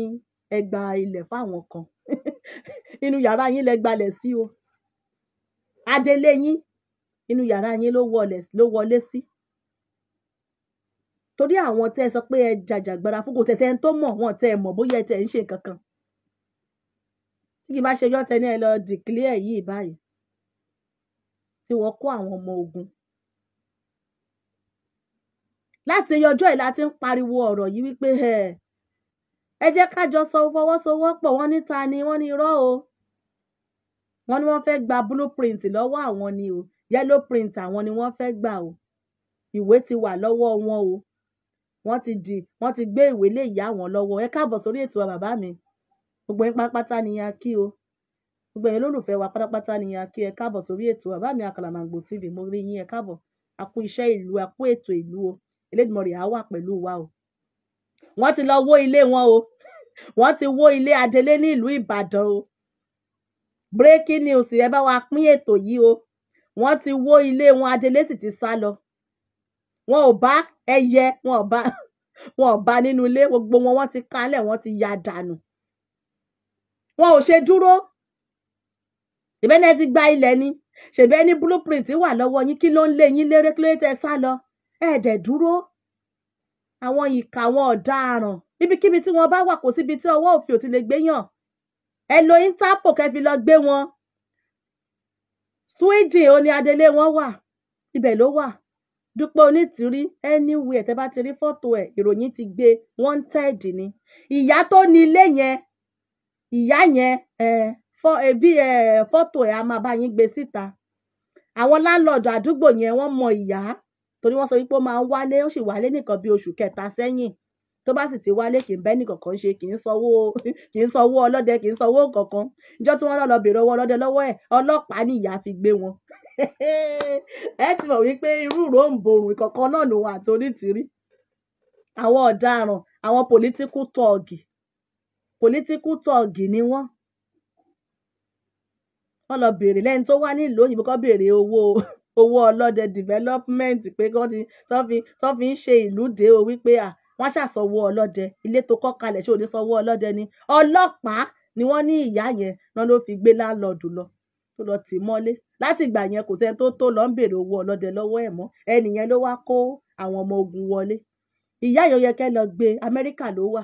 ẹ ilẹ̀ fáwọn kan. Inú yàrá yín lẹ gbalẹ̀ sí o. Adélé yín inú yàrá yín ló wọlé ló wọlé sí torí àwọn tẹ́ ẹ sọ pé ẹ jàjàgbara fún kò tẹ̀sẹ̀ ẹni tó mọ̀ wọn tẹ́ ẹ mọ̀ bóyá ẹ tẹ̀ ń ṣe nǹkan kan tí kì bá ṣe yọ́tẹ ní ẹ lọ dìklẹ́ yìí báyìí tí wọ́n kó àwọn ọmọ ogun láti ọjọ́ yìí la ti ń pariwo ọ̀rọ̀ yìí wípé ẹ jẹ́ ká sọ fọwọ́sowọ́pọ̀ wọ́n níta ni wọ́n ní irọ́ o wọ́n ní wọ́n fẹ́ gba blueprint lọ́wọ́ àwọn ni o yellow print àwọn ni wọ́n fẹ́ gbà o ìwé ti wà lọ́wọ́ wọn o wọ́n ti di wọ́n ti gbé ìwé lé ìyá wọn lọ́wọ́ ẹ káàbọ̀ sórí ètò wa bàbá mi gbogbo yín pátápátá ni a kí o gbogbo yín lólùfẹ́ wa pátápátá ni a kí ẹ káàbọ̀ sórí ètò wa bàbá mi àkàlàmàgbò tv mo rí yín ẹ káàbọ̀ a kú iṣẹ́ ìlú a kú ètò ìlú o Elédùmarè á wà pẹ̀lú wa o wọ́n ti lọ wó ilé wọn o wọ́n ti wó ilé adelé ní ìlú Ìbàdàn o breaking news ẹ bá wa pín ètò yìí o wọ́n ti wó ilé wọn adelé sì ti sá lọ wọn ò bá ẹyẹ wọn ò bá wọn ò bá nínú ilé gbogbo wọn wọ́n ti kanlẹ̀ wọ́n ti ya dànù wọn ò ṣe dúró ìbẹ́ni ẹ ti gba ilẹ̀ ni ṣèbẹ́ ní blueprint wà lọ́wọ́ yín kí ló ń lé yín léré kí ló tẹ sá lọ ẹ̀ẹ́dẹ̀ dúró àwọn ìka àwọn ọ̀daràn níbikíbi tí wọ́n bá wà kò síbi tí ọwọ́ òfin ò ti lè gbé yàn ẹ lo interpol kẹ́ fi lọ gbé wọn sweden ó ní adelé wọn wà ibẹ̀ ló wà dúpẹ́ onítìrí anywhere tẹ́ bá ti rí fọ́tò ẹ̀ ìròyìn ti gbé wanted ni ìyá tó ní ilé yẹn ìyá yẹn bí fọ́tò ẹ̀ a máa bá yín gbé síta àwọn láńlọ́ọ̀dù àdúgbò yẹn wọ́n mọ ìyá torí wọ́n sọ wípé ó máa ń wálé ó sì wálé nìkan bí oṣù kẹta sẹ́yìn tó bá sì ti wálé kì í bẹ́ ní kankan ṣe kì í sanwó kì í sanwó ọlọ́dẹ kì í sanwó kankan ìjọ tí wọ́n lọ́ọ́ lọ bèrè owó ọlọ́dẹ lọ́wọ́ ẹ̀ ọlọ́pàá ní ìyá fi gbé wọn. ẹ ti mọ̀ wípé irú ròǹbòrùn kankan náà lòun àti onítìrí àwọn ọ̀daràn àwọn pòlítíkù tọ́ọ̀gì pòlítíkù tọ́ọ̀gì ni wọ́n wọ́n lọ bèrè lẹ́ni tó wá nílùú owó ọlọ́dẹ development pé kọ́ ti tọ́ fi ń ṣe ìlú dé o wípé à wọ́n ṣàṣọwọ́ ọlọ́dẹ ilé tó kọ́ kalẹ̀ ṣé ò sanwó ọlọ́dẹ ni ọlọ́pàá ni wọ́n ní ìyá yẹn náà ló fi gbé láńlọ́ọ̀dù lọ tó lọ tì mọ́lé láti ìgbà yẹn kò sẹ́ni tó tó lọ ń béèrè owó ọlọ́dẹ lọ́wọ́ ẹ̀ mọ́ ẹnìyẹn ló wá kó àwọn ọmọ ogun wọlé ìyá yẹn yẹ kẹ́ lọ gbé Amẹ́ríkà ló wà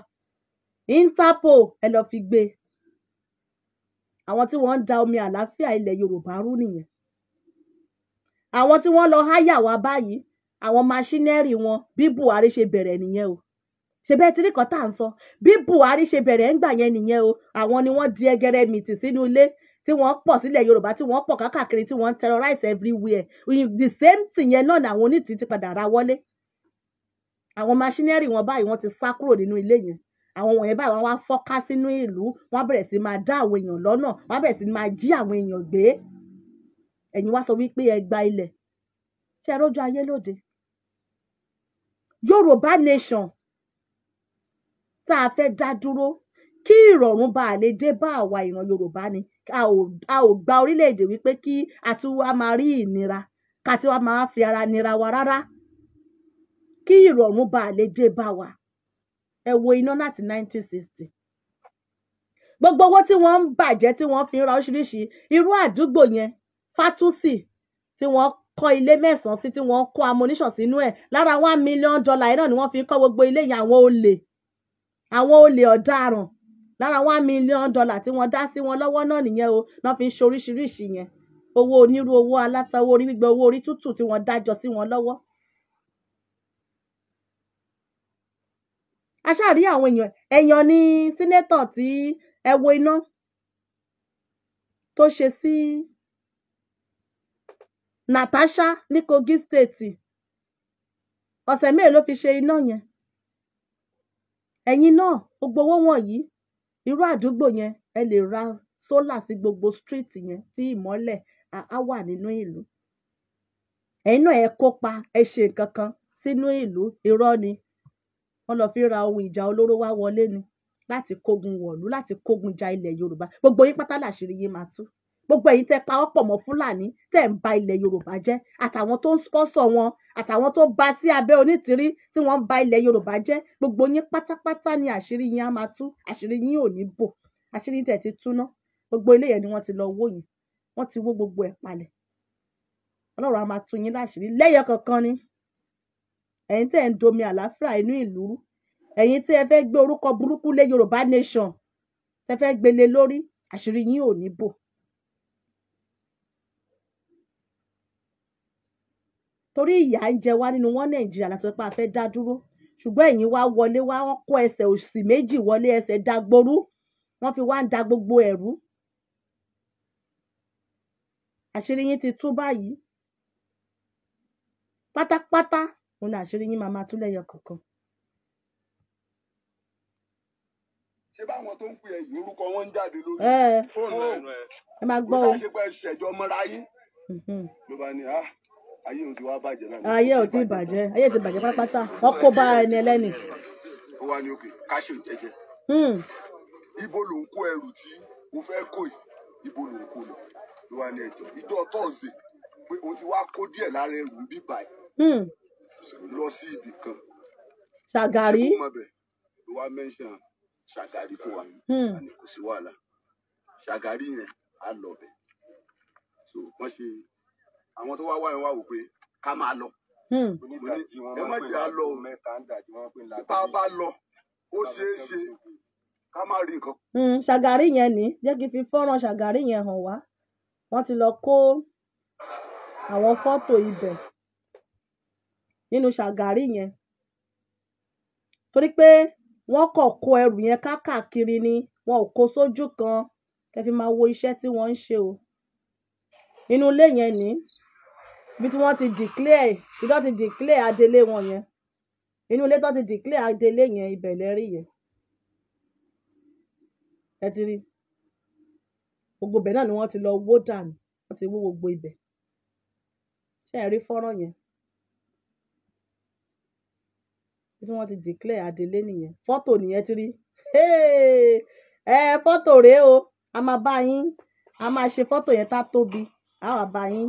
Interpol ẹ lọ fi gbé àwọn tí wọn ń da omi àlàáfíà ilẹ̀ Yorùbá rú nìyẹn àwọn tí wọn lọ háyà wá báyìí àwọn maṣínẹ́rì wọn bí Buhari ṣe bẹ̀rẹ̀ nìyẹn o ṣe bẹ́ẹ̀ tí nìkan tá à ń sọ bí Buhari ṣe bẹ̀rẹ̀ ń gbà yẹn nìyẹn o àwọn ni wọ́n di ẹgẹrẹ mìtì sínú ilé tí wọ́n pọ̀ sílẹ̀ Yorùbá tí wọ́n pọ̀ kákàkiri tí wọ́n ń terrorize everywhere the same thing yẹn náà làwọn onítìí ti padà ra wọlé àwọn maṣínẹ́rì wọn báyìí wọ́n ti sá kúrò nínú ilé yẹn àwọn wọ̀nyẹn báyìí wọ́n wá fọ́ká sínú ìlú wọ́n bẹ̀rẹ̀ sí máa dá àwọn èèyàn lọ́nà wọ́n bẹ̀rẹ̀ sí máa jí àwọn èèyàn gbé ẹ̀yin wá sọ wípé ẹ gba ilẹ̀ ṣe é rójú ayé lóde yorùbá nation tá a fẹ́ dá dúró kí ìrọ̀rùn bá a lè dé bá àwa ìran yorùbá ni a ò gba orílẹ̀-èdè wípé kí a tún wá máa rí ìnira ká tí wá máa fi ara nira wa rárá kí ìrọ̀rùn bá a lè dé bá wa ẹ wo iná láti 1960 gbogbo owó tí wọ́n ń bàjẹ́ tí wọ́n fi ń ra oríṣiríṣi irú àdúgbò yẹn fátúsì tí wọ́n kọ́ ilé mẹ́sàn-án sí tí wọ́n kó ammunition sínú ẹ̀ lára one million dollar yìí náà ni wọ́n fi kọ́ gbogbo ilé yìí àwọn olè àwọn olè ọ̀daràn lára one million dollar tí wọ́n dá sí wọn lọ́wọ́ náà nìyẹn o náà fi ń ṣe oríṣiríṣi yẹn owó onírú owó aláta owó orí gbígbẹ owó orí tútù tí wọ́n dájọ sí wọn lọ́wọ́. aṣáàrí àwọn èèyàn èèyàn ní sínétọ̀ tí ẹ wo iná tó ṣe sí. Si Natasha ní Kogi state ọ̀sẹ̀ mélòó ló fi ṣe iná yẹn ẹ̀yin náà gbogbo owó wọ̀nyí irú àdúgbò yẹn ẹ lè ra sólà sí gbogbo street yẹn tí ìmọ́lẹ̀ á wà nínú ìlú ẹ̀yin náà ẹ kópa ẹ ṣe nǹkan kan sínú ìlú irọ́ ni wọ́n lọ fi ra ohun ìjà olóró wá wọlé ni láti kógun wọ̀lú láti kógun ja ilẹ̀ Yorùbá gbogbo yín pátá làṣírí yín máa tú gbogbo ẹ̀yin tẹ́ pawọ́pọ̀ mọ́ fúlàní tẹ́ ń ba ilẹ̀ yorùbá jẹ́ àtàwọn tó ń spọ́sọ̀ wọn àtàwọn tó bá sí abẹ́ onítìrí tí wọ́n ń ba ilẹ̀ yorùbá jẹ́ gbogbo yín pátápátá ni àṣírí yín á máa tú àṣírí yín ò ní bò àṣírí tẹ̀ ti túná gbogbo ilé yẹn ni wọ́n ti lọ wó yín wọ́n ti wó gbogbo ẹ̀ palẹ̀ ọlọ́run á máa tú yín láṣìírí lẹ́yọ kankan ni ẹ̀yin tẹ́ ń domi àlàáfíà inú ìlú ẹ̀yin tí ẹ gbé orúkọ burúkú lé yorùbá nation tẹ́ fẹ́ gbélé lórí àṣírí yín ò ní bò torí ìyà ń jẹ wá nínú wọn nàìjíríà láti sọ pé a fẹ́ dá dúró ṣùgbọ́n ẹ̀yin wá wọlé wá kó ẹsẹ̀ òsì méjì wọlé ẹsẹ̀ dagboru wọ́n fi wá ń da gbogbo ẹ̀rú àṣírí yín ti tú báyìí pátápátá òun ni àṣírí yín máa máa tú lẹ́yọ kọ̀ọ̀kan. ṣé báwọn tó ń pè é yìí orúkọ wọn ń jáde lórí fóònù ẹ ẹ máa gbọ́ o. bí wọ́n ṣe pẹ́ ṣẹ̀jọ́ mọ́ra yín mhm. ló bá ní á ah, ayé ò ti wá bàjẹ́ náà. ayé ò ti bàjẹ́ ayé ti bàjẹ́ pátápátá wọ́n kó bá ẹni ẹlẹ́ni. ó wá ní òkè ká ṣe hmm. ibo ló ń kó ẹrù tí o fẹ́ kó yìí ibo ló ń kó lọ ló wá ní ẹjọ́ ìjọ tọ́ọ̀sì pé o ti wá kó díẹ̀ lára ẹrù ń bí báyìí hmm. lọ sí ibì kan. ṣàgàrí ló wá mẹ́ńṣán ṣàgàrí fún wa hmm. kò sí wàhálà ṣàgàrí yẹn á lọ bẹ̀ wọ́n ṣe àwọn tó wá wá yẹn wá wò pé ká máa lọ. Hmm. ẹ má jẹ́ a lọ o tá a bá lọ ó ṣeé ṣe ká má rí nǹkan. Hmm, ṣàgàrí yẹn ni jẹ́ kí n fi fọ́nrán ṣàgàrí yẹn hàn wá wọ́n ti lọ kó àwọn fọ́tò ibẹ̀ nínú ṣàgàrí yẹn torí pé wọ́n kọ̀ kó ẹrù yẹn káàkiri ni wọn ò kó sójú kan kẹ́ máa wo iṣẹ́ tí wọ́n ń ṣe o inú ilé yẹn ni bí tí wọ́n ti declare bí tí wọ́n ti declare adelé wọn yẹn inú ilé tó ti declare adelé yẹn ibẹ̀ lẹ́rí yẹn ẹ ti rí gbogbo ibẹ̀ náà ni wọ́n ti lọ wó dànù wọ́n ti wó gbogbo ibẹ̀ ṣé ẹ rí fọ́nrán yẹn bí tí wọ́n ti declare adelé nìyẹn fọ́tò nìyẹn ti rí ẹ fọ́tò rèé o a máa bá yín a máa ṣe fọ́tò yẹn tá tóbi a wà bá yín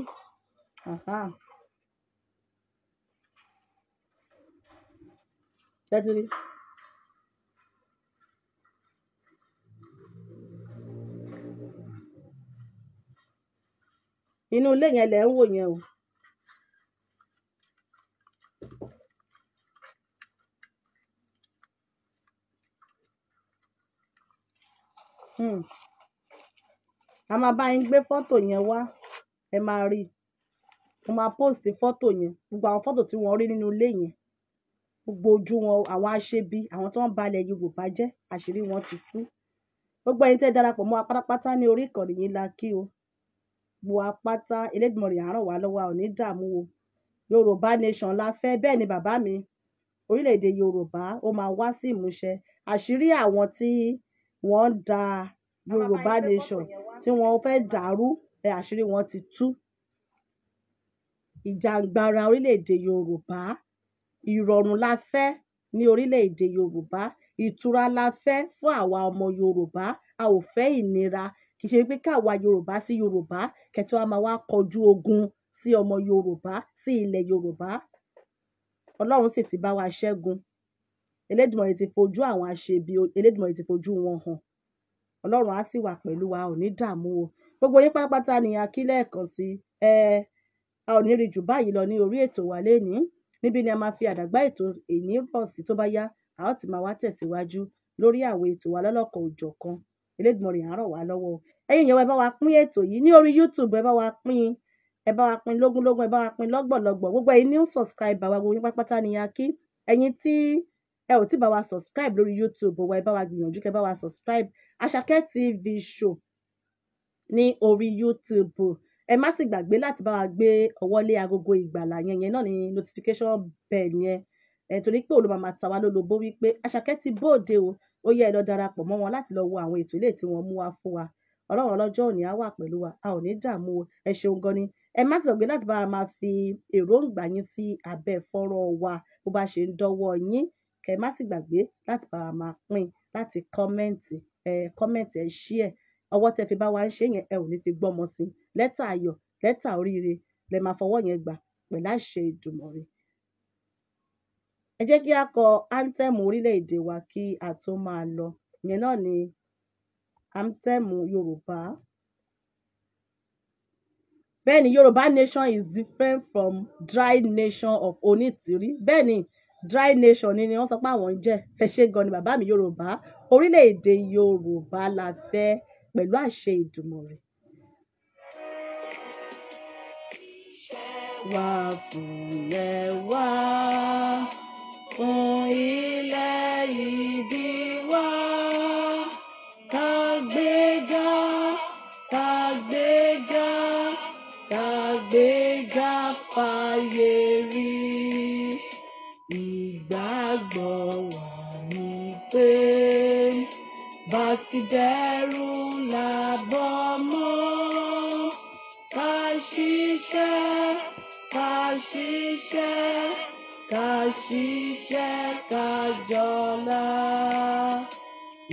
Aha. Tẹ́tírí. Inú ilé yẹn lẹ̀ ń wò yẹn o. Hmm. A máa bá yín gbé fọ́tò yẹn wá, ẹ máa rí i mo máa post fọ́tò yẹn gbogbo àwọn fọ́tò tí wọ́n rí nínú ilé yẹn gbogbo ojú wọn àwọn aṣebi àwọn tí wọ́n balẹ̀ Yorùbá jẹ́ àṣírí wọn ti tú gbogbo ẹ̀yin tẹ́ darapọ̀ mọ́ apátápátá ní orí ìkànnì yìí la kí o gbogbo apáta Elédùmarè á ràn wá lọ́wọ́ ò ní dààmú o Yorùbá nation la fẹ́ bẹ́ẹ̀ ni bàbá mi orílẹ̀-èdè Yorùbá ó máa wá sí ìmúṣẹ àṣírí àwọn tí wọ́n da Yorùbá nation tí wọ́n fẹ́ dàrú ẹ̀ àṣírí wọn ti tú ìjàngbara orílẹ̀-èdè Yorùbá ìrọ̀rùn la fẹ́ ní orílẹ̀-èdè Yorùbá ìtura la fẹ́ fún àwa ọmọ Yorùbá a ò fẹ́ ìnira kì í ṣe pé káwa Yorùbá sí Yorùbá kẹtù wa máa wá kọjú ogun sí ọmọ Yorùbá sí ilẹ̀ Yorùbá Ọlọ́run sì ti bá wa ṣẹ́gun Elédùmarè ti fojú àwọn aṣebi Elédùmarè ti fojú wọn hàn Ọlọ́run á sì wà pẹ̀lú wa ò ní dààmú o gbogbo yín pátápátá ni akílẹ̀ kan sí ẹ. Eh, a ò ní rí jù báyìí lọ ní orí ètò wa lẹ́ni níbi ni a máa fi àdàgbà ètò èyí bọ̀ sí tó bá yá a ó ti máa wá tẹ̀síwájú lórí àwọ̀ ètò wa lọ́lọ́kan òjọ̀ kan Elédùmarè á ràn wá lọ́wọ́ ẹ̀yin èèyàn ẹ bá wa pín ètò yìí ní orí YouTube ẹ bá wa pín ẹ bá wa pín lógúnlógún ẹ bá wa pín lọ́gbọ̀lọ́gbọ̀ gbogbo ẹ̀yin new subscriber wa gbogbo yín pátápátá ni a kí ẹ̀yin tí ẹ ò tí bá wa subscribe lórí YouTube wa ẹ bá wa gbìyànjú kẹ́ bá wa subscribe Àṣàkẹ́ TV show ní orí YouTube ẹ má sì gbàgbé láti bá wa gbé ọwọ́ lé agogo ìgbàlà yẹn yẹn náà ní notification bell yẹn ẹ torí pé olùmọ̀ máa ta wá lólobó wípé àṣàkẹ́ ti bóde o ó yẹ ẹ lọ darapọ̀ mọ́ wọn láti lọ wo àwọn ètò ilé tí wọ́n mú wá fún wa ọlọ́run ọlọ́jọ́ òní á wà pẹ̀lú wa a ò ní dààmú o ẹ ṣeun gan ni ẹ má sì gbàgbé láti bá wa máa fi èròǹgbà yín sí abẹ́ fọ́rọ̀ wa bó bá ṣe ń dọ́wọ́ yín kẹ má sì gbàgbé láti bá wa máa pín láti kọ́mẹ́ǹtì ẹ kọ́mẹ́ǹtì ẹ ṣí ẹ ọwọ́ tẹ fi bá wa ń ṣe yẹn ẹ ò ní fi gbọ́mọ sí i lẹ́tà ayọ̀ lẹ́tà oríire lẹ máa fọwọ́ yẹn gbà pẹ̀lú àṣẹ Èdùmàrè ẹ jẹ́ kí a kọ áńtẹ́ẹ̀mù orílẹ̀-èdè wa kí a tó máa lọ ìyẹn náà ni áńtẹ́ẹ̀mù Yorùbá bẹ́ẹ̀ ni Yorùbá nation is different from dry nation of onítìrí bẹ́ẹ̀ dry nation ni wọ́n sọ pé àwọn ń jẹ́ ẹ ṣé gan ni bàbá mi Yorùbá orílẹ̀-èdè Yorùbá la fẹ́ pẹ̀lú àṣẹ Èdùmàrè. wá fúnlẹ̀ wá fún ilẹ̀ ìbí wá ká gbéga ká gbéga ká gbéga fàyè rí ìgbàgbọ́ wa ni pé bá ti dẹrù làbọ̀ mọ́ ká ṣiṣẹ́ ṣiṣẹ́ ká ṣiṣẹ́ ká jọlá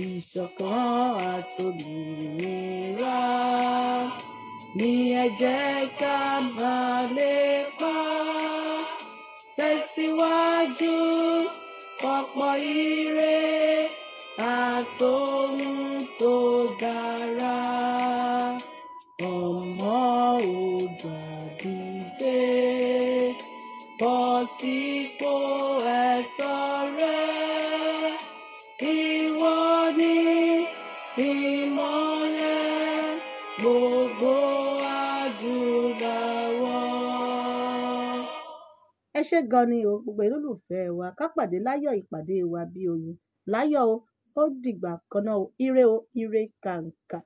ìṣọ̀kan àtòmìnira ni ẹ jẹ́ ká máa lépa tẹ̀síwájú ọ̀pọ̀ sípò ẹ̀tọ́ rẹ ìwọ ni ìmọ́lẹ̀ gbogbo adúláwọ̀. ẹ ṣé gan ni o gbogbo olólùfẹ́ wa ká pàdé láyọ̀ ìpàdé wa bí oyin láyọ̀ o ó dìgbà kan náà o ire o ire kàǹkà.